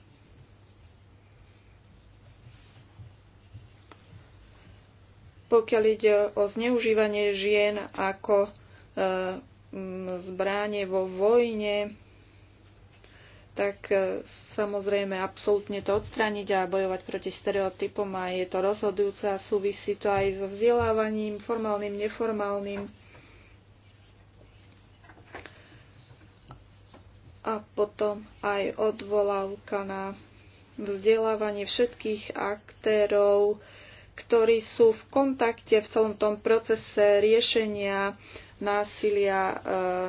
[SPEAKER 4] Pokiaľ ide o zneužívanie žien ako e, vo vojne, tak e, samozrejme absolútne to odstrániť a bojovať proti stereotypom a je to rozhodujúce a súvisí to aj so vzdelávaním formálnym, neformálnym. A potom aj odvolávka na vzdelávanie všetkých aktérov, ktorí sú v kontakte v celom tom procese riešenia násilia e,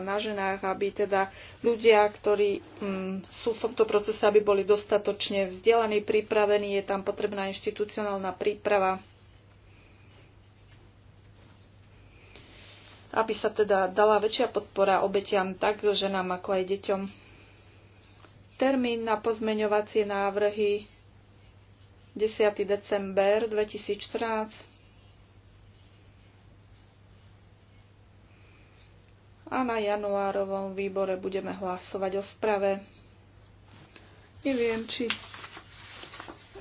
[SPEAKER 4] na ženách, aby teda ľudia, ktorí mm, sú v tomto procese, aby boli dostatočne vzdelaní, pripravení, je tam potrebná inštitucionálna príprava, aby sa teda dala väčšia podpora obetiam tak ženám, ako aj deťom. Termín na pozmeňovacie návrhy 10. december 2014 a na januárovom výbore budeme hlasovať o sprave. Neviem, či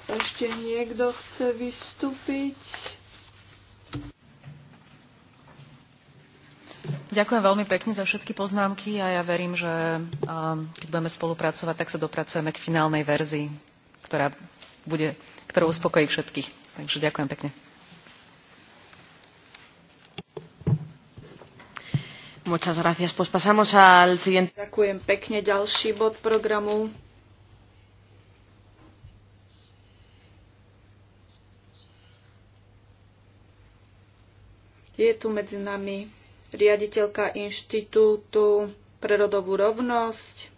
[SPEAKER 4] ešte niekto chce
[SPEAKER 1] vystúpiť. Ďakujem veľmi pekne za všetky poznámky a ja verím, že keď budeme spolupracovať, tak sa dopracujeme k finálnej verzii, ktorá bude, ktorú uspokojí všetkých. Takže ďakujem pekne. Muchas gracias. Pues pasamos al siguiente.
[SPEAKER 4] Ďakujem pekne. Ďalší bod programu. Je tu medzi nami riaditeľka Inštitútu pre rodovú rovnosť.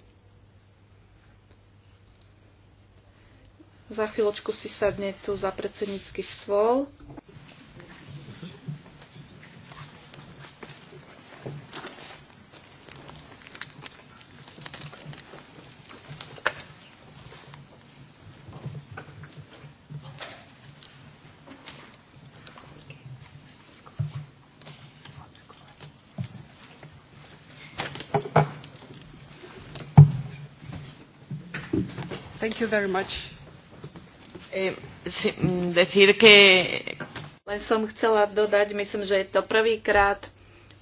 [SPEAKER 4] Za chvíľočku si sadne tu za predsednícky stôl. Eh, Len som chcela dodať, myslím, že je to prvýkrát,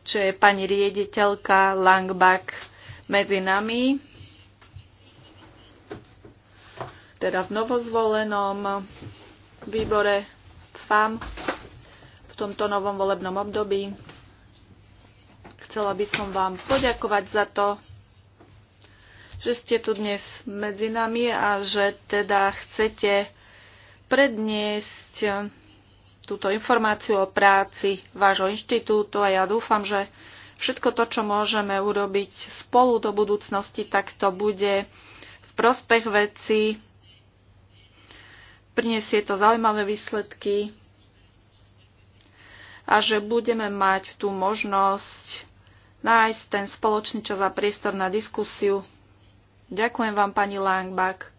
[SPEAKER 4] čo je pani riediteľka Langbach medzi nami, teda v novozvolenom výbore FAM v tomto novom volebnom období. Chcela by som vám poďakovať za to, že ste tu dnes medzi nami a že teda chcete predniesť túto informáciu o práci vášho inštitútu a ja dúfam, že všetko to, čo môžeme urobiť spolu do budúcnosti, tak to bude v prospech veci, prinesie to zaujímavé výsledky a že budeme mať tú možnosť nájsť ten spoločný čas a priestor na diskusiu. Ďakujem vám, pani Langbach,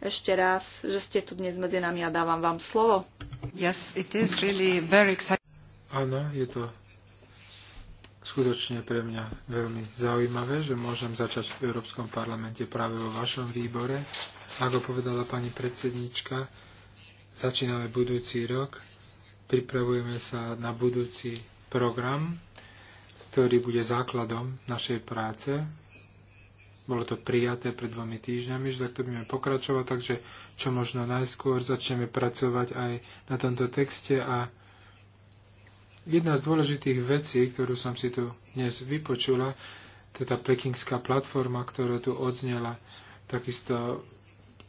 [SPEAKER 4] ešte raz, že ste tu dnes medzi nami a dávam vám slovo.
[SPEAKER 1] Yes, it is really very
[SPEAKER 3] exciting. Áno, je to skutočne pre mňa veľmi zaujímavé, že môžem začať v Európskom parlamente práve vo vašom výbore. Ako povedala pani predsedníčka, začíname budúci rok, pripravujeme sa na budúci program, ktorý bude základom našej práce bolo to prijaté pred dvomi týždňami, že takto budeme pokračovať, takže čo možno najskôr začneme pracovať aj na tomto texte a jedna z dôležitých vecí, ktorú som si tu dnes vypočula, to je tá pekingská platforma, ktorá tu odznela, takisto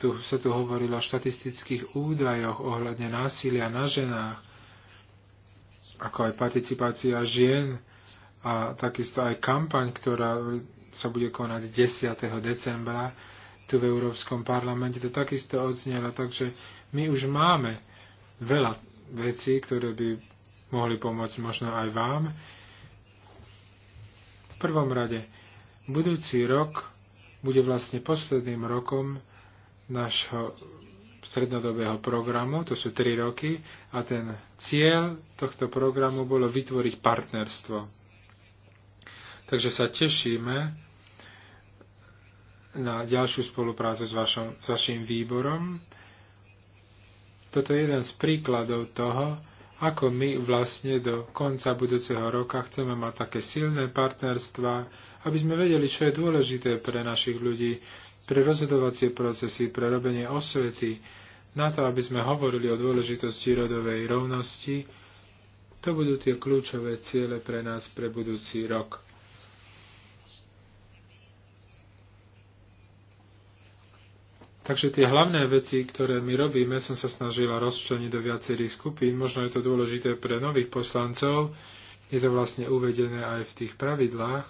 [SPEAKER 3] tu sa tu hovorilo o štatistických údajoch ohľadne násilia na ženách, ako aj participácia žien a takisto aj kampaň, ktorá sa bude konať 10. decembra tu v Európskom parlamente. To takisto odznelo, takže my už máme veľa vecí, ktoré by mohli pomôcť možno aj vám. V prvom rade, budúci rok bude vlastne posledným rokom nášho strednodobého programu, to sú tri roky, a ten cieľ tohto programu bolo vytvoriť partnerstvo. Takže sa tešíme, na ďalšiu spoluprácu s, vašom, s vašim výborom. Toto je jeden z príkladov toho, ako my vlastne do konca budúceho roka chceme mať také silné partnerstva, aby sme vedeli, čo je dôležité pre našich ľudí, pre rozhodovacie procesy, pre robenie osvety, na to, aby sme hovorili o dôležitosti rodovej rovnosti. To budú tie kľúčové ciele pre nás pre budúci rok. Takže tie hlavné veci, ktoré my robíme, som sa snažila rozčleniť do viacerých skupín. Možno je to dôležité pre nových poslancov. Je to vlastne uvedené aj v tých pravidlách.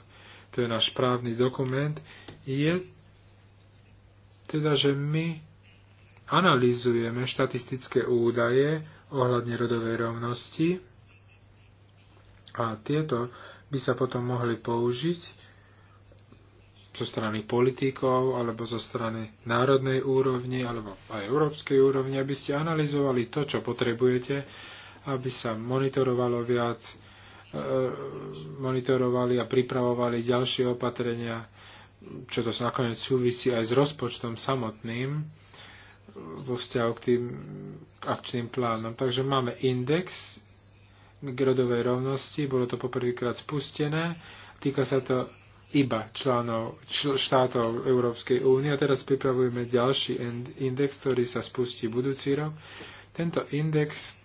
[SPEAKER 3] To je náš právny dokument. Je teda, že my analýzujeme štatistické údaje ohľadne rodovej rovnosti a tieto by sa potom mohli použiť zo strany politikov, alebo zo strany národnej úrovni, alebo aj európskej úrovni, aby ste analyzovali to, čo potrebujete, aby sa monitorovalo viac, e, monitorovali a pripravovali ďalšie opatrenia, čo to nakoniec súvisí aj s rozpočtom samotným vo vzťahu k tým akčným plánom. Takže máme index k rodovej rovnosti, bolo to poprvýkrát spustené, týka sa to iba článov, čl- štátov Európskej únie. A teraz pripravujeme ďalší index, ktorý sa spustí budúci rok. Tento index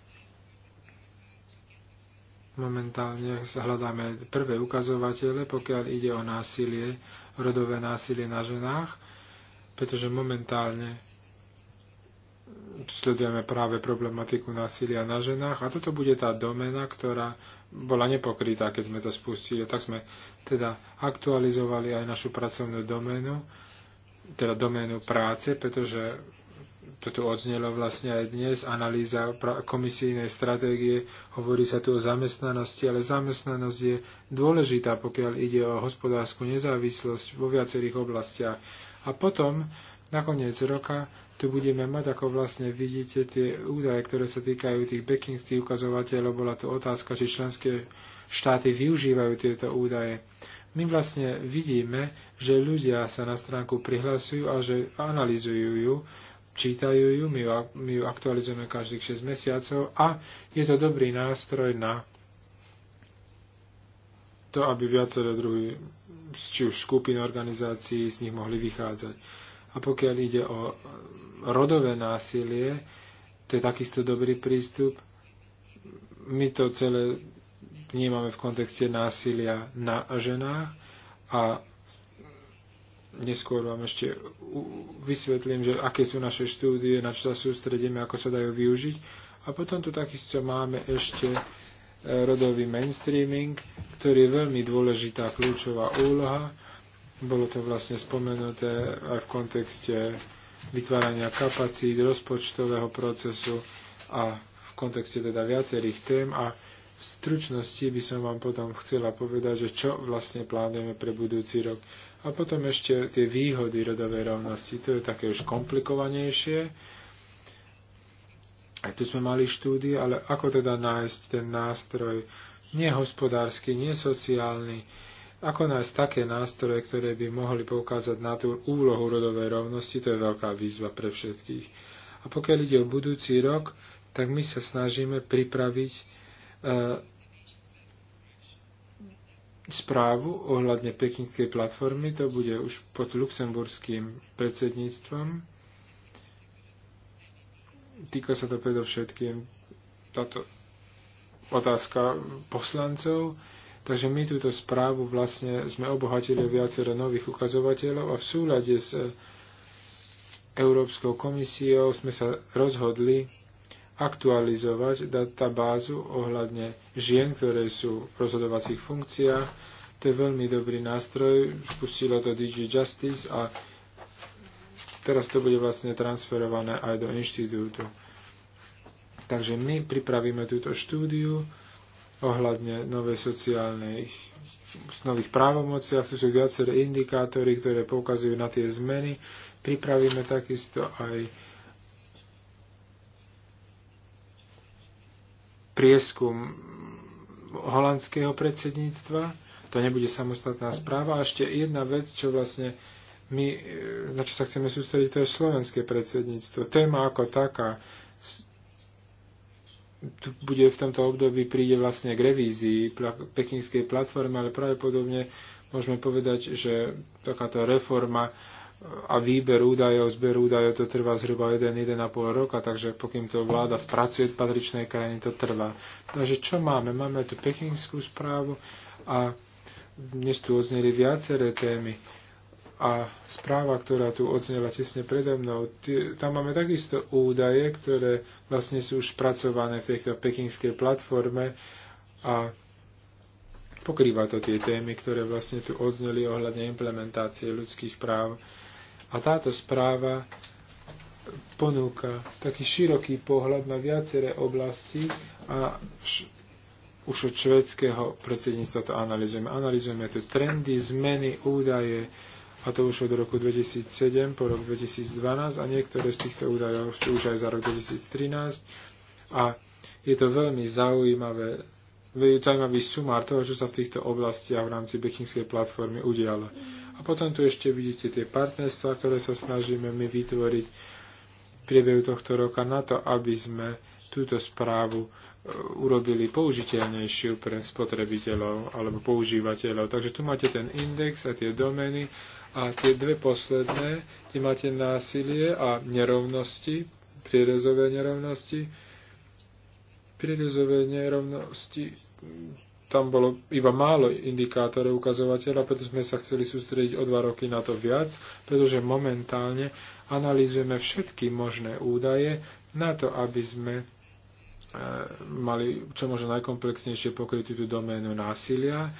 [SPEAKER 3] momentálne hľadáme prvé ukazovatele, pokiaľ ide o násilie, rodové násilie na ženách, pretože momentálne sledujeme práve problematiku násilia na ženách a toto bude tá domena, ktorá bola nepokrytá, keď sme to spustili. Tak sme teda aktualizovali aj našu pracovnú doménu, teda doménu práce, pretože to tu odznelo vlastne aj dnes, analýza komisijnej stratégie, hovorí sa tu o zamestnanosti, ale zamestnanosť je dôležitá, pokiaľ ide o hospodárskú nezávislosť vo viacerých oblastiach. A potom, na koniec roka, tu budeme mať, ako vlastne vidíte, tie údaje, ktoré sa týkajú tých backingských ukazovateľov. Bola tu otázka, či členské štáty využívajú tieto údaje. My vlastne vidíme, že ľudia sa na stránku prihlasujú a že analizujú ju, čítajú ju, my ju, my ju aktualizujeme každých 6 mesiacov a je to dobrý nástroj na to, aby viacero druhých či už skupín organizácií z nich mohli vychádzať. A pokiaľ ide o rodové násilie, to je takisto dobrý prístup. My to celé vnímame v kontexte násilia na ženách a neskôr vám ešte vysvetlím, že aké sú naše štúdie, na čo sa sústredíme, ako sa dajú využiť. A potom tu takisto máme ešte e, rodový mainstreaming, ktorý je veľmi dôležitá kľúčová úloha bolo to vlastne spomenuté aj v kontexte vytvárania kapacít, rozpočtového procesu a v kontexte teda viacerých tém a v stručnosti by som vám potom chcela povedať, že čo vlastne plánujeme pre budúci rok. A potom ešte tie výhody rodovej rovnosti, to je také už komplikovanejšie. Aj tu sme mali štúdie, ale ako teda nájsť ten nástroj, nie hospodársky, nie sociálny, ako nájsť také nástroje, ktoré by mohli poukázať na tú úlohu rodovej rovnosti, to je veľká výzva pre všetkých. A pokiaľ ide o budúci rok, tak my sa snažíme pripraviť e, správu ohľadne pekinskej platformy. To bude už pod luxemburským predsedníctvom. Týka sa to predovšetkým táto otázka poslancov Takže my túto správu vlastne sme obohatili viacero nových ukazovateľov a v súlade s eh, Európskou komisiou sme sa rozhodli aktualizovať databázu ohľadne žien, ktoré sú v rozhodovacích funkciách. To je veľmi dobrý nástroj, spustilo to DG Justice a teraz to bude vlastne transferované aj do inštitútu. Takže my pripravíme túto štúdiu, ohľadne nové sociálnych nových právomociach. Sú sú viaceré indikátory, ktoré poukazujú na tie zmeny. Pripravíme takisto aj prieskum holandského predsedníctva. To nebude samostatná správa. A ešte jedna vec, čo vlastne my, na čo sa chceme sústrediť, to je slovenské predsedníctvo. Téma ako taká, tu bude v tomto období príde vlastne k revízii pekinskej platformy, ale pravdepodobne môžeme povedať, že takáto reforma e, a výber údajov, zber údajov, to trvá zhruba 1-1,5 roka, takže pokým to vláda spracuje v patričnej krajine, to trvá. Takže čo máme? Máme tu pekinskú správu a dnes tu odzneli viaceré témy. A správa, ktorá tu odznela tesne predo mnou, tam máme takisto údaje, ktoré vlastne sú už pracované v tejto pekingskej platforme a pokrýva to tie témy, ktoré vlastne tu odzneli ohľadne implementácie ľudských práv. A táto správa ponúka taký široký pohľad na viaceré oblasti a už od švedského predsedníctva to analizujeme. Analizujeme tu trendy, zmeny, údaje, a to už od roku 2007 po rok 2012 a niektoré z týchto údajov sú už aj za rok 2013 a je to veľmi zaujímavé, zaujímavý sumár toho, čo sa v týchto oblastiach v rámci Bekingskej platformy udialo. A potom tu ešte vidíte tie partnerstva, ktoré sa snažíme my vytvoriť v priebehu tohto roka na to, aby sme túto správu e, urobili použiteľnejšiu pre spotrebiteľov alebo používateľov. Takže tu máte ten index a tie domény a tie dve posledné, kde máte násilie a nerovnosti, prierezové nerovnosti, prierezové nerovnosti, tam bolo iba málo indikátorov ukazovateľa, preto sme sa chceli sústrediť o dva roky na to viac, pretože momentálne analýzujeme všetky možné údaje na to, aby sme e, mali čo možno najkomplexnejšie pokrytú tú doménu násilia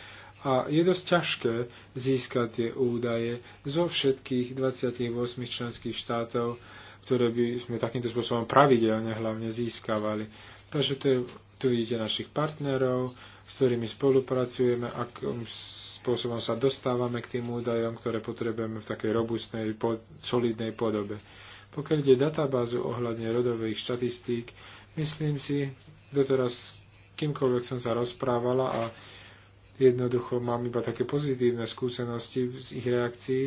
[SPEAKER 3] a je dosť ťažké získať tie údaje zo všetkých 28 členských štátov, ktoré by sme takýmto spôsobom pravidelne hlavne získavali. Takže to je, tu vidíte našich partnerov, s ktorými spolupracujeme, akým spôsobom sa dostávame k tým údajom, ktoré potrebujeme v takej robustnej, pod, solidnej podobe. Pokiaľ ide databázu ohľadne rodových štatistík, myslím si, doteraz kýmkoľvek som sa rozprávala a Jednoducho mám iba také pozitívne skúsenosti z ich reakcií.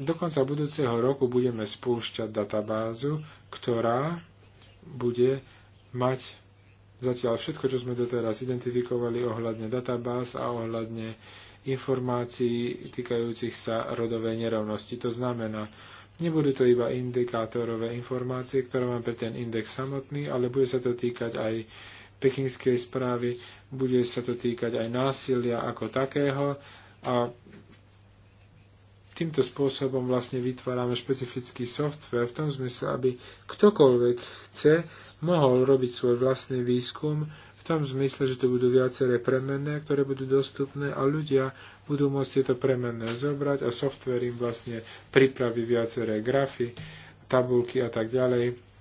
[SPEAKER 3] Do konca budúceho roku budeme spúšťať databázu, ktorá bude mať zatiaľ všetko, čo sme doteraz identifikovali ohľadne databáz a ohľadne informácií týkajúcich sa rodovej nerovnosti. To znamená, nebudú to iba indikátorové informácie, ktoré mám pre ten index samotný, ale bude sa to týkať aj Pekinskej správy, bude sa to týkať aj násilia ako takého a týmto spôsobom vlastne vytvárame špecifický software v tom zmysle, aby ktokoľvek chce, mohol robiť svoj vlastný výskum v tom zmysle, že tu budú viaceré premenné, ktoré budú dostupné a ľudia budú môcť tieto premenné zobrať a software im vlastne pripraví viaceré grafy, tabulky a tak ďalej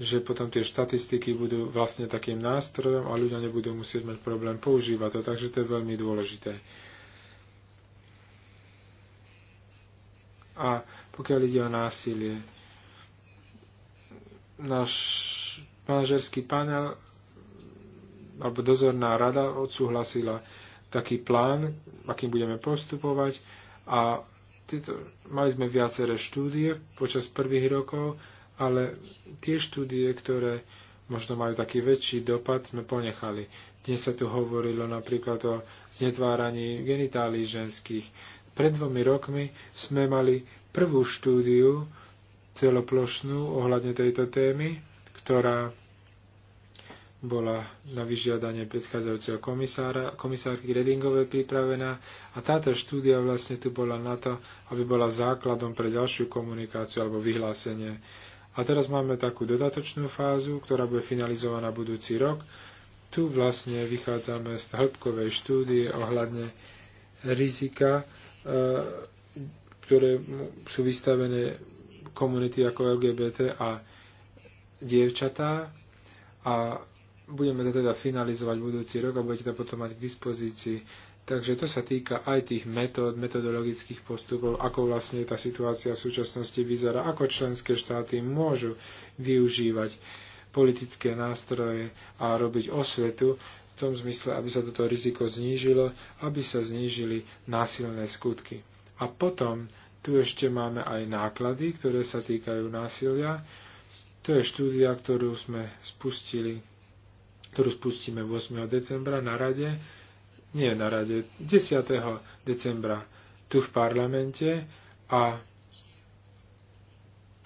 [SPEAKER 3] že potom tie štatistiky budú vlastne takým nástrojom a ľudia nebudú musieť mať problém používať to, takže to je veľmi dôležité. A pokiaľ ide o násilie, náš manažerský panel alebo dozorná rada odsúhlasila taký plán, akým budeme postupovať a tieto, mali sme viaceré štúdie počas prvých rokov, ale tie štúdie, ktoré možno majú taký väčší dopad, sme ponechali. Dnes sa tu hovorilo napríklad o znetváraní genitálií ženských. Pred dvomi rokmi sme mali prvú štúdiu celoplošnú ohľadne tejto témy, ktorá bola na vyžiadanie predchádzajúceho komisára, komisárky Redingovej pripravená a táto štúdia vlastne tu bola na to, aby bola základom pre ďalšiu komunikáciu alebo vyhlásenie a teraz máme takú dodatočnú fázu, ktorá bude finalizovaná budúci rok. Tu vlastne vychádzame z hĺbkovej štúdie ohľadne rizika, e, ktoré sú vystavené komunity ako LGBT a dievčatá. A budeme to teda finalizovať budúci rok a budete to potom mať k dispozícii Takže to sa týka aj tých metód, metodologických postupov, ako vlastne tá situácia v súčasnosti vyzerá, ako členské štáty môžu využívať politické nástroje a robiť osvetu v tom zmysle, aby sa toto riziko znížilo, aby sa znížili násilné skutky. A potom tu ešte máme aj náklady, ktoré sa týkajú násilia. To je štúdia, ktorú sme spustili, ktorú spustíme 8. decembra na rade nie na rade, 10. decembra tu v parlamente a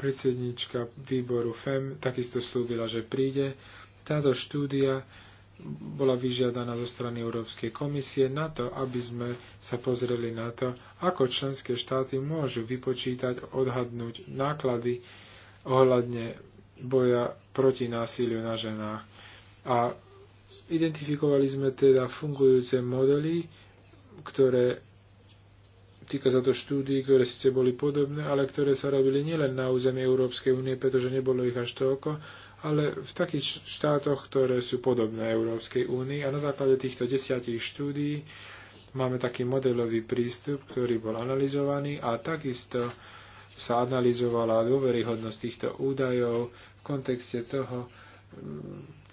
[SPEAKER 3] predsednička výboru FEM takisto slúbila, že príde. Táto štúdia bola vyžiadaná zo strany Európskej komisie na to, aby sme sa pozreli na to, ako členské štáty môžu vypočítať, odhadnúť náklady ohľadne boja proti násiliu na ženách. A Identifikovali sme teda fungujúce modely, ktoré týka sa to štúdií, ktoré síce boli podobné, ale ktoré sa robili nielen na území Európskej únie, pretože nebolo ich až toľko, ale v takých štátoch, ktoré sú podobné Európskej únii. A na základe týchto desiatich štúdií máme taký modelový prístup, ktorý bol analyzovaný a takisto sa analyzovala dôveryhodnosť týchto údajov v kontexte toho,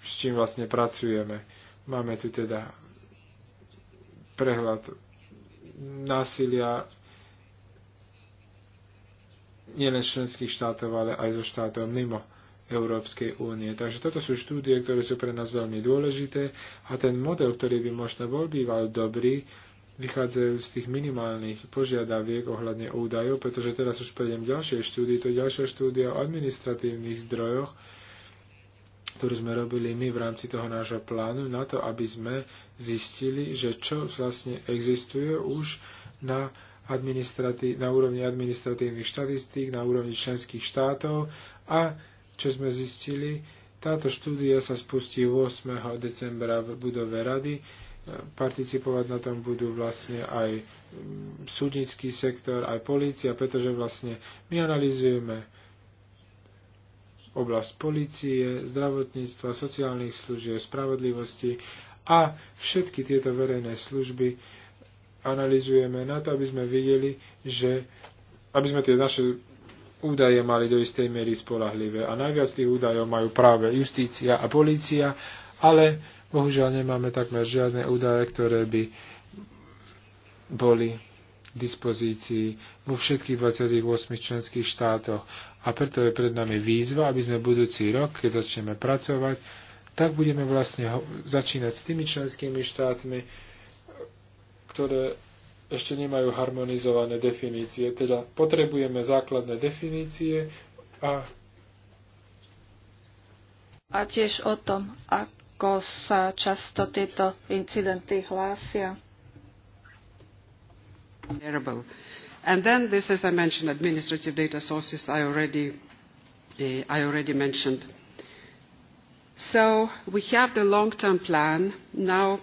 [SPEAKER 3] s čím vlastne pracujeme. Máme tu teda prehľad násilia nielen členských štátov, ale aj zo štátov mimo Európskej únie. Takže toto sú štúdie, ktoré sú pre nás veľmi dôležité a ten model, ktorý by možno bol býval dobrý, vychádzajú z tých minimálnych požiadaviek ohľadne údajov, pretože teraz už prejdem ďalšie štúdie, to je ďalšia štúdia o administratívnych zdrojoch, ktorú sme robili my v rámci toho nášho plánu na to, aby sme zistili, že čo vlastne existuje už na, na úrovni administratívnych štatistík, na úrovni členských štátov a čo sme zistili, táto štúdia sa spustí 8. decembra v budove rady. Participovať na tom budú vlastne aj mm, súdnický sektor, aj polícia, pretože vlastne my analizujeme oblasť policie, zdravotníctva, sociálnych služieb, spravodlivosti a všetky tieto verejné služby analizujeme na to, aby sme videli, že aby sme tie naše údaje mali do istej miery spolahlivé. A najviac tých údajov majú práve justícia a polícia, ale bohužiaľ nemáme takmer žiadne údaje, ktoré by boli dispozícii vo všetkých 28 členských štátoch. A preto je pred nami výzva, aby sme budúci rok, keď začneme pracovať, tak budeme vlastne začínať s tými členskými štátmi, ktoré ešte nemajú harmonizované definície. Teda potrebujeme základné definície a
[SPEAKER 4] a tiež o tom, ako sa často tieto incidenty hlásia.
[SPEAKER 1] Terrible. And then this, as I mentioned, administrative data sources I already, uh, I already mentioned. So we have the long-term plan. Now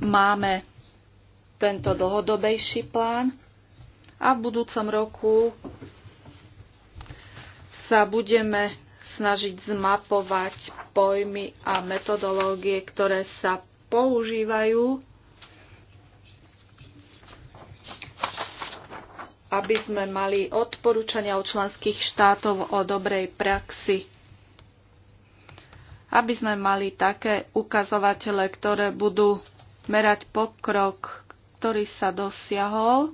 [SPEAKER 1] máme tento
[SPEAKER 4] dlhodobejší plán a v budúcom roku sa budeme snažiť zmapovať pojmy a metodológie, ktoré sa používajú aby sme mali odporúčania od členských štátov o dobrej praxi. Aby sme mali také ukazovatele, ktoré budú merať pokrok, ktorý sa dosiahol.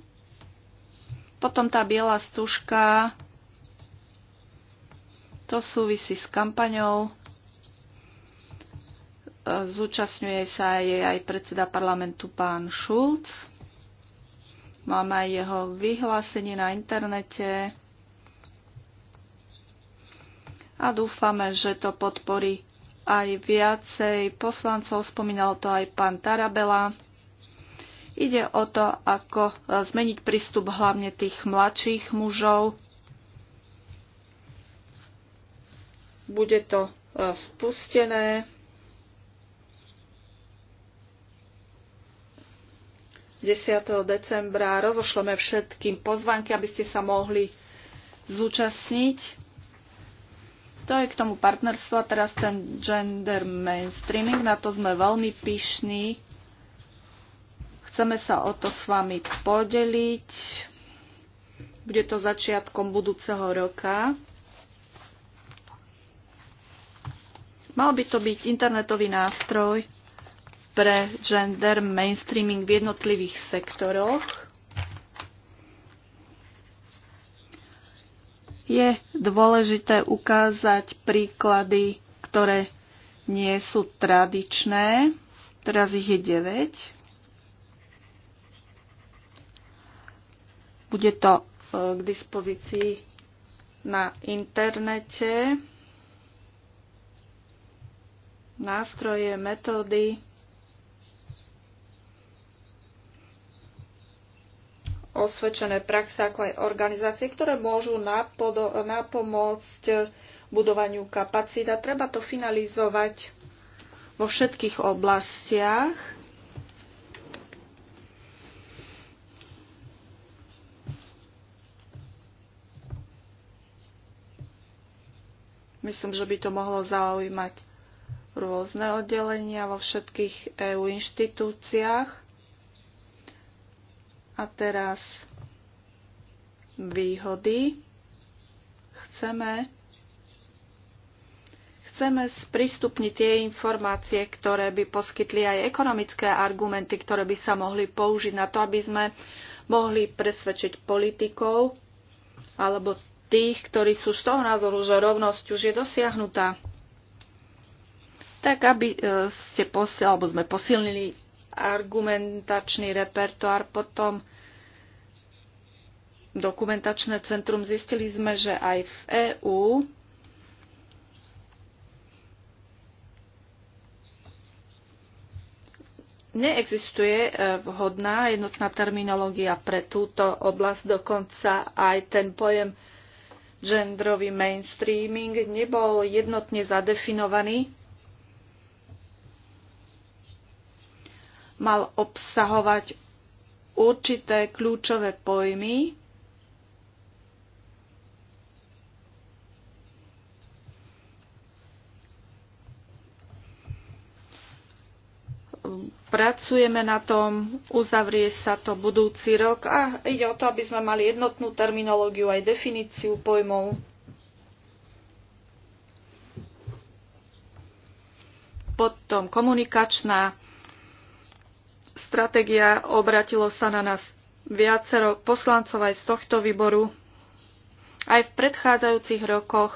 [SPEAKER 4] Potom tá biela stužka, to súvisí s kampaňou. Zúčastňuje sa jej aj predseda parlamentu pán Šulc. Mám aj jeho vyhlásenie na internete. A dúfame, že to podporí aj viacej poslancov. Spomínal to aj pán Tarabela. Ide o to, ako zmeniť prístup hlavne tých mladších mužov. Bude to e, spustené. 10. decembra rozošleme všetkým pozvanky, aby ste sa mohli zúčastniť. To je k tomu partnerstvo a teraz ten gender mainstreaming, na to sme veľmi pyšní. Chceme sa o to s vami podeliť. Bude to začiatkom budúceho roka. Mal by to byť internetový nástroj, pre gender mainstreaming v jednotlivých sektoroch. Je dôležité ukázať príklady, ktoré nie sú tradičné. Teraz ich je 9. Bude to e, k dispozícii na internete. Nástroje, metódy. osvedčené praxe, ako aj organizácie, ktoré môžu napomôcť budovaniu kapacít a treba to finalizovať vo všetkých oblastiach. Myslím, že by to mohlo zaujímať rôzne oddelenia vo všetkých EU inštitúciách. A teraz výhody. Chceme, chceme sprístupniť tie informácie, ktoré by poskytli aj ekonomické argumenty, ktoré by sa mohli použiť na to, aby sme mohli presvedčiť politikov alebo tých, ktorí sú z toho názoru, že rovnosť už je dosiahnutá. Tak, aby e, ste posil, alebo sme posilnili argumentačný repertoár, potom dokumentačné centrum. Zistili sme, že aj v EÚ neexistuje e, vhodná jednotná terminológia pre túto oblasť, dokonca aj ten pojem genderový mainstreaming nebol jednotne zadefinovaný mal obsahovať určité kľúčové pojmy, pracujeme na tom, uzavrie sa to budúci rok a ide o to, aby sme mali jednotnú terminológiu aj definíciu pojmov. Potom komunikačná stratégia, obratilo sa na nás viacero poslancov aj z tohto výboru. Aj v predchádzajúcich rokoch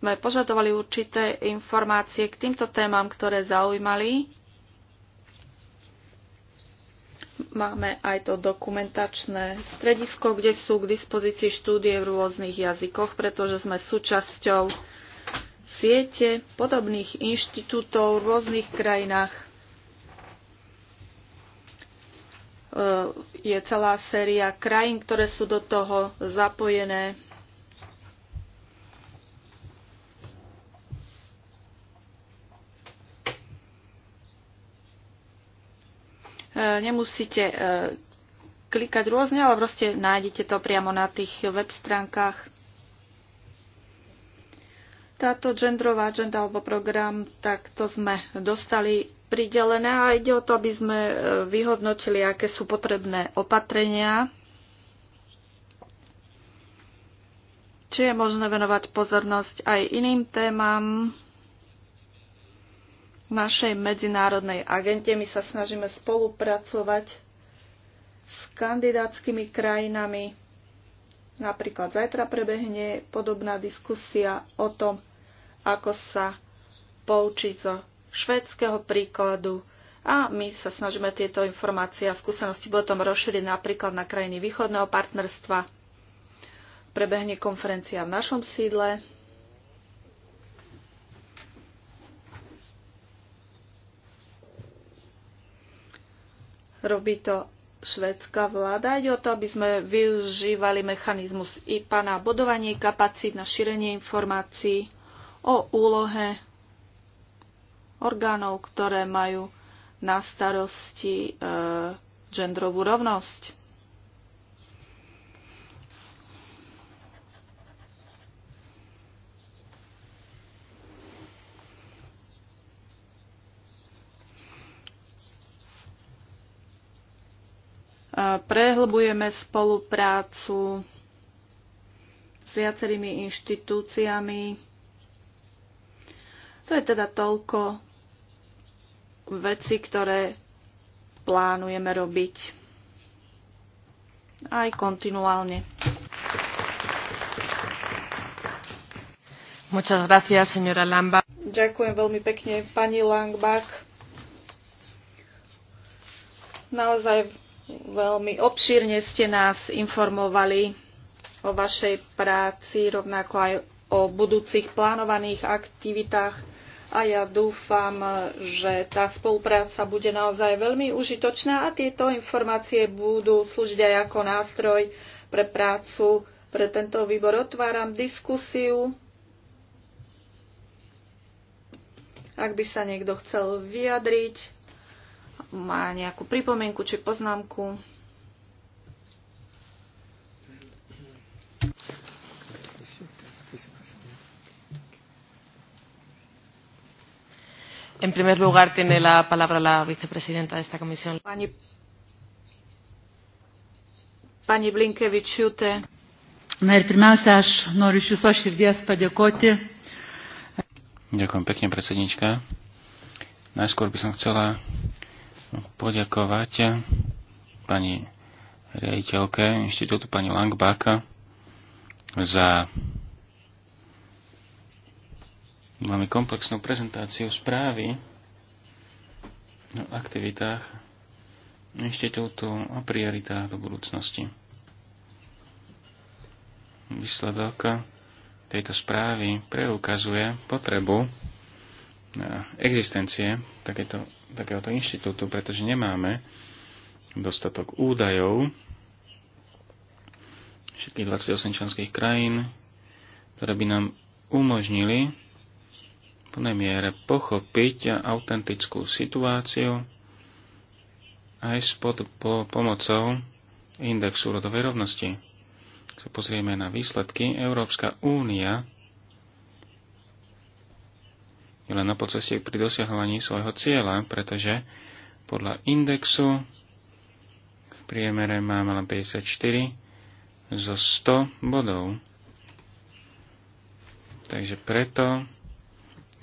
[SPEAKER 4] sme požadovali určité informácie k týmto témam, ktoré zaujímali. Máme aj to dokumentačné stredisko, kde sú k dispozícii štúdie v rôznych jazykoch, pretože sme súčasťou siete podobných inštitútov v rôznych krajinách. E, je celá séria krajín, ktoré sú do toho zapojené. E, nemusíte e, klikať rôzne, ale proste nájdete to priamo na tých web stránkach. Táto genderová agenda alebo program, tak to sme dostali pridelené a ide o to, aby sme e, vyhodnotili, aké sú potrebné opatrenia, či je možné venovať pozornosť aj iným témam našej medzinárodnej agente. My sa snažíme spolupracovať s kandidátskymi krajinami. Napríklad zajtra prebehne podobná diskusia o tom, ako sa poučiť zo švedského príkladu a my sa snažíme tieto informácie a skúsenosti potom rozšíriť napríklad na krajiny východného partnerstva. Prebehne konferencia v našom sídle. Robí to švedská vláda. Ide o to, aby sme využívali mechanizmus IPA na budovanie kapacít, na šírenie informácií o úlohe orgánov, ktoré majú na starosti e, genderovú rovnosť. E, prehlbujeme spoluprácu s viacerými inštitúciami to je teda toľko veci, ktoré plánujeme robiť aj kontinuálne.
[SPEAKER 1] Muchas gracias, señora Lamba.
[SPEAKER 4] Ďakujem veľmi pekne, pani Langbach. Naozaj veľmi obšírne ste nás informovali o vašej práci, rovnako aj o budúcich plánovaných aktivitách a ja dúfam, že tá spolupráca bude naozaj veľmi užitočná a tieto informácie budú slúžiť aj ako nástroj pre prácu pre tento výbor. Otváram diskusiu. Ak by sa niekto chcel vyjadriť, má nejakú pripomienku či poznámku.
[SPEAKER 1] En primer lugar, tiene la palabra la vicepresidenta de esta comisión. Pani,
[SPEAKER 4] Pani Blinkevičiūtė. Na ir pirmiausia, aš noriu iš viso širdies padėkoti.
[SPEAKER 2] Ďakujem pekne, predsednička. Najskôr by som chcela poďakovať pani riaditeľke inštitútu pani Langbaka za Máme komplexnú prezentáciu správy o aktivitách inštitútu a prioritách do budúcnosti. Výsledok tejto správy preukazuje potrebu eh, existencie takéto, takéhoto inštitútu, pretože nemáme dostatok údajov všetkých 28 členských krajín, ktoré by nám umožnili plnej miere pochopiť autentickú situáciu aj spod po pomocou indexu rodovej rovnosti. Keď sa pozrieme na výsledky, Európska únia je len na podceste pri dosahovaní svojho cieľa, pretože podľa indexu v priemere máme len 54 zo 100 bodov. Takže preto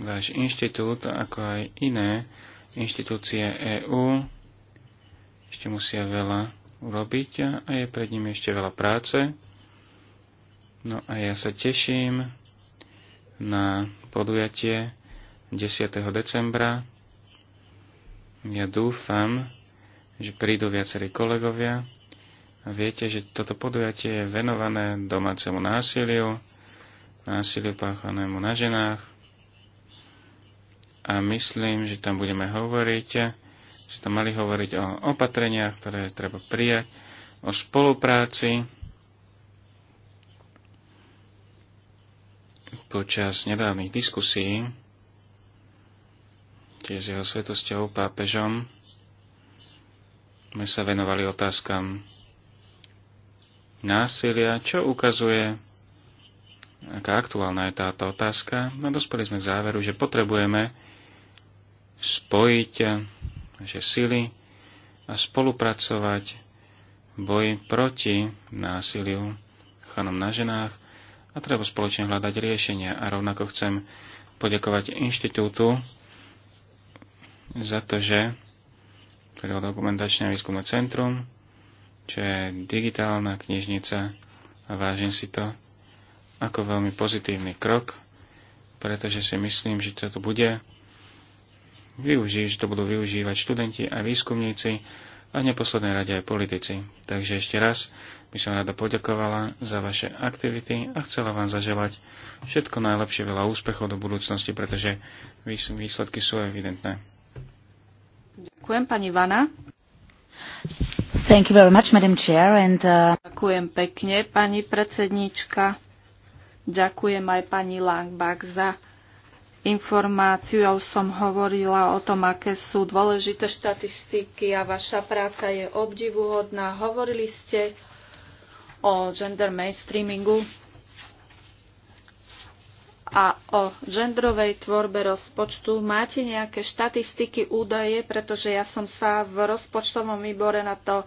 [SPEAKER 2] váš inštitút, ako aj iné inštitúcie EÚ, ešte musia veľa urobiť a je pred nimi ešte veľa práce. No a ja sa teším na podujatie 10. decembra. Ja dúfam, že prídu viacerí kolegovia. A viete, že toto podujatie je venované domácemu násiliu, násiliu páchanému na ženách, a myslím, že tam budeme hovoriť, že tam mali hovoriť o opatreniach, ktoré treba prijať, o spolupráci počas nedávnych diskusí tiež jeho svetosťou pápežom sme sa venovali otázkam násilia, čo ukazuje aká aktuálna je táto otázka. No dospeli sme k záveru, že potrebujeme spojiť naše sily a spolupracovať v boji proti násiliu chanom na ženách a treba spoločne hľadať riešenia. A rovnako chcem poďakovať inštitútu za to, že teda dokumentačné výskumné centrum, čo je digitálna knižnica a vážim si to, ako veľmi pozitívny krok, pretože si myslím, že toto bude využiť, že to budú využívať študenti a výskumníci a v neposlednej rade aj politici. Takže ešte raz by som rada poďakovala za vaše aktivity a chcela vám zaželať všetko najlepšie, veľa úspechov do budúcnosti, pretože výsledky sú evidentné.
[SPEAKER 4] Ďakujem, pani Vana.
[SPEAKER 1] Thank you very much, Madam Chair, and, uh...
[SPEAKER 4] Ďakujem pekne, pani predsedníčka. Ďakujem aj pani Langbach za informáciu. Ja už som hovorila o tom, aké sú dôležité štatistiky a vaša práca je obdivuhodná. Hovorili ste o gender mainstreamingu a o genderovej tvorbe rozpočtu. Máte nejaké štatistiky, údaje, pretože ja som sa v rozpočtovom výbore na to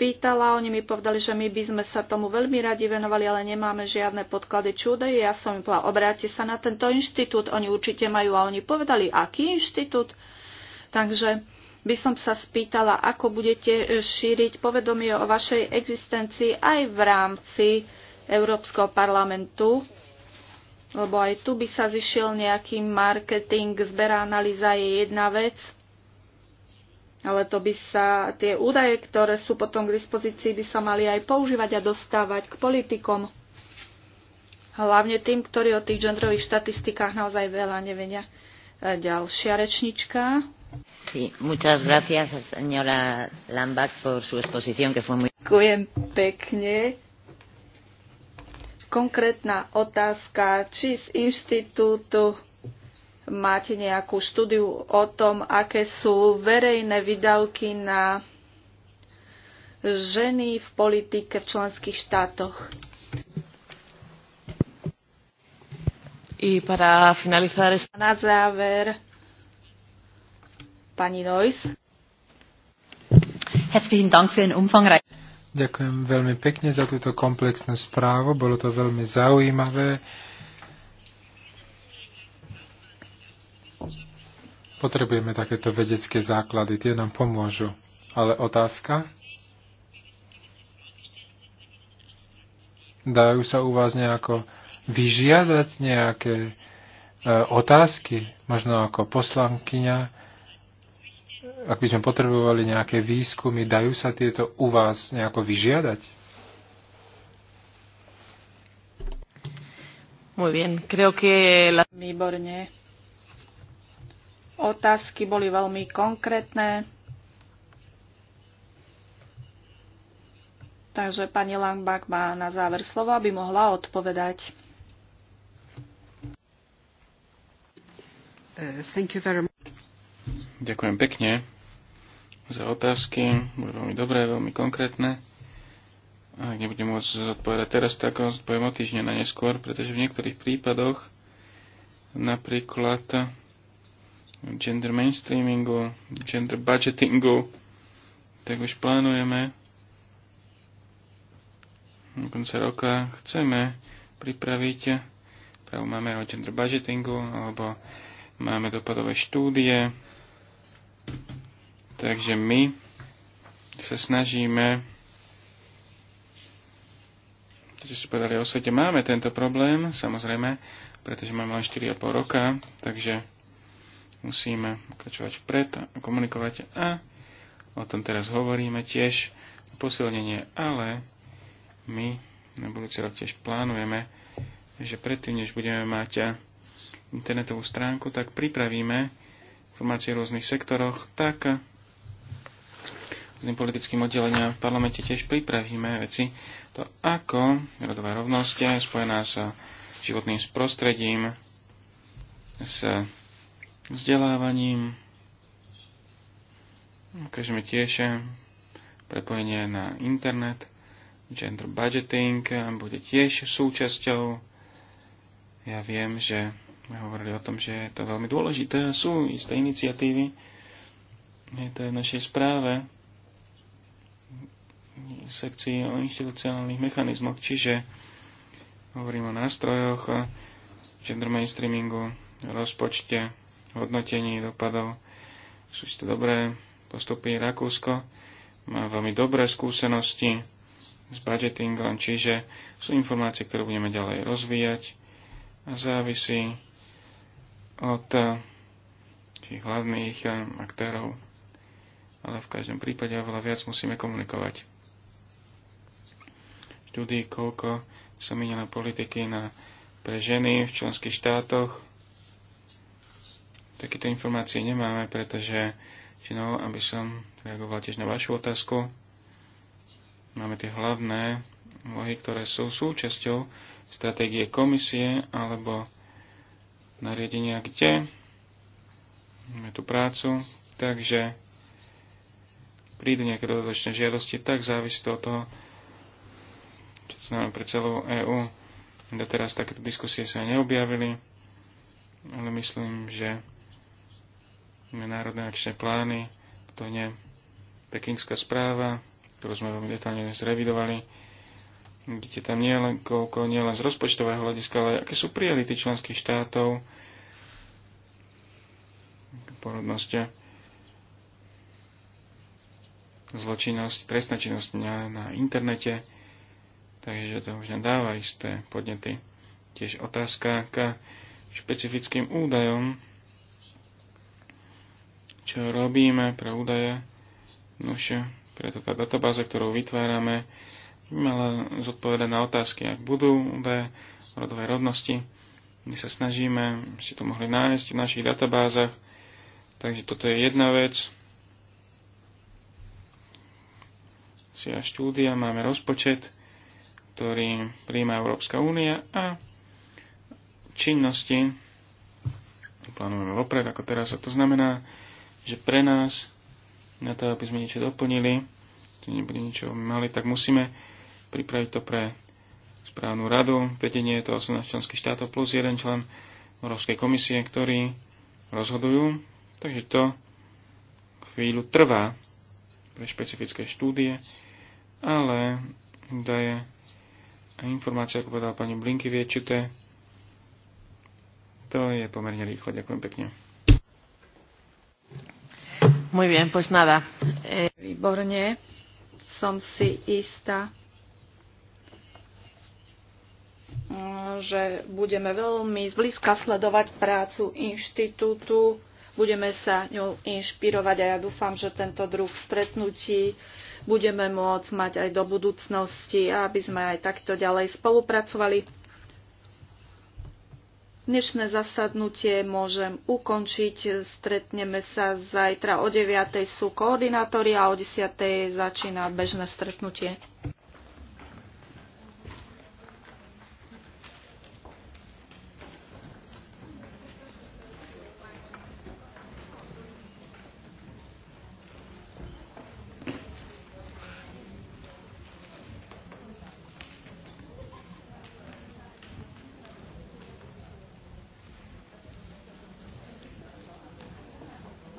[SPEAKER 4] pýtala, oni mi povedali, že my by sme sa tomu veľmi radi venovali, ale nemáme žiadne podklady či Ja som im povedala, obráte sa na tento inštitút, oni určite majú a oni povedali, aký inštitút. Takže by som sa spýtala, ako budete šíriť povedomie o vašej existencii aj v rámci Európskeho parlamentu, lebo aj tu by sa zišiel nejaký marketing, zberá analýza je jedna vec, ale to by sa, tie údaje, ktoré sú potom k dispozícii, by sa mali aj používať a dostávať k politikom. Hlavne tým, ktorí o tých genderových štatistikách naozaj veľa nevedia. E, ďalšia rečnička.
[SPEAKER 2] Sí, muchas gracias, señora Lambach, por su exposición, que fue muy...
[SPEAKER 4] Ďakujem pekne. Konkrétna otázka, či z inštitútu máte nejakú štúdiu o tom, aké sú verejné výdavky na ženy v politike v členských štátoch.
[SPEAKER 1] I para finalizar...
[SPEAKER 4] Na záver, pani Nois.
[SPEAKER 1] Herzlichen Dank für den umfangreich.
[SPEAKER 3] Ďakujem veľmi pekne za túto komplexnú správu. Bolo to veľmi zaujímavé. Potrebujeme takéto vedecké základy, tie nám pomôžu. Ale otázka? Dajú sa u vás nejako vyžiadať nejaké e, otázky, možno ako poslankyňa, ak by sme potrebovali nejaké výskumy, dajú sa tieto u vás nejako vyžiadať?
[SPEAKER 4] Muy bien, creo que la... Výborne. Otázky boli veľmi konkrétne. Takže pani Langbach má na záver slovo, aby mohla odpovedať.
[SPEAKER 1] Uh,
[SPEAKER 2] Ďakujem pekne za otázky. Boli veľmi dobré, veľmi konkrétne. Ak nebudem môcť zodpovedať teraz, tak odpoviem o týždňa na neskôr, pretože v niektorých prípadoch napríklad gender mainstreamingu, gender budgetingu, tak už plánujeme Na konca roka chceme pripraviť, práve máme o gender budgetingu, alebo máme dopadové štúdie, takže my sa snažíme čo ste povedali o svete, máme tento problém, samozrejme, pretože máme len 4,5 roka, takže musíme pokračovať vpred, komunikovať a o tom teraz hovoríme tiež posilnenie, ale my na budúci rok tiež plánujeme, že predtým, než budeme mať internetovú stránku, tak pripravíme informácie v rôznych sektoroch, tak rôznym politickým oddeleniam v parlamente tiež pripravíme veci, to ako rodová rovnosť je spojená s životným prostredím, s vzdelávaním. Ukážeme tiež prepojenie na internet. Gender budgeting bude tiež súčasťou. Ja viem, že sme hovorili o tom, že je to veľmi dôležité a sú isté iniciatívy. Je to v našej správe sekcii o inštitucionálnych mechanizmoch, čiže hovorím o nástrojoch, gender mainstreamingu, rozpočte, hodnotení dopadov. Sú to dobré postupy. Rakúsko má veľmi dobré skúsenosti s budgetingom, čiže sú informácie, ktoré budeme ďalej rozvíjať a závisí od eh, tých hlavných eh, aktérov. Ale v každom prípade oveľa viac musíme komunikovať. Štúdii, koľko sa minie na politiky na, pre ženy v členských štátoch, takéto informácie nemáme, pretože no, aby som reagoval tiež na vašu otázku, máme tie hlavné úlohy, ktoré sú súčasťou stratégie komisie alebo nariadenia kde. Máme tu prácu, takže prídu nejaké dodatočné žiadosti, tak závisí to od toho, čo to znamená pre celú EÚ. Doteraz takéto diskusie sa neobjavili, ale myslím, že národné akčné plány, to je pekingská správa, ktorú sme veľmi detálne zrevidovali. Vidíte tam nie len koľko, nie len z rozpočtového hľadiska, ale aké sú priority členských štátov, porodnosť, zločinnosť, trestná činnosť na, na internete, takže to už nám dáva isté podnety. Tiež otázka k špecifickým údajom čo robíme pre údaje. Nož, preto tá databáza, ktorú vytvárame, mala zodpovedať na otázky, ak budú údaje rodovej rodnosti. My sa snažíme, ste to mohli nájsť v našich databázach. Takže toto je jedna vec. Si a štúdia, máme rozpočet, ktorý príjma Európska únia a činnosti plánujeme vopred, ako teraz. A to znamená, že pre nás, na to, aby sme niečo doplnili, tu nebude niečo mali, tak musíme pripraviť to pre správnu radu. Vedenie je to 18 členských štátov plus jeden člen Európskej komisie, ktorí rozhodujú. Takže to chvíľu trvá pre špecifické štúdie, ale daje informácia, ako povedala pani Blinky, viečite, to je pomerne rýchlo. Ďakujem pekne.
[SPEAKER 4] Muy bien, pues nada. Eh... Výborne, som si istá, že budeme veľmi zblízka sledovať prácu inštitútu, budeme sa ňou inšpirovať a ja dúfam, že tento druh stretnutí budeme môcť mať aj do budúcnosti, aby sme aj takto ďalej spolupracovali. Dnešné zasadnutie môžem ukončiť. Stretneme sa zajtra o 9.00 sú koordinátori a o 10.00 začína bežné stretnutie.